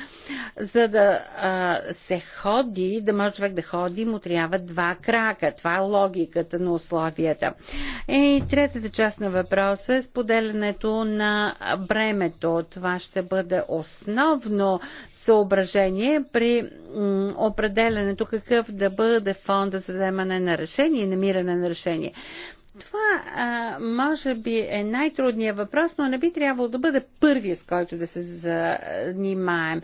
За да а, се ходи, да може човек да ходи, му трябва два крака. Това е логиката на условията. И третата част на въпроса е споделянето на бремето. Това ще бъде основно съображение при определенето какъв да бъде фонда за вземане на решение и намиране на решение. Това а, може би е най-трудният въпрос, но не би трябвало да бъде първия, с който да се занимаем.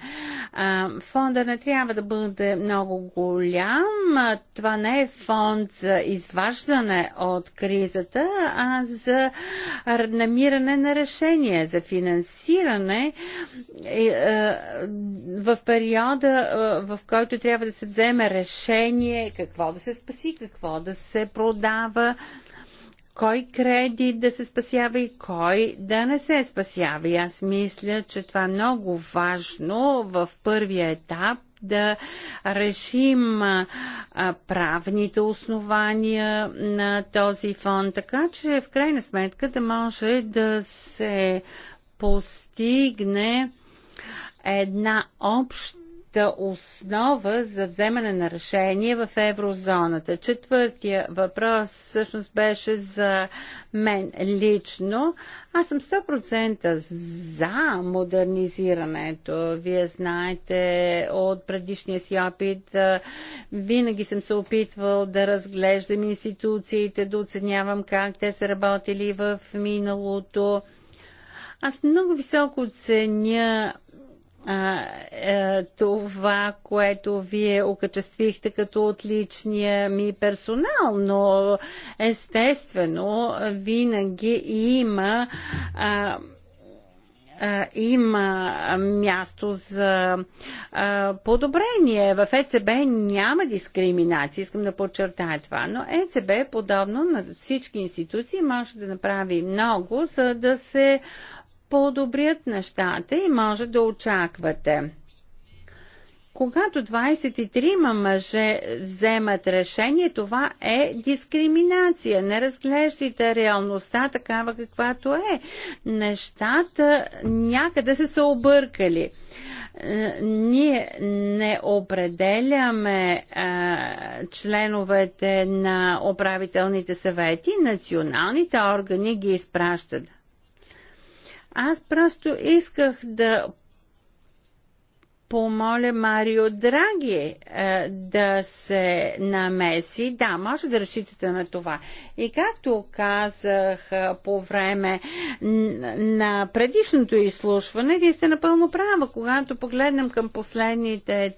А, фонда не трябва да бъде много голям. Това не е фонд за изваждане от кризата, а за намиране на решение, за финансиране и, а, в периода, а, в който трябва да се вземе решение какво да се спаси, какво да се продава кой кредит да се спасява и кой да не се спасява. И аз мисля, че това е много важно в първия етап да решим правните основания на този фонд, така че в крайна сметка да може да се постигне една обща основа за вземане на решение в еврозоната. Четвъртия въпрос всъщност беше за мен лично. Аз съм 100% за модернизирането. Вие знаете от предишния си опит. Винаги съм се опитвал да разглеждам институциите, да оценявам как те са работили в миналото. Аз много високо ценя а, е, това, което вие окачествихте като отличния ми персонал, но естествено винаги има а, има място за подобрение. В ЕЦБ няма дискриминация, искам да подчертая това, но ЕЦБ, подобно на всички институции, може да направи много, за да се подобрят нещата и може да очаквате. Когато 23 мъже вземат решение, това е дискриминация. Не разглеждайте реалността такава каквато е. Нещата някъде са се объркали. Е, ние не определяме а, е, членовете на управителните съвети, националните органи ги изпращат. Аз просто исках да помоля Марио Драги е, да се намеси. Да, може да разчитате на това. И както казах е, по време на предишното изслушване, вие сте напълно права. Когато погледнем към последните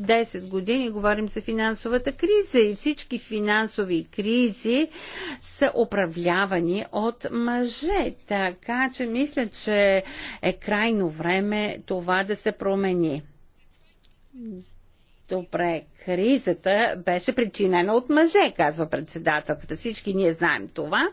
10 години говорим за финансовата криза и всички финансови кризи са управлявани от мъже. Така че мисля, че е крайно време това да се промени. Добре, кризата беше причинена от мъже, казва председателката. Всички ние знаем това.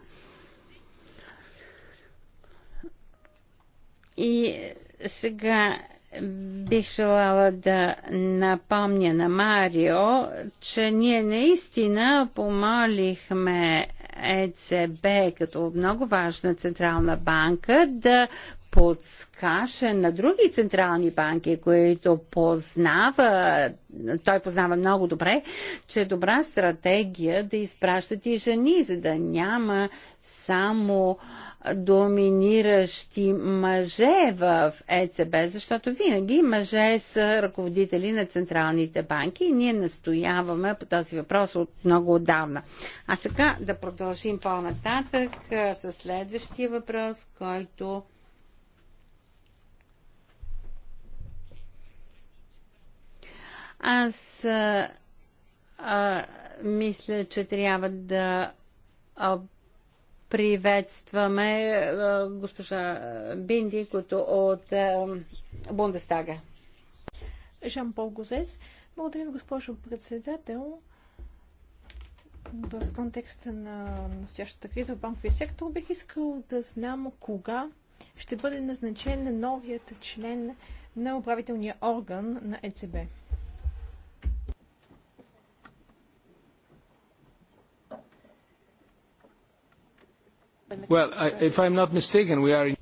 И сега бих желала да напомня на Марио, че ние наистина помолихме ЕЦБ като много важна централна банка да подскаже на други централни банки, които познава, той познава много добре, че е добра стратегия да изпращат и жени, за да няма само доминиращи мъже в ЕЦБ, защото винаги мъже са ръководители на централните банки и ние настояваме по този въпрос от много отдавна. А сега да продължим по-нататък с следващия въпрос, който аз а, мисля, че трябва да приветстваме госпожа Бинди от Бундестага. Жан-Пол Гозес. Благодаря госпожо председател. В контекста на настоящата криза в банковия сектор бих искал да знам кога ще бъде назначен новият член на управителния орган на ЕЦБ. Well, if I'm not mistaken, we are...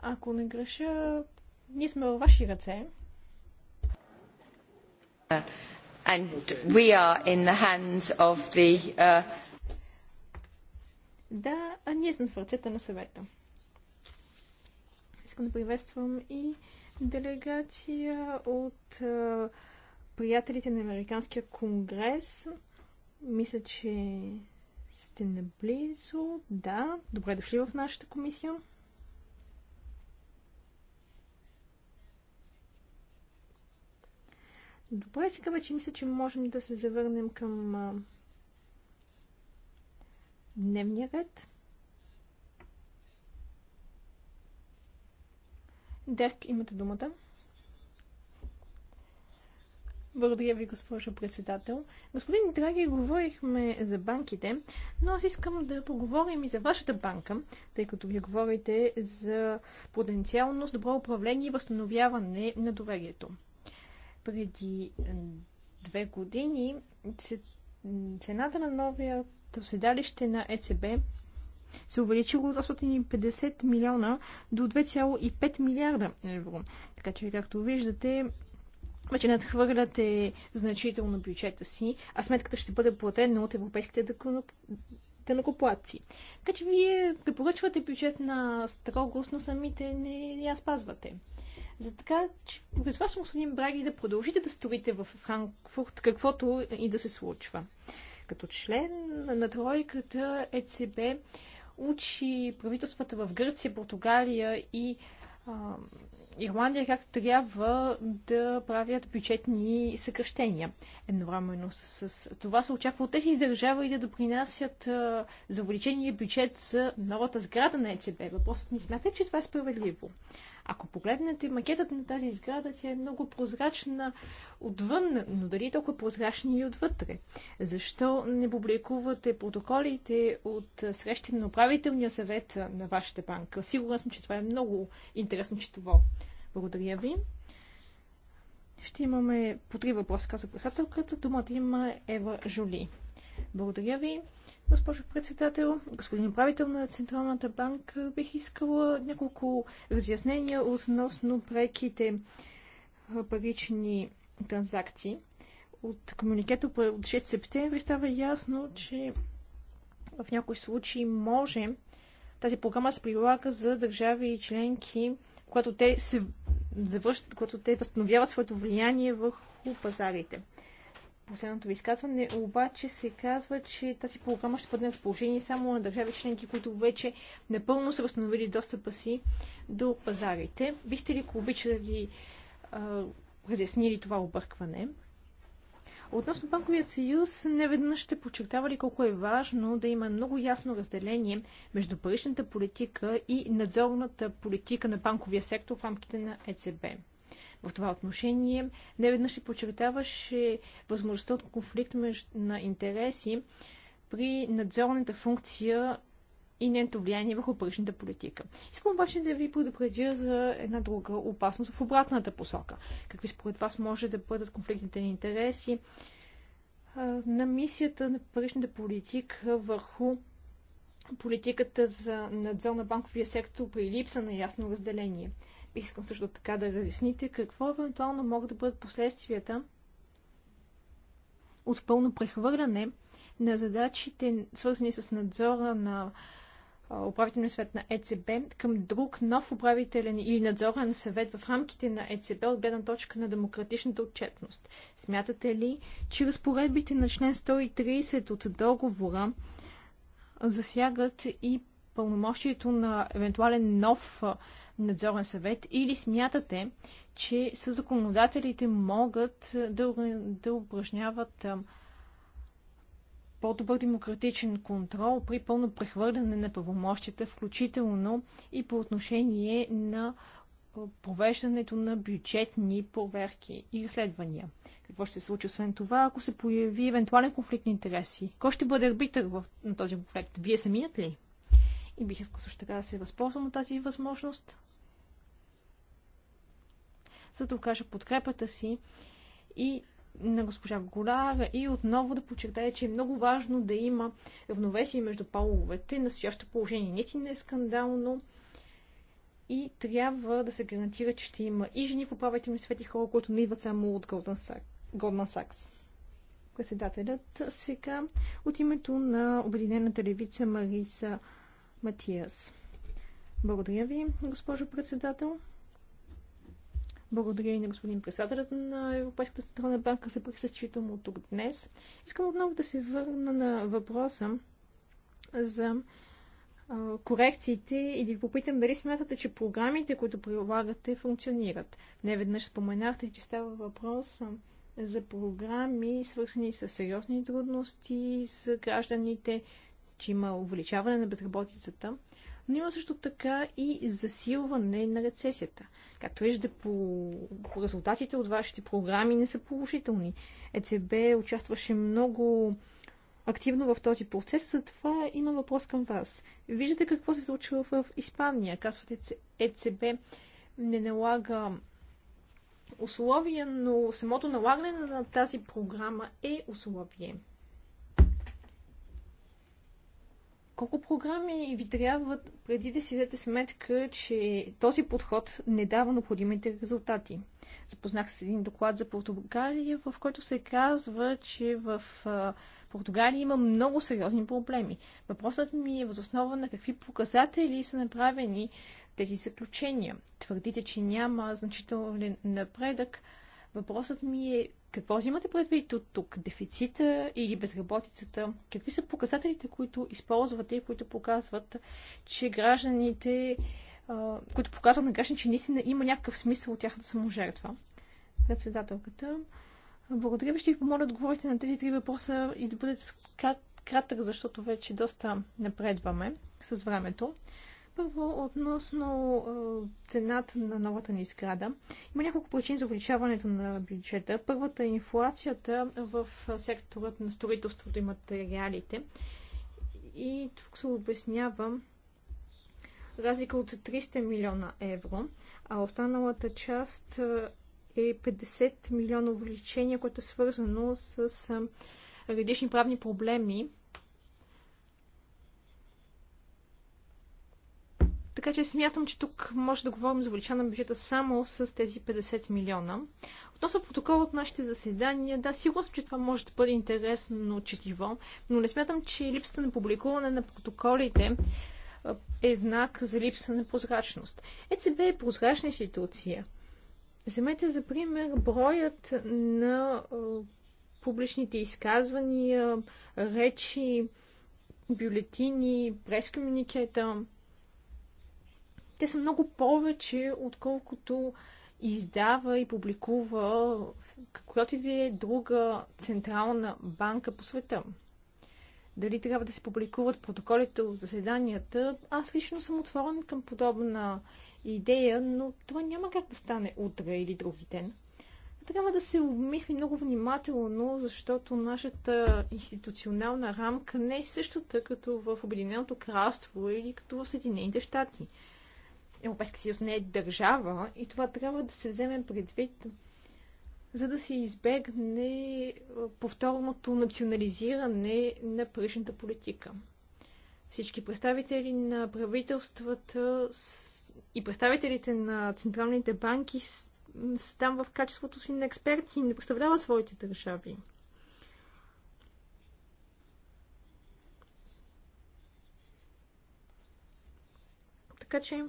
Ако не греша, ние сме във ваши ръце. Uh, and we are in the hands of the... Uh... Да, а ние сме в ръцете на съвета. Искам да приветствам и делегация от uh, приятелите на Американския конгрес. Мисля, че сте наблизо. Да, добре дошли в нашата комисия. Добре, сега вече мисля, че можем да се завърнем към дневния ред. Дерк, имате думата. Благодаря ви, госпожо председател. Господин Драги, говорихме за банките, но аз искам да поговорим и за вашата банка, тъй като вие говорите за потенциалност, добро управление и възстановяване на доверието. Преди две години цената на новия седалище на ЕЦБ се увеличило от 850 милиона до 2,5 милиарда евро. Така че, както виждате, вече надхвърляте значително бюджета си, а сметката ще бъде платена от европейските дънакоплатци. Така че вие препоръчвате бюджет на строгост, но самите не я спазвате. За така, че през вас, господин Браги, да продължите да строите в Франкфурт, каквото и да се случва. Като член на тройката ЕЦБ учи правителствата в Гърция, Португалия и Ирландия как трябва да правят бюджетни съкръщения. Едновременно с, с това се очаква от тези и да допринасят а, за увеличение бюджет за новата сграда на ЕЦБ. Въпросът ми смятате, че това е справедливо. Ако погледнете макетът на тази сграда, тя е много прозрачна отвън, но дали е толкова прозрачна и отвътре? Защо не публикувате протоколите от срещи на управителния съвет на вашата банка? Сигурна съм, че това е много интересно четово. Благодаря ви. Ще имаме по три въпроса, каза председателката. Думата има Ева Жоли. Благодаря ви, госпожо председател. Господин управител на Централната банка, бих искала няколко разяснения относно преките парични транзакции. От комуникето от 6 септември става ясно, че в някои случаи може тази програма се прилага за държави и членки, когато те, се завършат, когато те възстановяват своето влияние върху пазарите последното ви изказване, обаче се казва, че тази програма ще бъде на разположение само на държави членки, които вече напълно са възстановили достъпа си до пазарите. Бихте ли, ако обичате да разяснили това объркване? Относно Банковият съюз, неведнъж ще подчертавали колко е важно да има много ясно разделение между паричната политика и надзорната политика на банковия сектор в рамките на ЕЦБ в това отношение. Не веднъж се подчертаваше възможността от конфликт на интереси при надзорната функция и нейното влияние върху паричната политика. Искам обаче да ви предупредя за една друга опасност в обратната посока. Какви според вас може да бъдат конфликтните ни интереси на мисията на паричната политика върху политиката за надзор на банковия сектор при липса на ясно разделение. Искам също така да разясните какво евентуално могат да бъдат последствията от пълно прехвърляне на задачите, свързани с надзора на управителния съвет на ЕЦБ към друг нов управителен или надзорен съвет в рамките на ЕЦБ от гледна точка на демократичната отчетност. Смятате ли, че разпоредбите на член 130 от договора засягат и пълномощието на евентуален нов надзорен съвет или смятате, че със законодателите могат да, да упражняват по-добър демократичен контрол при пълно прехвърляне на правомощите, включително и по отношение на провеждането на бюджетни проверки и разследвания. Какво ще се случи освен това, ако се появи евентуален конфликт на интереси? Кой ще бъде арбитър в, на този конфликт? Вие самият ли? И бих искал също така да се възползвам от тази възможност за да окажа подкрепата си и на госпожа Голара и отново да подчертая, че е много важно да има равновесие между половете. Настоящото положение наистина е скандално и трябва да се гарантира, че ще има и жени в управите ми свети хора, които не идват само от Голдман Сакс. Председателят сега от името на Обединената левица Мариса Матиас. Благодаря ви, госпожо председател. Благодаря и на господин председателят на Европейската централна банка за присъствието му тук днес. Искам отново да се върна на въпроса за корекциите и да ви попитам дали смятате, че програмите, които прилагате, функционират. Не веднъж споменахте, че става въпрос за програми, свързани с сериозни трудности с гражданите, че има увеличаване на безработицата но има също така и засилване на рецесията. Както виждате, по резултатите от вашите програми не са положителни. ЕЦБ участваше много активно в този процес, затова има въпрос към вас. Виждате какво се случва в Испания. Казвате, ЕЦБ не налага условия, но самото налагане на тази програма е условие. Колко програми ви трябват преди да си дадете сметка, че този подход не дава необходимите резултати? Запознах с един доклад за Португалия, в който се казва, че в Португалия има много сериозни проблеми. Въпросът ми е възоснова на какви показатели са направени тези заключения. Твърдите, че няма значителен напредък. Въпросът ми е какво взимате предвид от тук? Дефицита или безработицата? Какви са показателите, които използвате и които показват, че гражданите, които показват на гражданите, че наистина има някакъв смисъл от тяхната да саможертва? Председателката. Благодаря ви, ще ви помоля да отговорите на тези три въпроса и да бъдете кратък, защото вече доста напредваме с времето. Първо, относно цената на новата ни сграда. Има няколко причини за увеличаването на бюджета. Първата е инфлацията в секторът на строителството и материалите. И тук се обяснявам разлика от 300 милиона евро, а останалата част е 50 милиона увеличение, което е свързано с различни правни проблеми, Така че смятам, че тук може да говорим за увеличаване на бюджета само с тези 50 милиона. Относно протокол от нашите заседания, да, сигурно съм, че това може да бъде интересно четиво, но не смятам, че липсата на публикуване на протоколите е знак за липса на прозрачност. ЕЦБ е прозрачна институция. Вземете за пример броят на публичните изказвания, речи, бюлетини, прескомуникета. комуникета те са много повече, отколкото издава и публикува която и да е друга централна банка по света. Дали трябва да се публикуват протоколите от заседанията, аз лично съм отворен към подобна идея, но това няма как да стане утре или други ден. Трябва да се обмисли много внимателно, защото нашата институционална рамка не е същата като в Обединеното кралство или като в Съединените щати. Европейския съюз не е държава и това трябва да се вземе предвид, за да се избегне повторното национализиране на паричната политика. Всички представители на правителствата и представителите на централните банки са там в качеството си на експерти и не представляват своите държави. Така че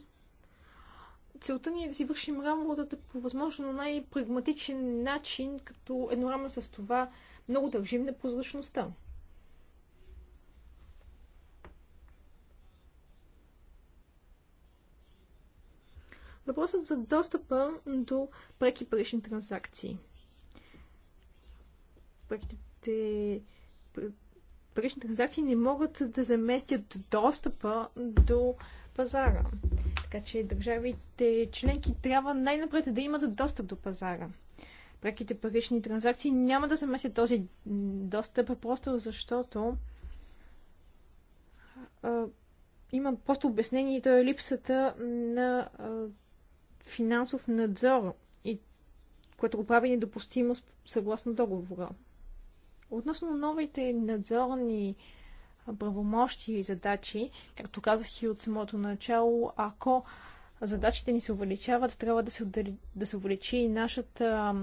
целта ни е да си вършим работата по възможно най-прагматичен начин, като едновременно с това много държим на прозрачността. Въпросът за достъпа до преки парични транзакции. Преките парични транзакции не могат да заместят достъпа до пазара. Така че държавите членки трябва най-напред да имат достъп до пазара. Преките парични транзакции няма да замесят този достъп, просто защото а, има просто обяснение и то е липсата на а, финансов надзор, и, което го прави недопустимо съгласно договора. Относно новите надзорни а, правомощи и задачи. Както казах и от самото начало, ако задачите ни се увеличават, трябва да се, да се увеличи и нашата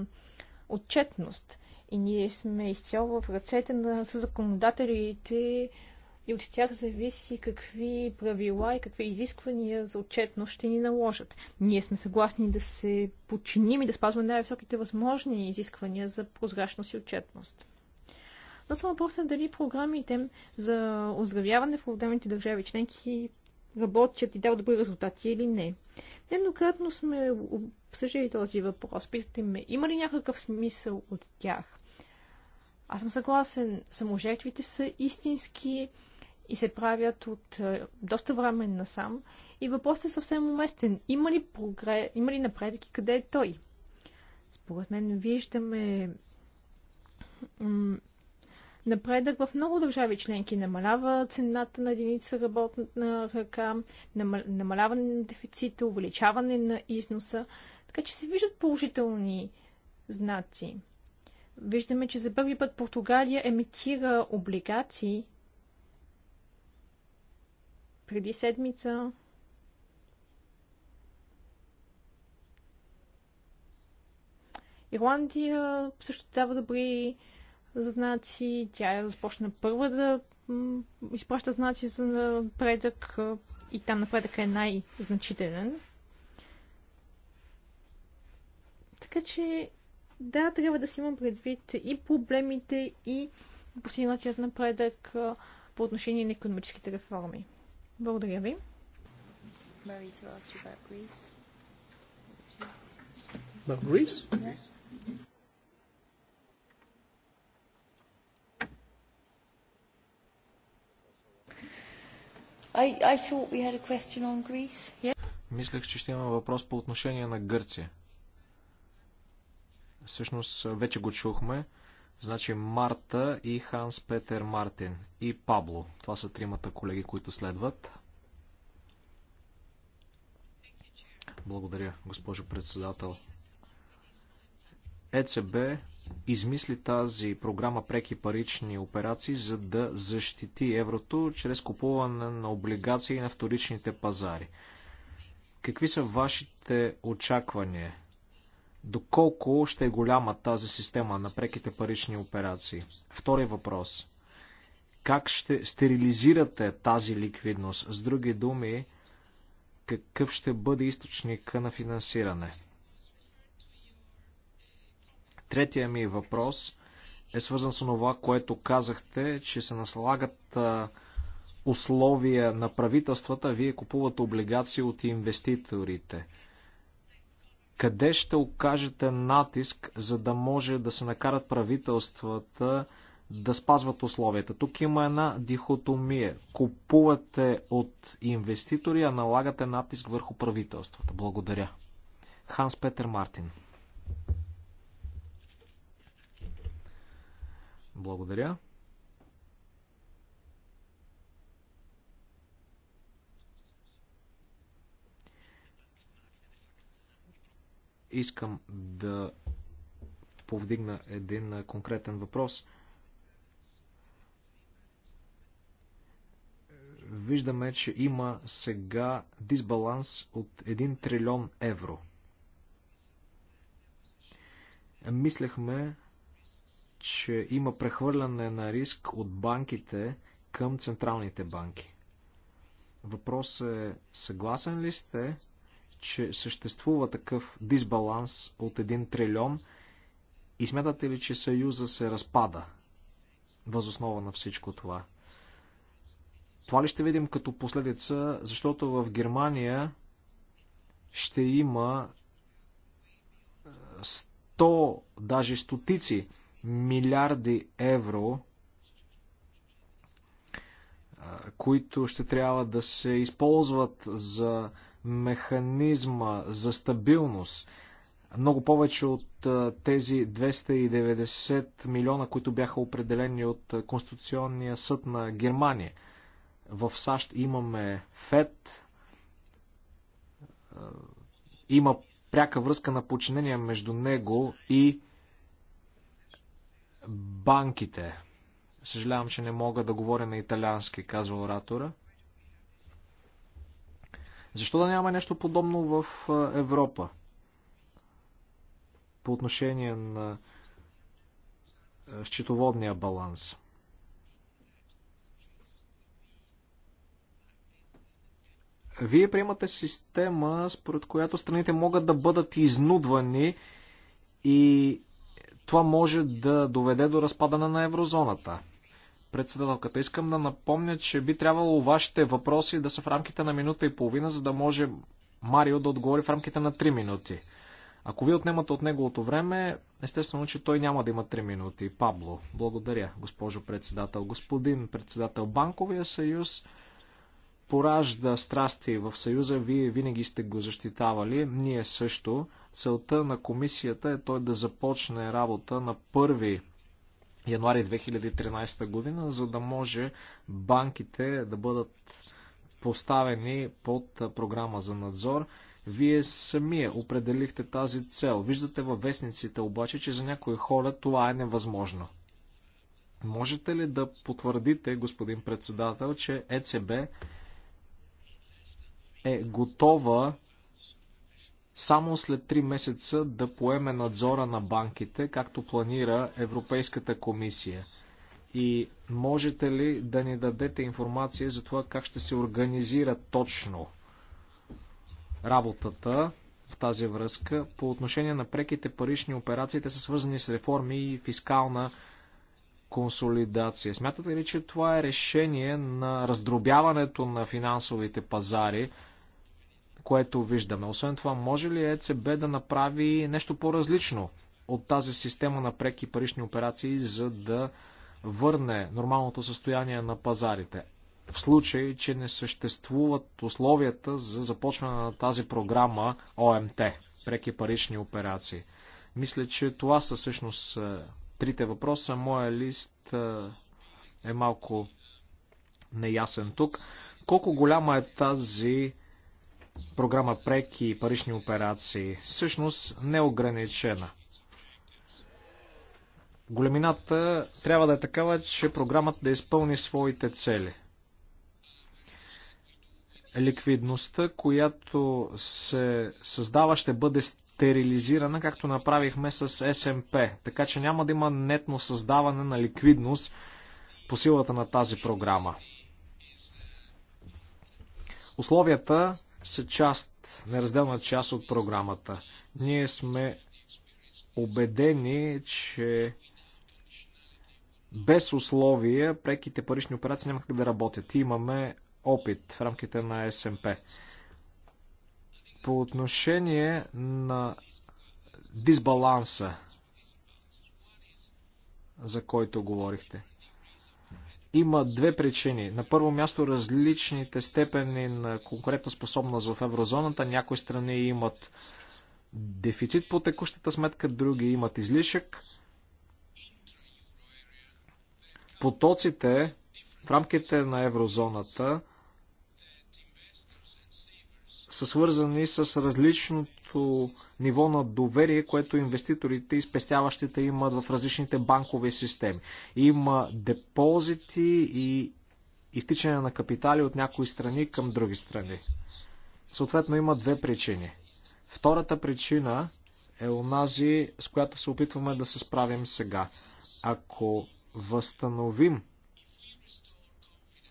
отчетност. И ние сме изцяло в ръцете на законодателите и от тях зависи какви правила и какви изисквания за отчетност ще ни наложат. Ние сме съгласни да се подчиним и да спазваме най-високите възможни изисквания за прозрачност и отчетност. Но това въпросът е дали програмите за оздравяване в отделните държави членки работят и дават добри резултати или не. Неднократно сме обсъждали този въпрос. Питате ме, има ли някакъв смисъл от тях? Аз съм съгласен, саможертвите са истински и се правят от е, доста време насам. И въпросът е съвсем уместен. Има ли, прогре... има ли напредък и къде е той? Според мен виждаме напредък в много държави членки. Намалява цената на единица работна ръка, намаляване на дефицита, увеличаване на износа. Така че се виждат положителни знаци. Виждаме, че за първи път Португалия емитира облигации преди седмица. Ирландия също дава добри знаци. Тя започна първа да изпраща знаци за напредък и там напредък е най-значителен. Така че, да, трябва да си имам предвид и проблемите, и постигнатият напредък по отношение на економическите реформи. Благодаря ви. Marisa you about Greece. About Greece? Yes. I, I we had a on Yeah. Мислех, че ще има въпрос по отношение на Гърция. Всъщност, вече го чухме. Значи Марта и Ханс Петер Мартин и Пабло. Това са тримата колеги, които следват. Благодаря, госпожо председател. ЕЦБ измисли тази програма преки парични операции, за да защити еврото чрез купуване на облигации на вторичните пазари. Какви са вашите очаквания? Доколко ще е голяма тази система на преките парични операции? Втори въпрос. Как ще стерилизирате тази ликвидност? С други думи, какъв ще бъде източника на финансиране? Третия ми въпрос е свързан с това, което казахте, че се наслагат условия на правителствата, вие купувате облигации от инвеститорите. Къде ще окажете натиск, за да може да се накарат правителствата да спазват условията? Тук има една дихотомия. Купувате от инвеститори, а налагате натиск върху правителствата. Благодаря. Ханс Петър Мартин. Благодаря. Искам да повдигна един конкретен въпрос. Виждаме, че има сега дисбаланс от 1 трилион евро. Мислехме, че има прехвърляне на риск от банките към централните банки. Въпрос е, съгласен ли сте, че съществува такъв дисбаланс от 1 трилион и смятате ли, че Съюза се разпада възоснова на всичко това? Това ли ще видим като последица, защото в Германия ще има 100, даже стотици милиарди евро, които ще трябва да се използват за механизма за стабилност. Много повече от тези 290 милиона, които бяха определени от Конституционния съд на Германия. В САЩ имаме ФЕД, има пряка връзка на подчинение между него и банките. Съжалявам, че не мога да говоря на италиански, казва оратора. Защо да няма нещо подобно в Европа? По отношение на счетоводния баланс. Вие приемате система, според която страните могат да бъдат изнудвани и това може да доведе до разпадане на еврозоната. Председателката, искам да напомня, че би трябвало вашите въпроси да са в рамките на минута и половина, за да може Марио да отговори в рамките на 3 минути. Ако ви отнемате от неговото време, естествено, че той няма да има 3 минути. Пабло, благодаря, госпожо председател. Господин председател, Банковия съюз поражда страсти в съюза. Вие винаги сте го защитавали. Ние също. Целта на комисията е той да започне работа на 1 януари 2013 година, за да може банките да бъдат поставени под програма за надзор. Вие самия определихте тази цел. Виждате във вестниците обаче, че за някои хора това е невъзможно. Можете ли да потвърдите, господин председател, че ЕЦБ е готова само след три месеца да поеме надзора на банките, както планира Европейската комисия. И можете ли да ни дадете информация за това как ще се организира точно работата в тази връзка по отношение на преките парични операции, те са свързани с реформи и фискална консолидация. Смятате ли, че това е решение на раздробяването на финансовите пазари? което виждаме. Освен това, може ли ЕЦБ да направи нещо по-различно от тази система на преки парични операции, за да върне нормалното състояние на пазарите? В случай, че не съществуват условията за започване на тази програма ОМТ, преки парични операции. Мисля, че това са всъщност е, трите въпроса. Моя лист е, е малко неясен тук. Колко голяма е тази програма преки и парични операции, всъщност неограничена. Големината трябва да е такава, че програмата да изпълни своите цели. Ликвидността, която се създава, ще бъде стерилизирана, както направихме с СМП. Така че няма да има нетно създаване на ликвидност по силата на тази програма. Условията са част, неразделна част от програмата. Ние сме убедени, че без условия преките парични операции няма как да работят. И имаме опит в рамките на СМП. По отношение на дисбаланса, за който говорихте. Има две причини. На първо място различните степени на способност в еврозоната. Някои страни имат дефицит по текущата сметка, други имат излишък. Потоците в рамките на еврозоната са свързани с различното високото ниво на доверие, което инвеститорите и спестяващите имат в различните банкови системи. Има депозити и изтичане на капитали от някои страни към други страни. Съответно има две причини. Втората причина е онази, с която се опитваме да се справим сега. Ако възстановим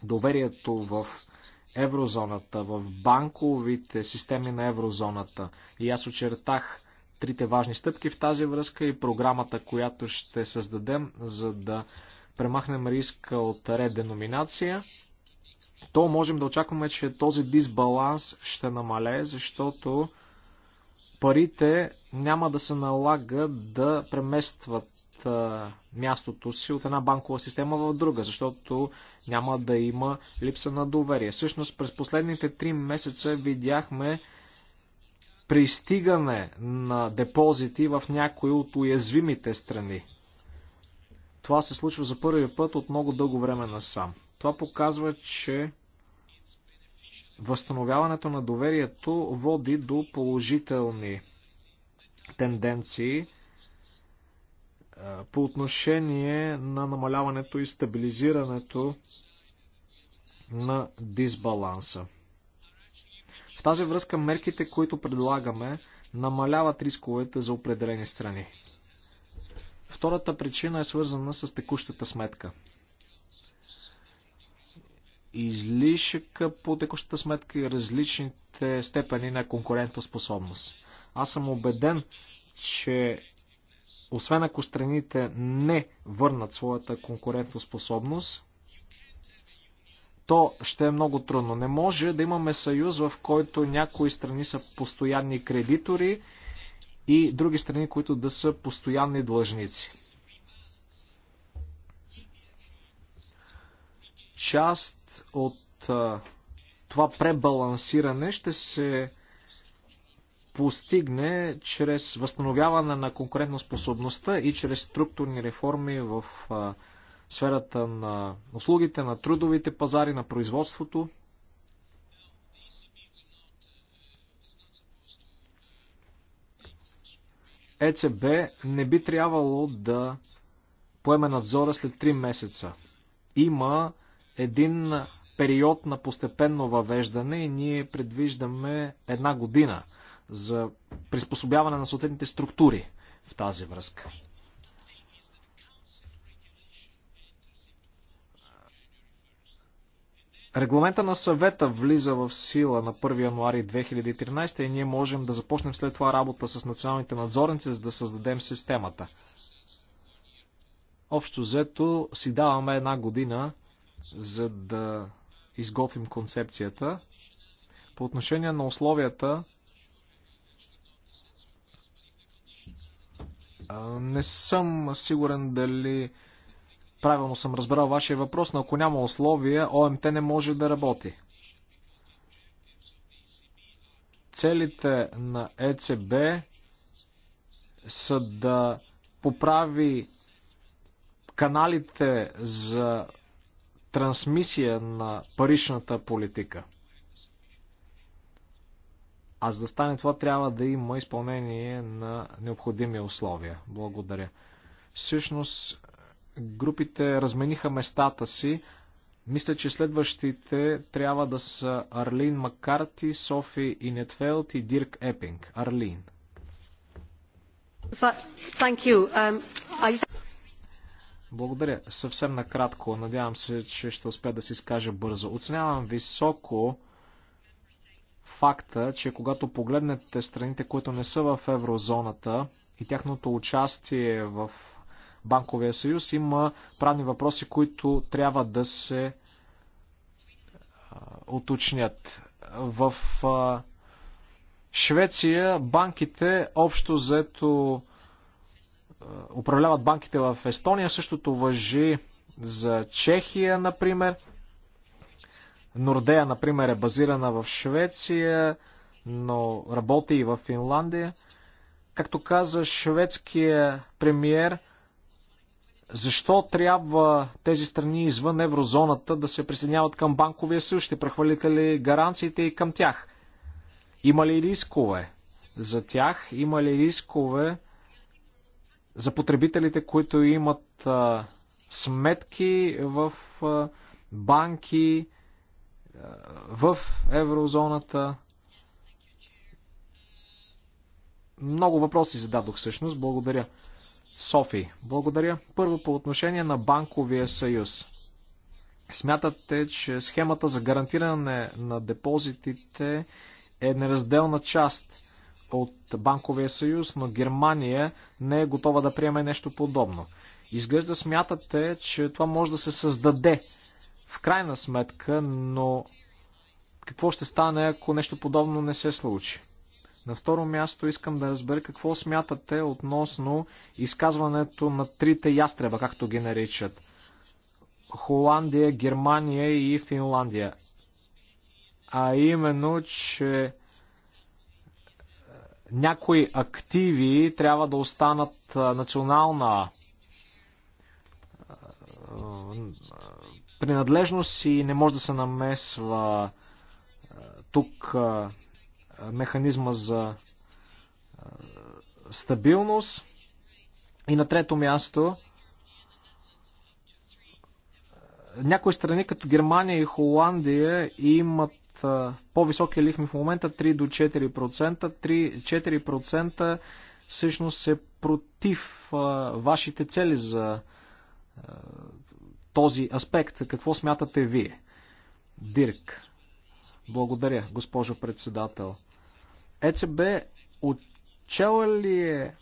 доверието в еврозоната, в банковите системи на еврозоната. И аз очертах трите важни стъпки в тази връзка и програмата, която ще създадем, за да премахнем риска от реденоминация, то можем да очакваме, че този дисбаланс ще намалее, защото парите няма да се налага да преместват мястото си от една банкова система в друга, защото няма да има липса на доверие. Всъщност през последните три месеца видяхме пристигане на депозити в някои от уязвимите страни. Това се случва за първи път от много дълго време насам. Това показва, че възстановяването на доверието води до положителни тенденции по отношение на намаляването и стабилизирането на дисбаланса. В тази връзка мерките, които предлагаме, намаляват рисковете за определени страни. Втората причина е свързана с текущата сметка. Излишъка по текущата сметка и различните степени на конкурентоспособност. Аз съм убеден, че освен ако страните не върнат своята конкурентоспособност, то ще е много трудно. Не може да имаме съюз, в който някои страни са постоянни кредитори и други страни, които да са постоянни длъжници. Част от това пребалансиране ще се постигне чрез възстановяване на конкурентоспособността и чрез структурни реформи в сферата на услугите, на трудовите пазари, на производството. ЕЦБ не би трябвало да поеме надзора след 3 месеца. Има един период на постепенно въвеждане и ние предвиждаме една година – за приспособяване на съответните структури в тази връзка. Регламента на съвета влиза в сила на 1 януари 2013 и ние можем да започнем след това работа с националните надзорници, за да създадем системата. Общо взето си даваме една година, за да изготвим концепцията. По отношение на условията, Не съм сигурен дали правилно съм разбрал вашия въпрос, но ако няма условия, ОМТ не може да работи. Целите на ЕЦБ са да поправи каналите за трансмисия на паричната политика – а за да стане това, трябва да има изпълнение на необходими условия. Благодаря. Всъщност, групите размениха местата си. Мисля, че следващите трябва да са Арлин Маккарти, Софи Инетфелд и Дирк Епинг. Арлин. Um, Благодаря. Съвсем накратко. Надявам се, че ще успя да си изкажа бързо. Оценявам високо факта, че когато погледнете страните, които не са в еврозоната и тяхното участие в Банковия съюз, има правни въпроси, които трябва да се уточнят. В Швеция банките общо взето управляват банките в Естония. Същото въжи за Чехия, например. Нордея, например, е базирана в Швеция, но работи и в Финландия. Както каза шведския премиер, защо трябва тези страни извън еврозоната да се присъединяват към банковия съюз? Ще прехвалите ли гаранциите и към тях? Има ли рискове за тях? Има ли рискове за потребителите, които имат а, сметки в а, банки, в еврозоната. Много въпроси зададох всъщност. Благодаря. Софи, благодаря. Първо по отношение на банковия съюз. Смятате, че схемата за гарантиране на депозитите е неразделна част от банковия съюз, но Германия не е готова да приеме нещо подобно. Изглежда смятате, че това може да се създаде в крайна сметка, но какво ще стане, ако нещо подобно не се случи? На второ място искам да разбера какво смятате относно изказването на трите ястреба, както ги наричат. Холандия, Германия и Финландия. А именно, че е, някои активи трябва да останат е, национална е, принадлежност и не може да се намесва е, тук е, механизма за е, стабилност. И на трето място, някои страни като Германия и Холандия имат по-високи лихми в момента 3 до 4%. 3-4% всъщност е против вашите цели за този аспект. Какво смятате вие? Дирк. Благодаря, госпожо председател. ЕЦБ отчела ли е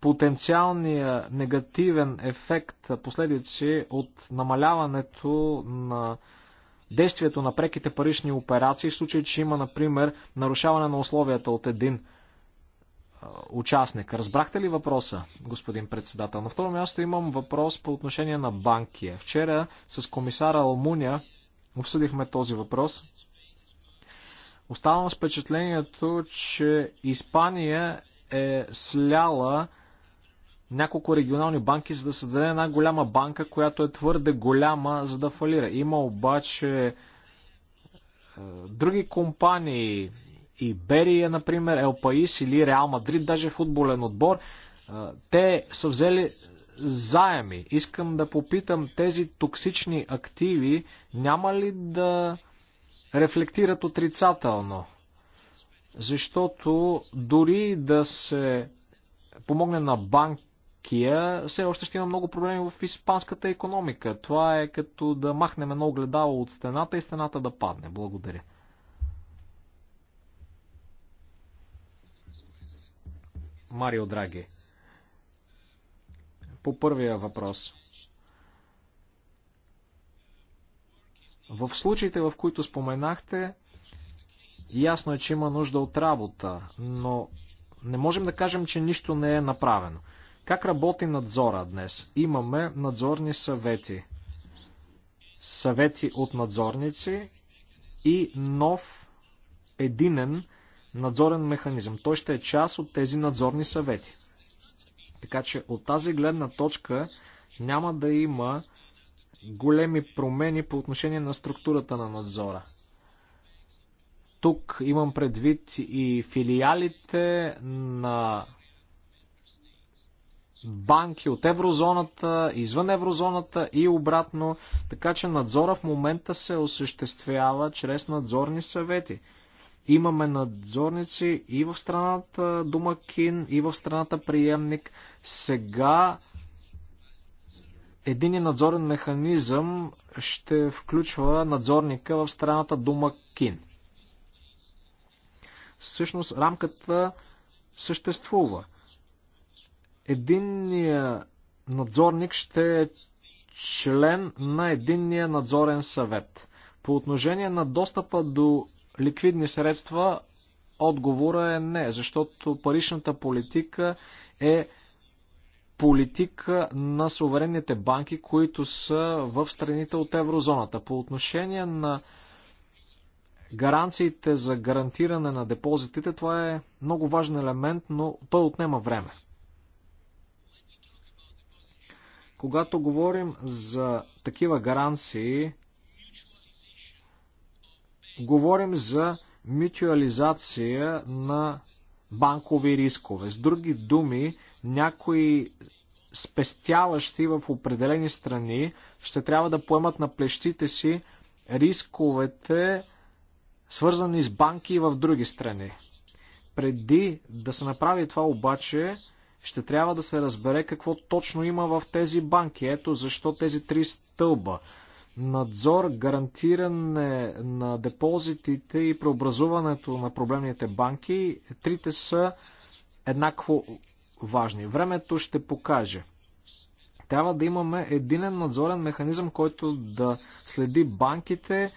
потенциалния негативен ефект, последици от намаляването на действието на преките парични операции, в случай, че има, например, нарушаване на условията от един участник. Разбрахте ли въпроса, господин председател? На второ място имам въпрос по отношение на банкия. Вчера с комисара Алмуня обсъдихме този въпрос. Оставам с впечатлението, че Испания е сляла няколко регионални банки, за да създаде една голяма банка, която е твърде голяма, за да фалира. Има обаче е, други компании, Иберия, например, Ел Паис или Реал Мадрид, даже футболен отбор, те са взели заеми. Искам да попитам, тези токсични активи няма ли да рефлектират отрицателно? Защото дори да се помогне на банкия, все още ще има много проблеми в испанската економика. Това е като да махнем едно огледало от стената и стената да падне. Благодаря. Марио Драги. По първия въпрос. В случаите, в които споменахте, ясно е, че има нужда от работа, но не можем да кажем, че нищо не е направено. Как работи надзора днес? Имаме надзорни съвети. Съвети от надзорници и нов единен надзорен механизъм. Той ще е част от тези надзорни съвети. Така че от тази гледна точка няма да има големи промени по отношение на структурата на надзора. Тук имам предвид и филиалите на банки от еврозоната, извън еврозоната и обратно. Така че надзора в момента се осъществява чрез надзорни съвети. Имаме надзорници и в страната Думакин, и в страната приемник. Сега един надзорен механизъм ще включва надзорника в страната Думакин. Всъщност рамката съществува. Единният надзорник ще е член на единния надзорен съвет. По отношение на достъпа до ликвидни средства, отговора е не, защото паричната политика е политика на суверенните банки, които са в страните от еврозоната. По отношение на гаранциите за гарантиране на депозитите, това е много важен елемент, но той отнема време. Когато говорим за такива гаранции, говорим за мютуализация на банкови рискове. С други думи, някои спестяващи в определени страни ще трябва да поемат на плещите си рисковете, свързани с банки в други страни. Преди да се направи това обаче, ще трябва да се разбере какво точно има в тези банки. Ето защо тези три стълба надзор, гарантиране на депозитите и преобразуването на проблемните банки, трите са еднакво важни. Времето ще покаже. Трябва да имаме единен надзорен механизъм, който да следи банките,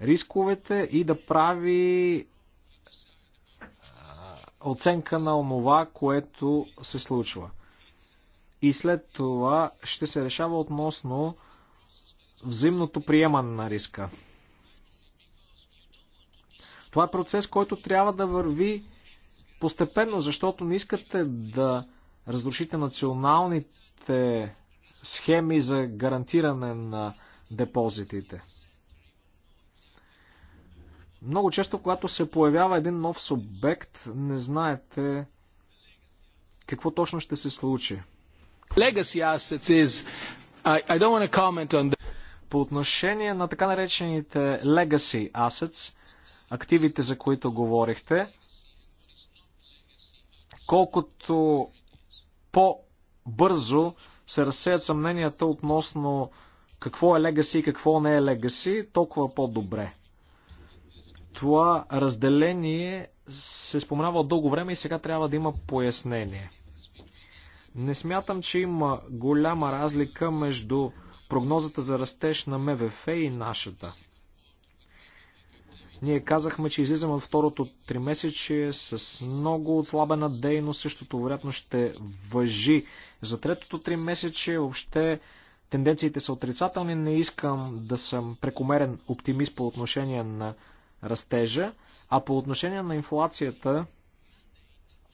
рисковете и да прави оценка на онова, което се случва. И след това ще се решава относно взаимното приемане на риска. Това е процес, който трябва да върви постепенно, защото не искате да разрушите националните схеми за гарантиране на депозитите. Много често, когато се появява един нов субект, не знаете какво точно ще се случи. Legacy assets is I, I don't want to comment on по отношение на така наречените legacy assets, активите, за които говорихте, колкото по-бързо се разсеят съмненията относно какво е легаси и какво не е легаси, толкова по-добре. Това разделение се споменава дълго време и сега трябва да има пояснение. Не смятам, че има голяма разлика между прогнозата за растеж на МВФ и нашата. Ние казахме, че излизаме от второто три месече с много отслабена дейност. Същото вероятно ще въжи за третото три месече. Въобще тенденциите са отрицателни. Не искам да съм прекомерен оптимист по отношение на растежа. А по отношение на инфлацията,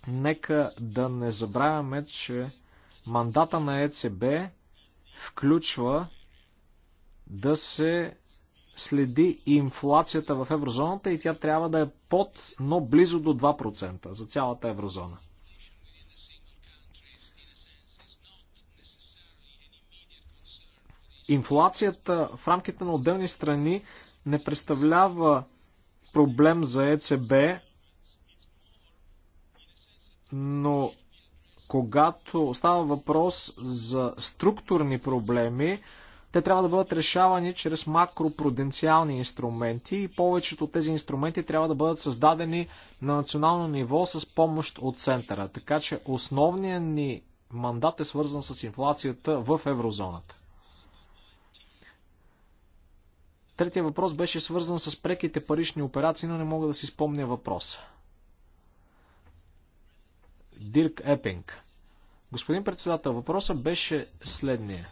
нека да не забравяме, че мандата на ЕЦБ включва да се следи инфлацията в еврозоната и тя трябва да е под, но близо до 2% за цялата еврозона. Инфлацията в рамките на отделни страни не представлява проблем за ЕЦБ, но когато става въпрос за структурни проблеми, те трябва да бъдат решавани чрез макропруденциални инструменти и повечето от тези инструменти трябва да бъдат създадени на национално ниво с помощ от центъра. Така че основният ни мандат е свързан с инфлацията в еврозоната. Третия въпрос беше свързан с преките парични операции, но не мога да си спомня въпроса. Дирк Епинг. Господин председател, въпросът беше следния.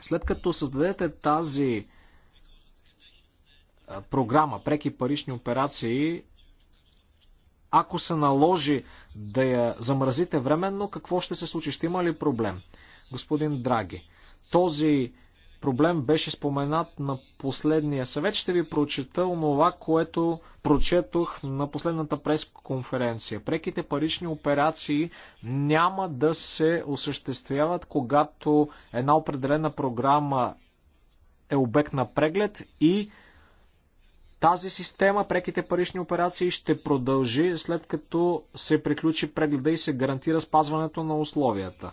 След като създадете тази програма, преки парични операции, ако се наложи да я замразите временно, какво ще се случи? Ще има ли проблем? Господин Драги, този проблем беше споменат на последния съвет. Ще ви прочета онова, което прочетох на последната пресконференция. Преките парични операции няма да се осъществяват, когато една определена програма е обект на преглед и тази система, преките парични операции ще продължи след като се приключи прегледа и се гарантира спазването на условията.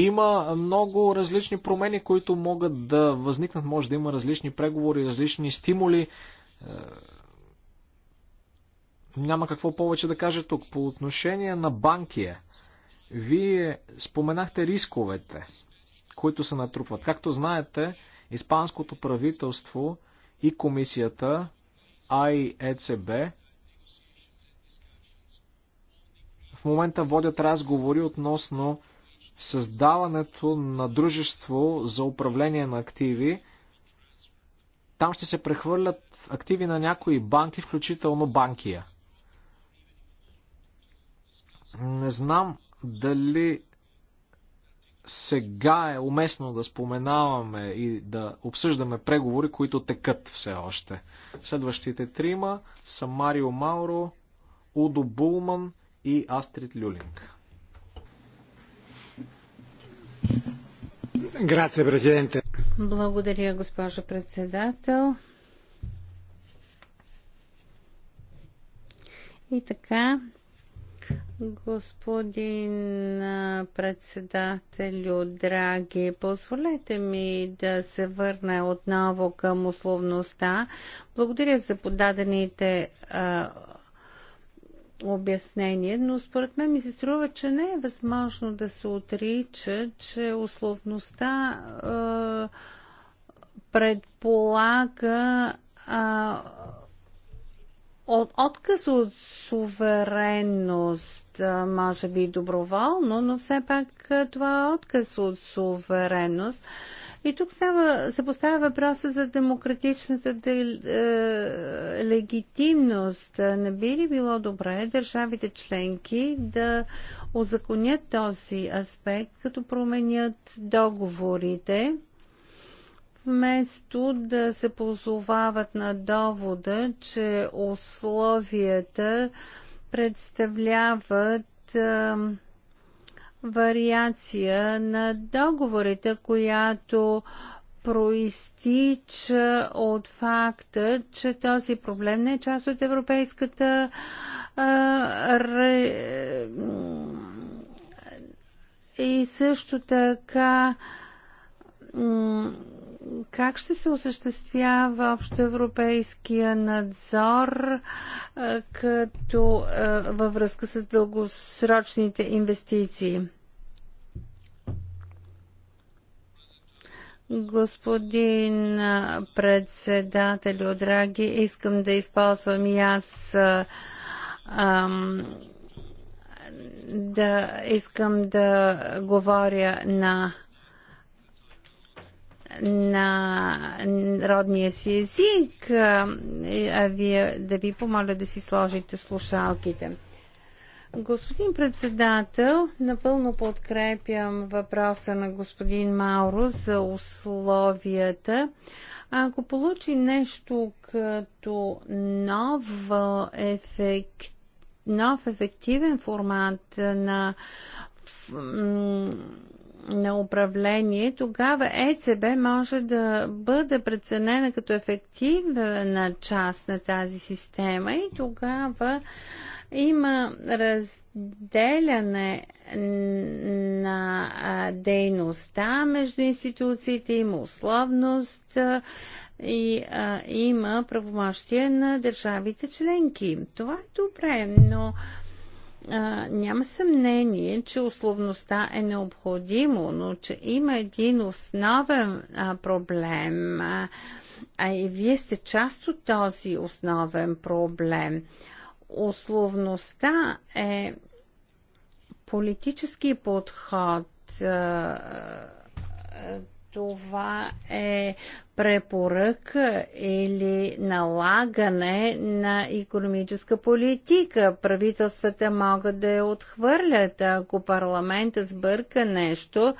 Има много различни промени, които могат да възникнат. Може да има различни преговори, различни стимули. Е, няма какво повече да кажа тук. По отношение на банкия, вие споменахте рисковете, които се натрупват. Както знаете, Испанското правителство и комисията, а и ЕЦБ в момента водят разговори относно създаването на дружество за управление на активи. Там ще се прехвърлят активи на някои банки, включително банкия. Не знам дали сега е уместно да споменаваме и да обсъждаме преговори, които текат все още. Следващите трима са Марио Мауро, Удо Булман и Астрид Люлинг. Благодаря, госпожо председател. И така, господин председателю, драги, позволете ми да се върна отново към условността. Благодаря за подадените а, обяснение, но според мен ми се струва, че не е възможно да се отрича, че условността е, предполага е, от, отказ от суверенност, може би доброволно, но все пак това е отказ от суверенност. Е, и тук става, се поставя въпроса за демократичната де, е, легитимност. Не би ли било добре държавите членки да озаконят този аспект, като променят договорите? вместо да се позовават на довода, че условията представляват е, вариация на договорите, която проистича от факта, че този проблем не е част от европейската а, ре... и също така как ще се осъществява общоевропейския надзор е, като е, във връзка с дългосрочните инвестиции? Господин е, председател Драги, искам да използвам и аз ам, да искам да говоря на на родния си език, а вие да ви помоля да си сложите слушалките. Господин председател, напълно подкрепям въпроса на господин Мауро за условията. Ако получи нещо като нов, ефект, нов ефективен формат на на управление, тогава ЕЦБ може да бъде преценена като ефективна част на тази система и тогава има разделяне на дейността между институциите, има условност и а, има правомощия на държавите членки. Това е добре, но а, няма съмнение, че условността е необходимо, но че има един основен а, проблем, а, а и вие сте част от този основен проблем. Условността е политически подход. А, а, това е препоръка или налагане на економическа политика. Правителствата могат да я отхвърлят. Ако парламента сбърка нещо,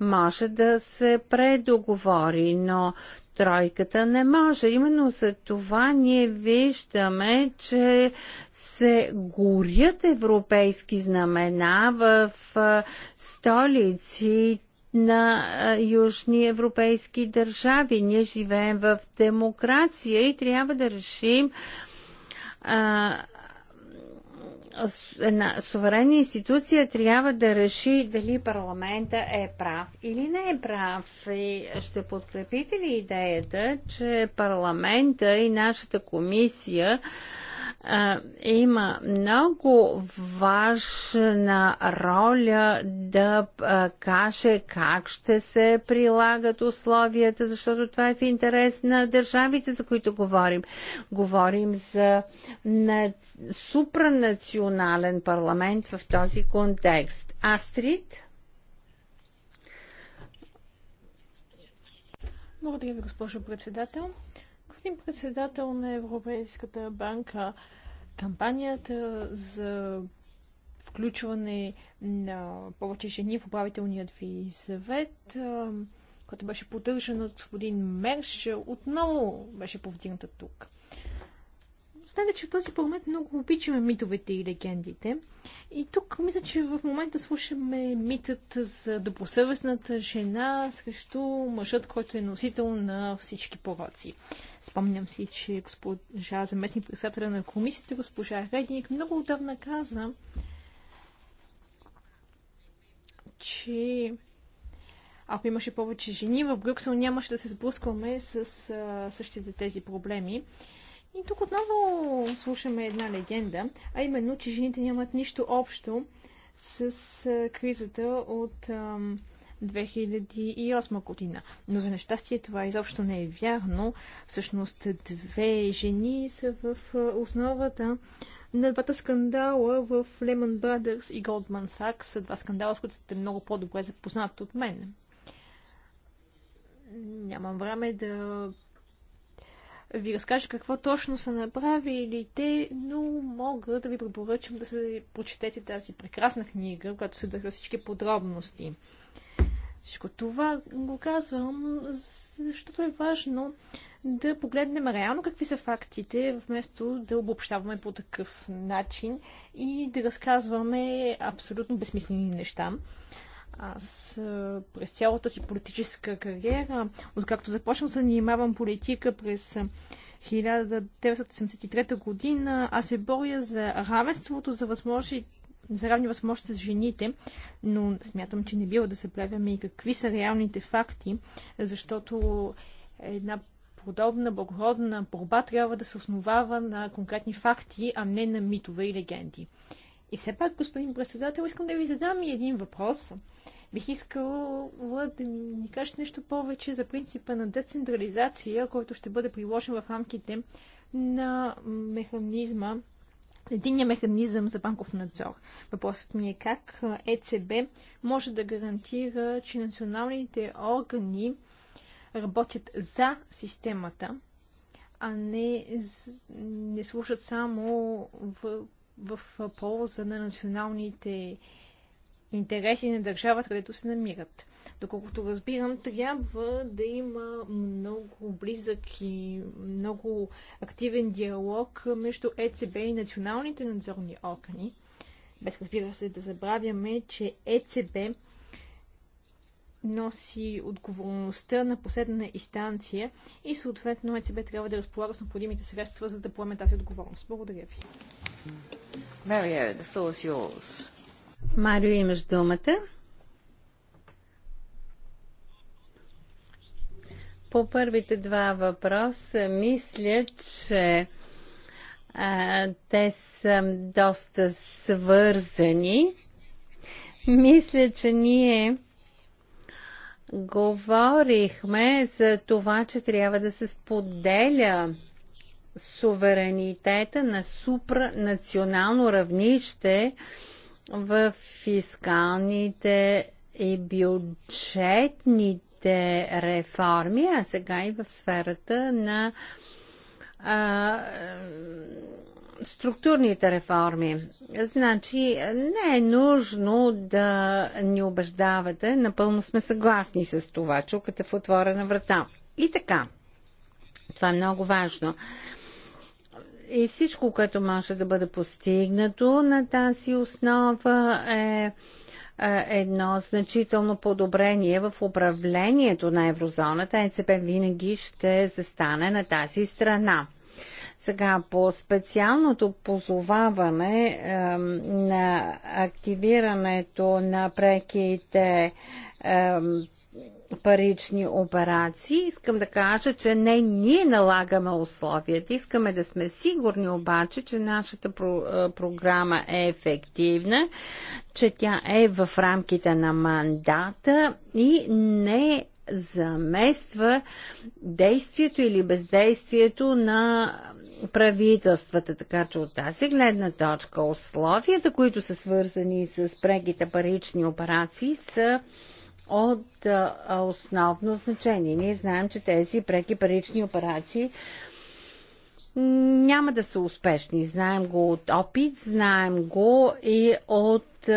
може да се предоговори, но тройката не може. Именно за това ние виждаме, че се горят европейски знамена в столиците на южни европейски държави. Ние живеем в демокрация и трябва да решим а, една суверенна институция трябва да реши дали парламента е прав или не е прав. И ще подкрепите ли идеята, че парламента и нашата комисия има много важна роля да каже как ще се прилагат условията, защото това е в интерес на държавите, за които говорим. Говорим за на... супранационален парламент в този контекст. Астрид? Благодаря ви, госпожо председател господин председател на Европейската банка, кампанията за включване на повече жени в управителният ви съвет, който беше поддържан от господин Мерш, отново беше повдигната тук знаете, че в този парламент много обичаме митовете и легендите. И тук мисля, че в момента слушаме митът за добросъвестната жена срещу мъжът, който е носител на всички пороци. Спомням си, че госпожа заместник председателя на комисията, госпожа Редник, много отдавна каза, че ако имаше повече жени в Брюксел, нямаше да се сблъскваме с същите тези проблеми. И тук отново слушаме една легенда, а именно, че жените нямат нищо общо с кризата от 2008 година. Но за нещастие това изобщо не е вярно. Всъщност две жени са в основата на двата скандала в Lehman Brothers и Goldman Sachs. Два скандала, с които сте много по-добре запознати от мен. Нямам време да ви разкажа какво точно са направили те, но мога да ви препоръчам да се прочетете тази прекрасна книга, която съдържа всички подробности. Всичко това го казвам, защото е важно да погледнем реално какви са фактите, вместо да обобщаваме по такъв начин и да разказваме абсолютно безсмислени неща. Аз през цялата си политическа кариера, откакто започнах да занимавам политика през 1973 година, аз се боря за равенството, за възможности за равни възможности с жените, но смятам, че не бива да се правяме и какви са реалните факти, защото една подобна благородна борба трябва да се основава на конкретни факти, а не на митове и легенди. И все пак, господин председател, искам да ви задам и един въпрос. Бих искала да ни кажете нещо повече за принципа на децентрализация, който ще бъде приложен в рамките на механизма, единния механизъм за банков надзор. Въпросът ми е как ЕЦБ може да гарантира, че националните органи работят за системата, а не, не слушат само в в полза на националните интереси на държавата, където се намират. Доколкото разбирам, трябва да има много близък и много активен диалог между ЕЦБ и националните надзорни органи. Без разбира се да забравяме, че ЕЦБ носи отговорността на последна инстанция и съответно ЕЦБ трябва да разполага с необходимите средства, за да поеме тази отговорност. Благодаря ви. Марио, the floor is yours. Марио, имаш думата. По първите два въпроса мисля, че а, те са доста свързани. Мисля, че ние говорихме за това, че трябва да се споделя суверенитета на супранационално равнище в фискалните и бюджетните реформи, а сега и в сферата на а, структурните реформи. Значи, не е нужно да ни убеждавате, напълно сме съгласни с това, чукате в отворена врата. И така, това е много важно. А, и всичко, което може да бъде постигнато на тази основа е, е едно значително подобрение в управлението на еврозоната. ЕЦБ винаги ще застане на тази страна. Сега по специалното позоваване на активирането на преките парични операции. Искам да кажа, че не ние налагаме условията. Искаме да сме сигурни обаче, че нашата про, програма е ефективна, че тя е в рамките на мандата и не замества действието или бездействието на правителствата. Така че от тази гледна точка условията, които са свързани с преките парични операции, са от основно значение. Ние знаем, че тези преки парични операции няма да са успешни. Знаем го от опит, знаем го и от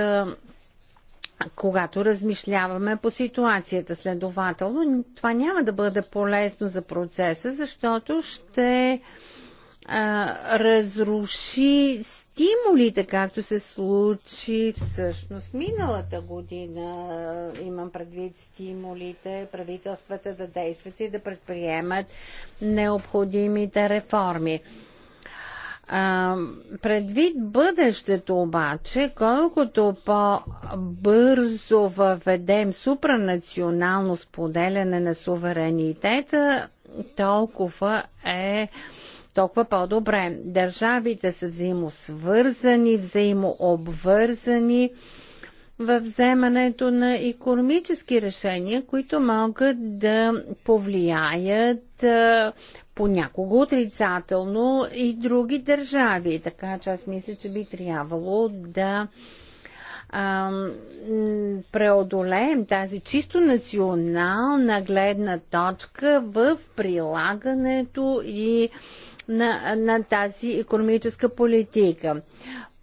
когато размишляваме по ситуацията. Следователно, това няма да бъде полезно за процеса, защото ще разруши стимулите, както се случи всъщност миналата година. Имам предвид стимулите, правителствата да действат и да предприемат необходимите реформи. А, предвид бъдещето обаче, колкото по-бързо въведем супранационално споделяне на суверенитета, толкова е а, толкова по-добре. Държавите са взаимосвързани, взаимообвързани в вземането на економически решения, които могат да повлияят понякога отрицателно и други държави. Така че аз мисля, че би трябвало да преодолеем тази чисто национална гледна точка в прилагането и на, на тази економическа политика.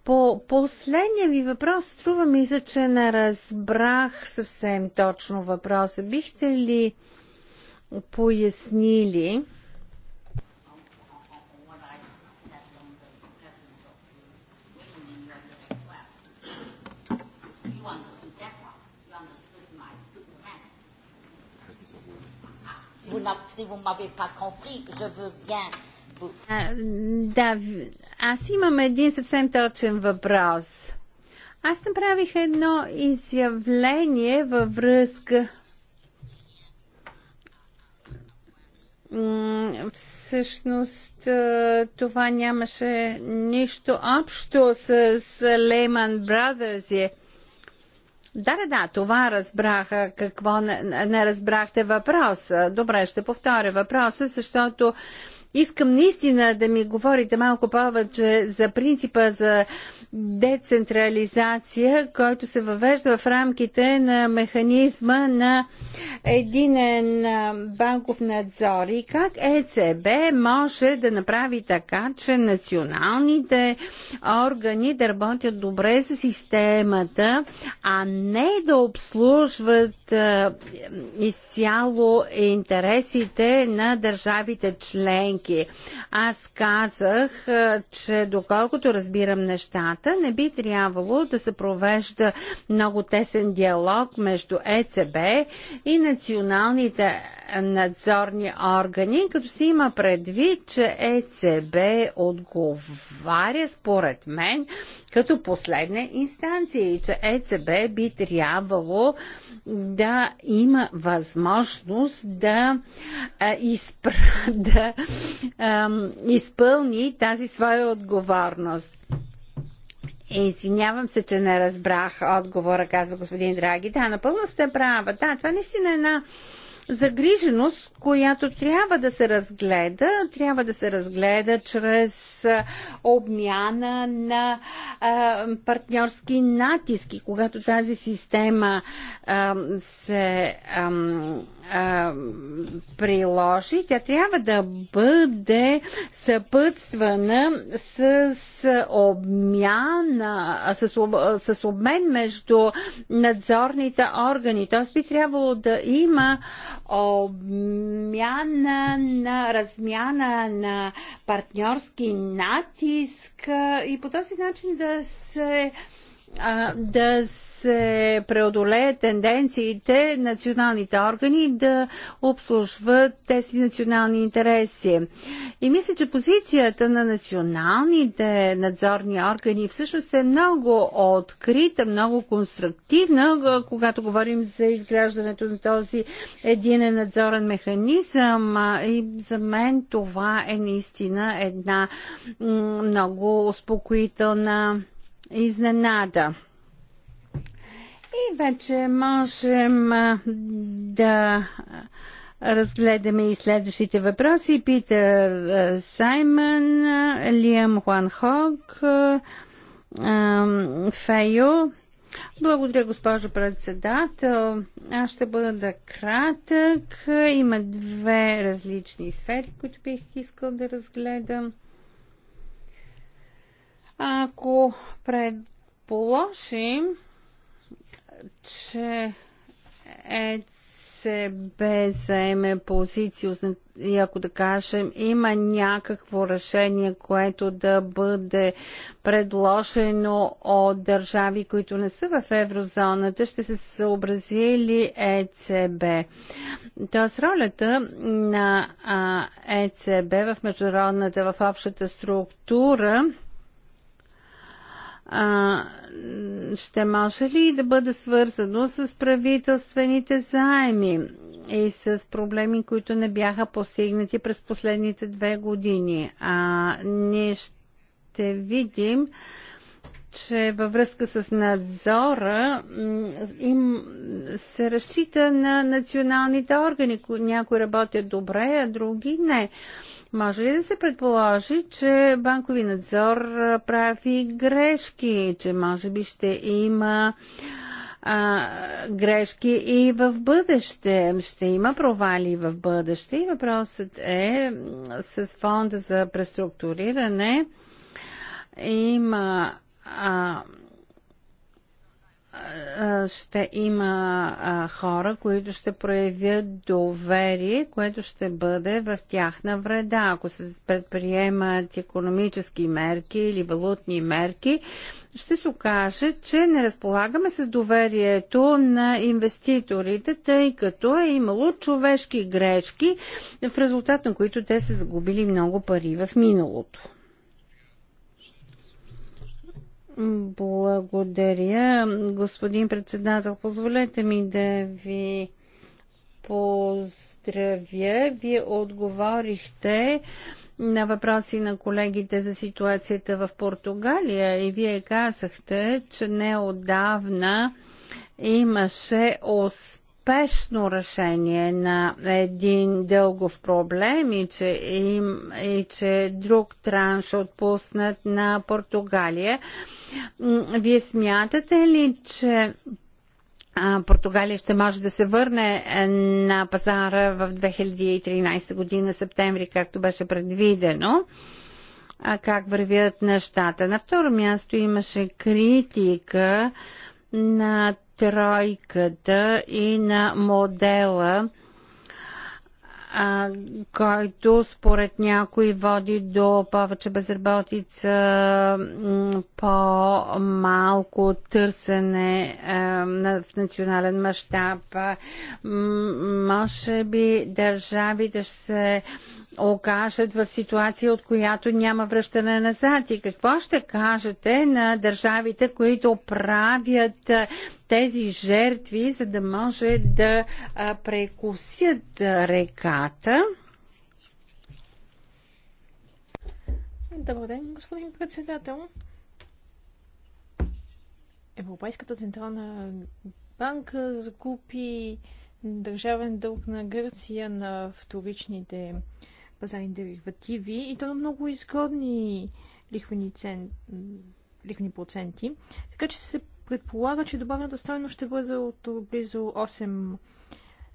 По последния ви въпрос, струва ми се, че не разбрах съвсем точно въпроса. Бихте ли пояснили? Vous ne m'avez pas compris, je veux bien да, аз имам един съвсем точен въпрос. Аз направих едно изявление във връзка всъщност това нямаше нищо общо с Лейман Brothers. Е. Да, да, да, това разбраха. Какво не, не разбрахте въпроса? Добре, ще повторя въпроса, защото Искам наистина да ми говорите малко повече за принципа за децентрализация, който се въвежда в рамките на механизма на единен банков надзор и как ЕЦБ може да направи така, че националните органи да работят добре с системата, а не да обслужват изцяло интересите на държавите членки. Аз казах, че доколкото разбирам нещата, страната Не би трябвало да се провежда много тесен диалог между ЕЦБ и националните надзорни органи, като се има предвид, че ЕЦБ отговаря според мен като последна инстанция и че ЕЦБ би трябвало да има възможност да, а, изпр... да а, изпълни тази своя отговорност. Извинявам се, че не разбрах отговора, казва господин Драги. Да, напълно сте права. Да, това наистина е една загриженост, която трябва да се разгледа, трябва да се разгледа чрез обмяна на а, партньорски натиски, когато тази система а, се а, а, приложи, тя трябва да бъде съпътствана с, обмяна, с, об, с обмен между надзорните органи. Тоест би трябвало да има обмяна подмяна на размяна на партньорски натиск и по този начин да се а, да се преодолеят тенденциите националните органи да обслужват тези национални интереси. И мисля, че позицията на националните надзорни органи всъщност е много открита, много конструктивна, когато говорим за изграждането на този един надзорен механизъм. И за мен това е наистина една много успокоителна изненада. И вече можем да разгледаме и следващите въпроси. Питър Саймън, Лиам Хуан Хог, Фейо. Благодаря, госпожо председател. Аз ще бъда да кратък. Има две различни сфери, които бих искал да разгледам. Ако предположим, че ЕЦБ заеме позиция и ако да кажем има някакво решение, което да бъде предложено от държави, които не са в еврозоната, ще се съобрази ли ЕЦБ? Тоест ролята на ЕЦБ в международната, в общата структура а, ще може ли да бъде свързано с правителствените заеми и с проблеми, които не бяха постигнати през последните две години? А ние ще видим, че във връзка с надзора им се разчита на националните органи. Някои работят добре, а други не. Може ли да се предположи, че банкови надзор прави грешки, че може би ще има а, грешки и в бъдеще. Ще има провали в бъдеще и въпросът е с фонда за преструктуриране има а, ще има хора, които ще проявят доверие, което ще бъде в тяхна вреда. Ако се предприемат економически мерки или валутни мерки, ще се окаже, че не разполагаме с доверието на инвеститорите, тъй като е имало човешки грешки, в резултат на които те са загубили много пари в миналото. Благодаря, господин председател. Позволете ми да ви поздравя. Вие отговорихте на въпроси на колегите за ситуацията в Португалия и вие казахте, че не отдавна имаше успех успешно решение на един дългов проблем и че, им, и че друг транш отпуснат на Португалия. Вие смятате ли, че Португалия ще може да се върне е, на пазара в 2013 година, септември, както беше предвидено? А как вървят нещата? На второ място имаше критика на тройката и на модела, а, който според някои води до повече безработица, по-малко търсене а, в национален мащаб. Може би държавите ще се окажат в ситуация, от която няма връщане назад? И какво ще кажете на държавите, които правят тези жертви, за да може да прекусят реката? Добър ден, господин председател. Европейската централна банка закупи държавен дълг на Гърция на вторичните пазарни деривативи и то на много изгодни лихвени, цен, лихвени проценти. Така че се предполага, че добавената стоеност ще бъде от близо 8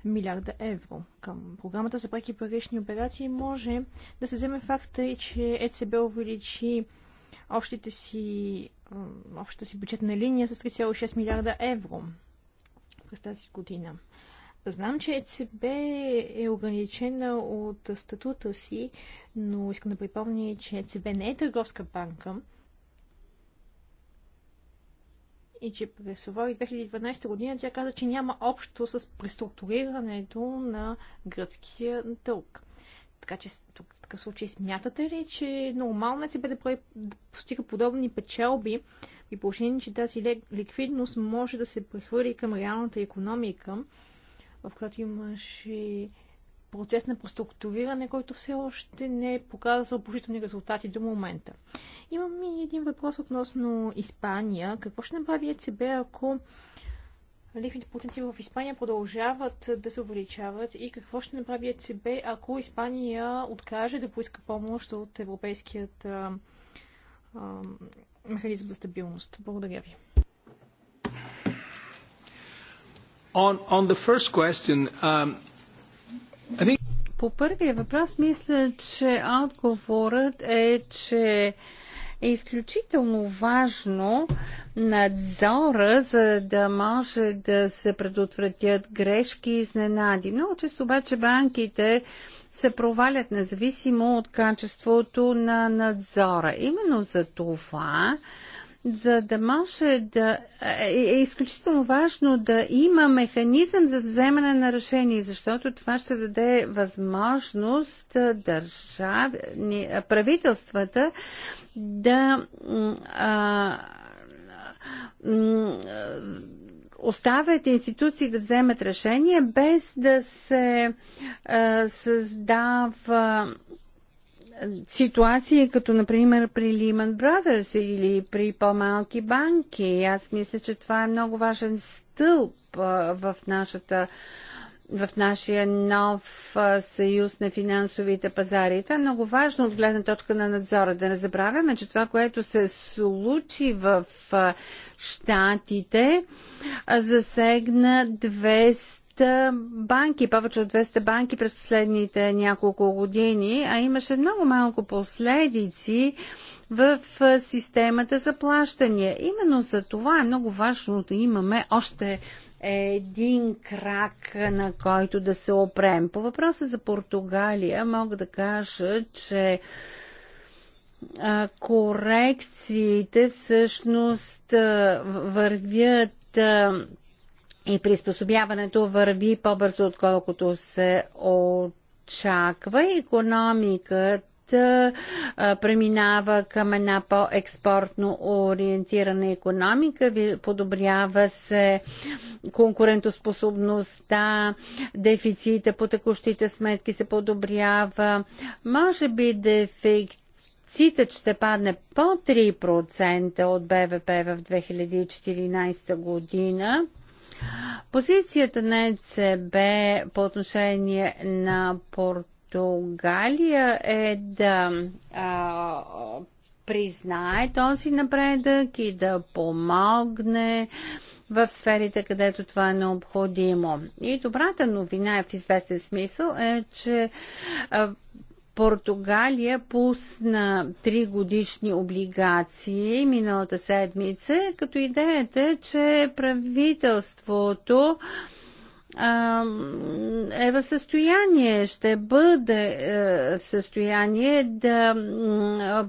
милиарда евро. Към програмата за преки парични операции може да се вземе факта и, че ЕЦБ увеличи общите си, общата си бюджетна линия с 3,6 милиарда евро през тази година. Знам, че ЕЦБ е ограничена от статута си, но искам да припомня, че ЕЦБ не е търговска банка и че през февруари 2012 година тя каза, че няма общо с преструктурирането на гръцкия дълг. Така че тук, в такъв случай смятате ли, че е нормално е да, прави, да постига подобни печалби и положение, че тази ликвидност може да се прехвърли към реалната економика в която имаше процес на преструктуриране, който все още не е показал положителни резултати до момента. Имам и един въпрос относно Испания. Какво ще направи ЕЦБ, ако лихвите проценти в Испания продължават да се увеличават и какво ще направи ЕЦБ, ако Испания откаже да поиска помощ от Европейският а, а, механизъм за стабилност? Благодаря ви. Um, По първия въпрос мисля, че отговорът е, че е изключително важно надзора, за да може да се предотвратят грешки и изненади. Много често обаче банките се провалят независимо от качеството на надзора. Именно за това за да може да е, е изключително важно да има механизъм за вземане на решение, защото това ще даде възможност държав... правителствата да а, оставят институции да вземат решение без да се а, създава ситуации, като например при Lehman Brothers или при по-малки банки. Аз мисля, че това е много важен стълб в нашата в нашия нов съюз на финансовите пазари. Това е много важно от гледна точка на надзора. Да не забравяме, че това, което се случи в Штатите, засегна 200 200 банки, повече от 200 банки през последните няколко години, а имаше много малко последици в системата за плащания. Именно за това е много важно да имаме още един крак, на който да се опрем. По въпроса за Португалия мога да кажа, че корекциите всъщност вървят и приспособяването върви по-бързо, отколкото се очаква. Економиката преминава към една по-експортно ориентирана економика, подобрява се конкурентоспособността, дефицита по текущите сметки се подобрява. Може би дефект дефицитът ще падне по 3% от БВП в 2014 година. Позицията на ЕЦБ по отношение на Португалия е да а, признае този напредък и да помогне в сферите, където това е необходимо. И добрата новина в известен смисъл е, че Португалия пусна 3 годишни облигации миналата седмица, като идеята е, че правителството е в състояние, ще бъде е, в състояние да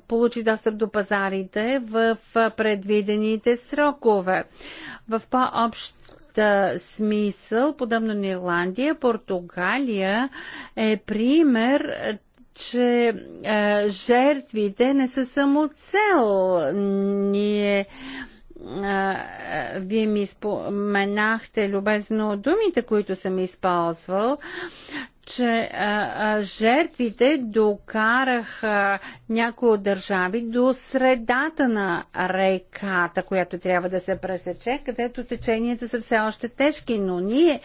получи достъп до пазарите в предвидените срокове. В по-общ смисъл, подобно на Ирландия, Португалия е пример, че е, жертвите не са само цел. Ние е, вие ми споменахте любезно думите, които съм използвал че а, а, жертвите докараха някои от държави до средата на реката, която трябва да се пресече, където теченията са все още тежки, но ние,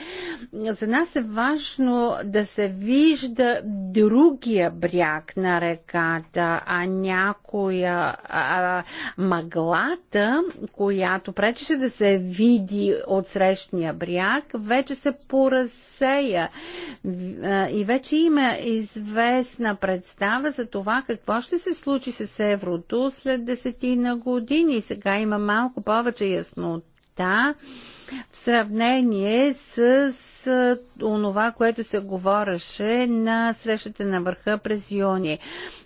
за нас е важно да се вижда другия бряг на реката, а някоя а, мъглата, която пречеше да се види от срещния бряг, вече се поразсея и вече има известна представа за това какво ще се случи с еврото след десетина години. Сега има малко повече яснота в сравнение с, с онова, което се говореше на срещата на върха през юни.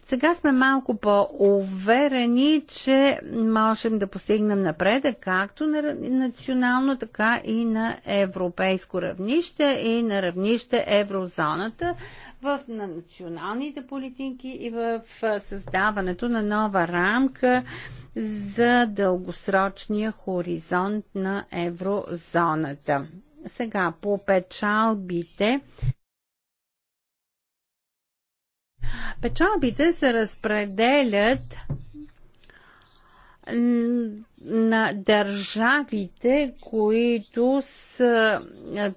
Сега сме малко по-уверени, че можем да постигнем напредък както на национално, така и на европейско равнище и на равнище еврозоната в, на националните политики и в създаването на нова рамка за дългосрочния хоризонт на еврозоната. Сега по печалбите. Печалбите се разпределят на държавите, които са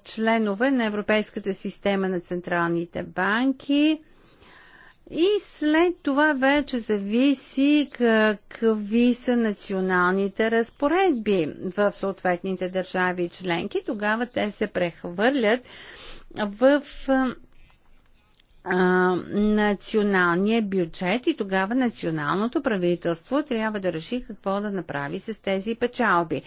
членове на Европейската система на централните банки и след това вече зависи какви са националните разпоредби в съответните държави и членки. Тогава те се прехвърлят в националния бюджет и тогава националното правителство трябва да реши какво да направи с тези печалби.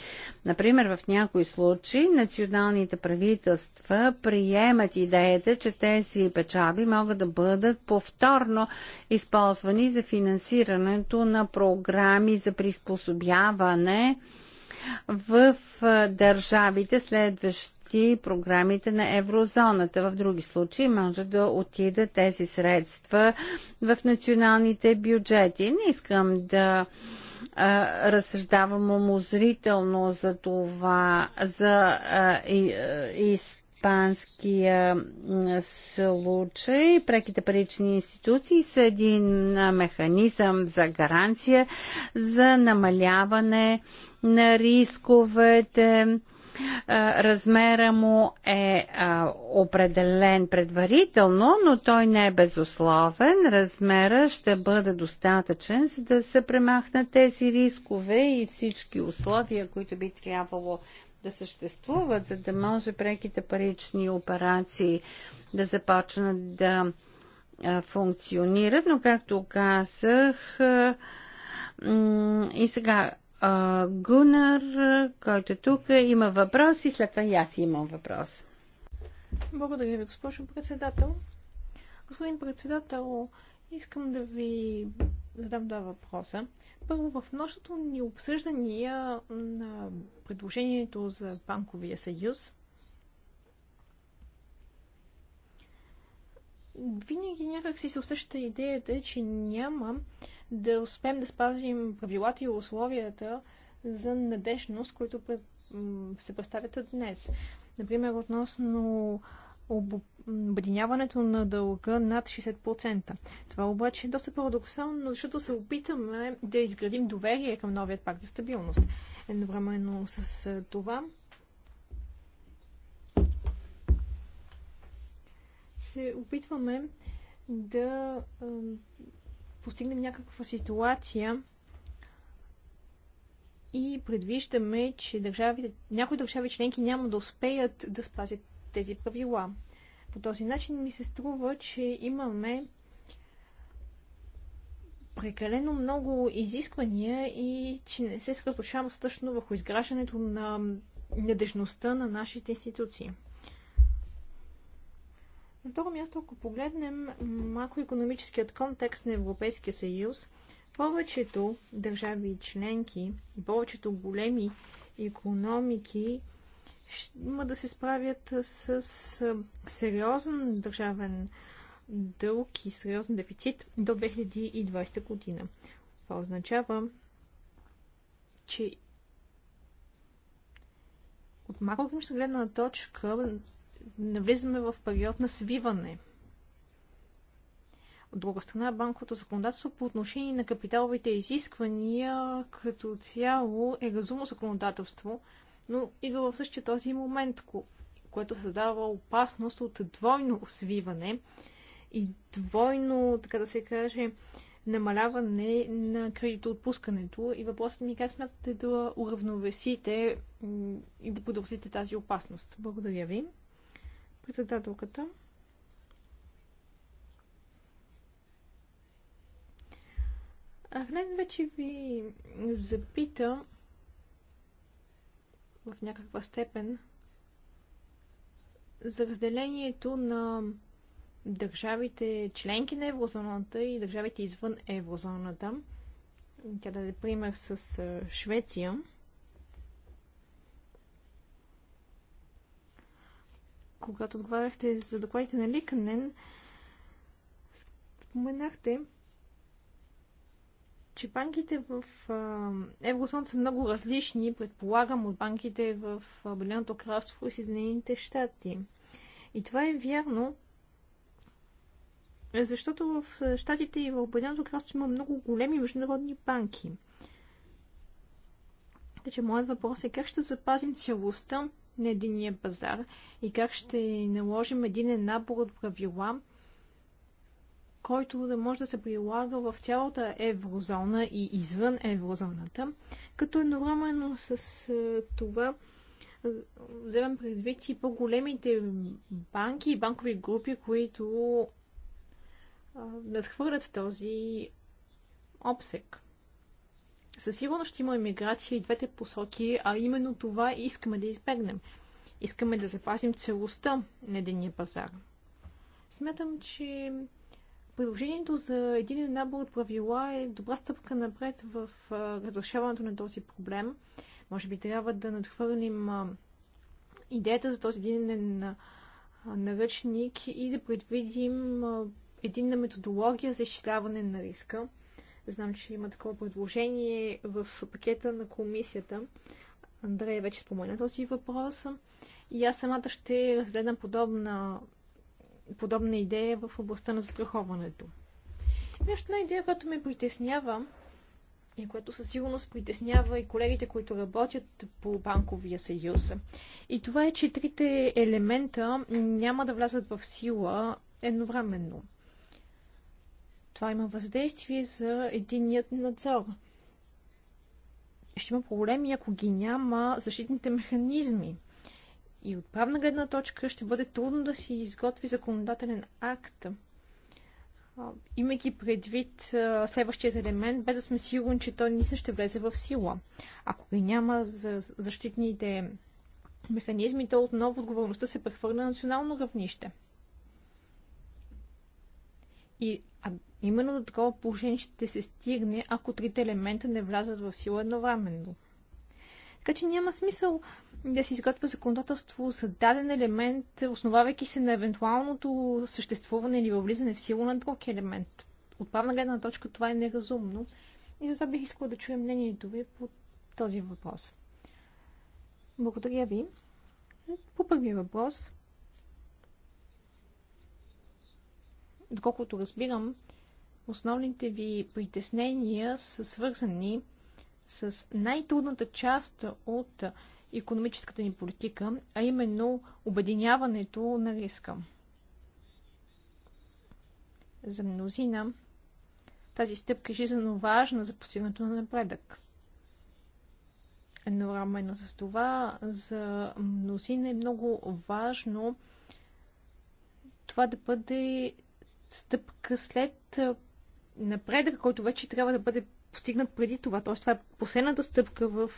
Например, в някои случаи националните правителства приемат идеята, че тези печалби могат да бъдат повторно използвани за финансирането на програми за приспособяване в държавите следващи и програмите на еврозоната. В други случаи може да отида тези средства в националните бюджети. Не искам да разсъждавам умозрително за това, за а, и испанския случай. Преките парични институции са един механизъм за гаранция за намаляване на рисковете Размера му е определен предварително, но той не е безусловен. Размера ще бъде достатъчен, за да се премахнат тези рискове и всички условия, които би трябвало да съществуват, за да може преките парични операции да започнат да функционират, но както казах, и сега Гунар, който тук е, има въпрос и след това и аз имам въпрос. Благодаря ви, госпожо председател. Господин председател, искам да ви задам два въпроса. Първо, в множеството ни обсъждания на предложението за банковия съюз, винаги някак си се усеща идеята, че няма да успеем да спазим правилата и условията за надежност, които се представят днес. Например, относно обединяването на дълга над 60%. Това обаче е доста парадоксално, защото се опитаме да изградим доверие към новият пакт за стабилност. Едновременно с това се опитваме да постигнем някаква ситуация и предвиждаме, че държавите, някои държави членки няма да успеят да спазят тези правила. По този начин ми се струва, че имаме прекалено много изисквания и че не се съсредоточавам достатъчно върху изграждането на надежността на нашите институции. На второ място, ако погледнем макроекономическият контекст на Европейския съюз, повечето държави и членки и повечето големи економики има да се справят с сериозен държавен дълг и сериозен дефицит до 2020 година. Това означава, че от макроекономическа гледна точка навлизаме в период на свиване. От друга страна, банковото законодателство по отношение на капиталовите изисквания като цяло е разумно законодателство, но идва в същия този момент, което създава опасност от двойно свиване и двойно, така да се каже, намаляване на кредитоотпускането и въпросът ми е как смятате да уравновесите и да подобрите тази опасност. Благодаря ви. Председателката. Ахнет вече ви запита в някаква степен за разделението на държавите членки на еврозоната и държавите извън еврозоната. Тя даде пример с Швеция. когато отговаряхте за докладите на Ликанен, споменахте, че банките в Еврозоната са много различни, предполагам, от банките в Обединеното кралство и Съединените щати. И това е вярно, защото в щатите и в Обединеното кралство има много големи международни банки. Така че моят въпрос е как ще запазим целостта на единия пазар и как ще наложим един набор от правила, който да може да се прилага в цялата еврозона и извън еврозоната, като едновременно с е, това е, вземем предвид и по-големите банки и банкови групи, които е, надхвърлят този обсек със сигурност ще има емиграция и двете посоки, а именно това искаме да избегнем. Искаме да запазим целостта на единния пазар. Смятам, че предложението за един набор от правила е добра стъпка напред в разрешаването на този проблем. Може би трябва да надхвърлим идеята за този един наръчник и да предвидим единна методология за изчисляване на риска. Знам, че има такова предложение в пакета на комисията. Андрея вече спомена този въпрос. И аз самата ще разгледам подобна, подобна идея в областта на застраховането. Нещо на идея, която ме притеснява и което със сигурност притеснява и колегите, които работят по банковия съюз. И това е, че трите елемента няма да влязат в сила едновременно. Това има въздействие за единият надзор. Ще има проблеми, ако ги няма защитните механизми. И от правна гледна точка ще бъде трудно да си изготви законодателен акт, имайки предвид следващият елемент, без да сме сигурни, че той наистина ще влезе в сила. Ако ги няма за защитните механизми, то отново отговорността се прехвърля на национално равнище. И Именно до такова положение ще се стигне, ако трите елемента не влязат в сила едновременно. Така че няма смисъл да се изготвя законодателство за даден елемент, основавайки се на евентуалното съществуване или влизане в сила на друг елемент. От правна гледна точка това е неразумно и затова бих искала да чуя мнението ви по този въпрос. Благодаря ви. По първия въпрос, доколкото разбирам, основните ви притеснения са свързани с най-трудната част от економическата ни политика, а именно обединяването на риска. За мнозина тази стъпка е жизненно важна за постигането на напредък. Едновременно с това, за мнозина е много важно това да бъде стъпка след напредък, който вече трябва да бъде постигнат преди това. Т.е. това е последната стъпка в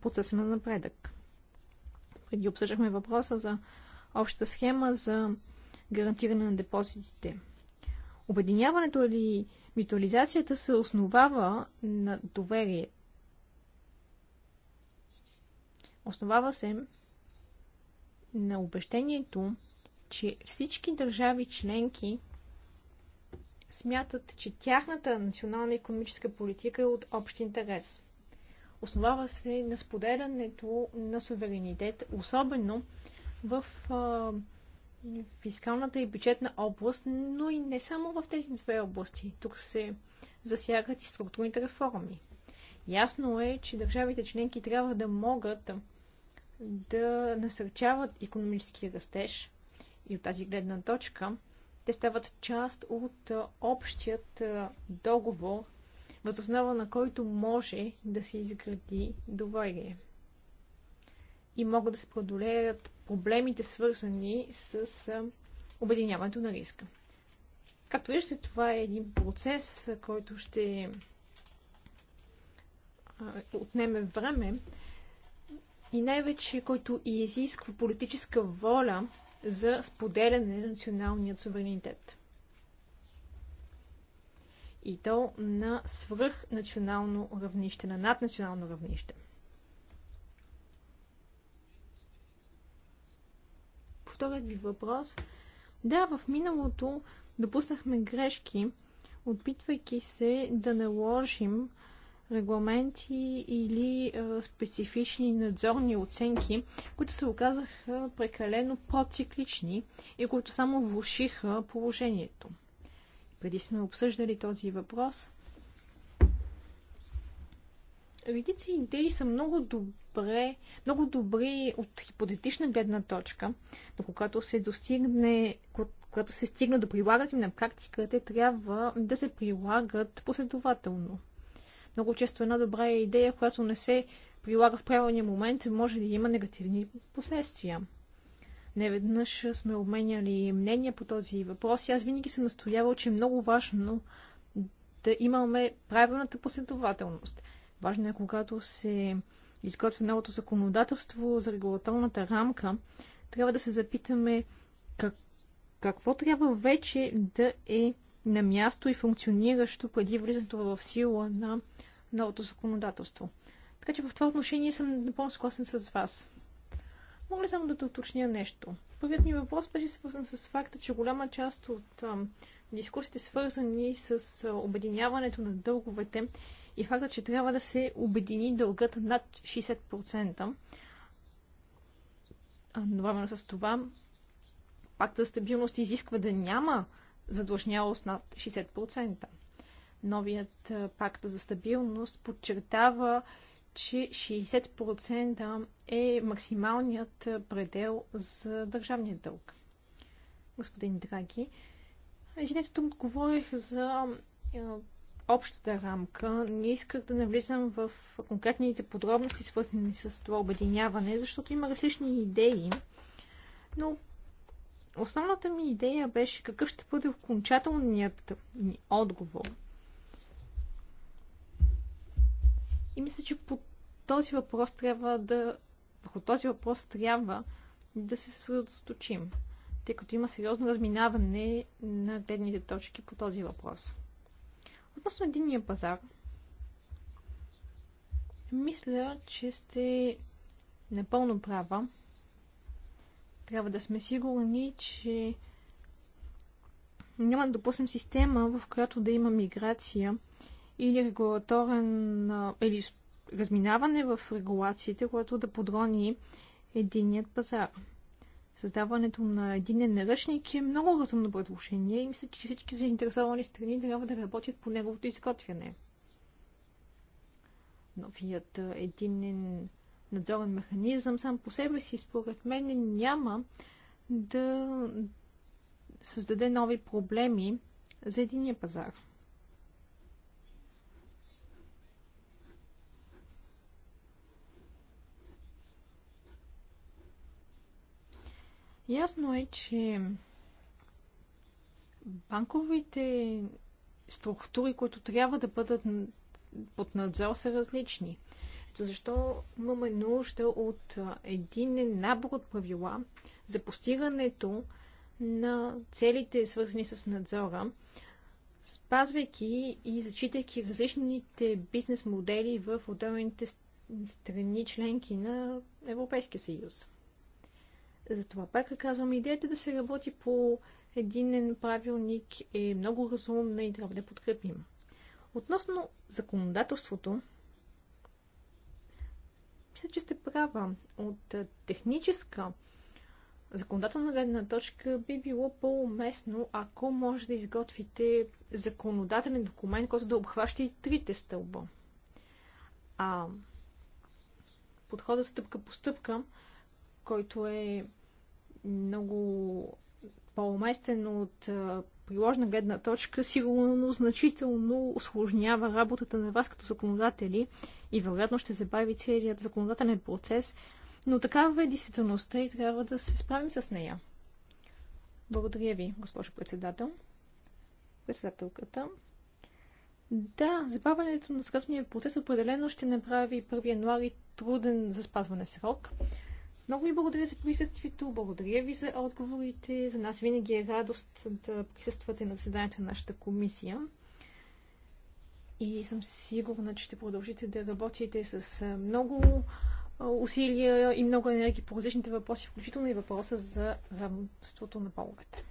процеса на напредък. Преди обсъждахме въпроса за общата схема за гарантиране на депозитите. Обединяването или митуализацията се основава на доверие. Основава се на убеждението, че всички държави членки смятат, че тяхната национална економическа политика е от общ интерес. Основава се на споделянето на суверенитет, особено в а, фискалната и бюджетна област, но и не само в тези две области. Тук се засягат и структурните реформи. Ясно е, че държавите членки трябва да могат да насърчават економически растеж и от тази гледна точка – те стават част от общият договор, възоснова на който може да се изгради доверие. И могат да се преодолеят проблемите, свързани с обединяването на риска. Както виждате, това е един процес, който ще отнеме време и най-вече който изисква политическа воля за споделяне на националният суверенитет. И то на свръхнационално равнище, на наднационално равнище. Вторият ви въпрос. Да, в миналото допуснахме грешки, опитвайки се да наложим регламенти или а, специфични надзорни оценки, които се оказаха прекалено проциклични и които само влушиха положението. Преди сме обсъждали този въпрос. Редици идеи са много добре, много добри от хипотетична гледна точка, но когато се достигне, когато се стигна до прилагането им на практика, те трябва да се прилагат последователно. Много често една добра идея, която не се прилага в правилния момент, може да има негативни последствия. Не веднъж сме обменяли мнения по този въпрос и аз винаги съм настоявал, че е много важно да имаме правилната последователност. Важно е, когато се изготвя новото законодателство за регулаторната рамка, трябва да се запитаме как, какво трябва вече да е на място и функциониращо преди влизането в сила на новото законодателство. Така че в това отношение съм напълно съгласен с вас. Мога ли само да те уточня нещо? Първият ми въпрос беше свързан с факта, че голяма част от дискусите, свързани с а, обединяването на дълговете и факта, че трябва да се обедини дългът над 60%, едновременно с това пакта за стабилност изисква да няма задлъжнялост над 60%. Новият пакт за стабилност подчертава, че 60% е максималният предел за държавния дълг. Господин Драги, Жените тук говорих за общата рамка. Не исках да навлизам в конкретните подробности, свързани с това обединяване, защото има различни идеи. Но основната ми идея беше какъв ще бъде окончателният ни отговор. И мисля, че по този въпрос трябва да. Върху този въпрос трябва да се съсредоточим, тъй като има сериозно разминаване на гледните точки по този въпрос. Относно единния пазар, мисля, че сте напълно права. Трябва да сме сигурни, че няма да допуснем система, в която да има миграция или регулаторен или разминаване в регулациите, което да подрони единият пазар. Създаването на един наръчник е много разумно предложение и мисля, че всички заинтересовани страни трябва да работят по неговото изготвяне. Новият единен надзорен механизъм сам по себе си, според мен, няма да създаде нови проблеми за единия пазар. Ясно е, че банковите структури, които трябва да бъдат под надзор, са различни. Ето защо имаме нужда от един набор от правила за постигането на целите, свързани с надзора, спазвайки и зачитайки различните бизнес модели в отделните страни членки на Европейския съюз. Затова пак казвам, идеята да се работи по единен правилник е много разумна и трябва да подкрепим. Относно законодателството, мисля, че сте права. От техническа законодателна гледна точка би било по-уместно, ако може да изготвите законодателен документ, който да обхваща и трите стълба. А подходът стъпка по стъпка който е много по-уместен от приложна гледна точка, сигурно значително осложнява работата на вас като законодатели и вероятно ще забави целият законодателен процес, но такава е действителността и трябва да се справим с нея. Благодаря ви, госпожо председател. Председателката. Да, забавянето на съкратния процес определено ще направи 1 януари труден за спазване срок. Много ви благодаря за присъствието, благодаря ви за отговорите. За нас винаги е радост да присъствате на заседанието на нашата комисия. И съм сигурна, че ще продължите да работите с много усилия и много енергия по различните въпроси, включително и въпроса за равенството на половете.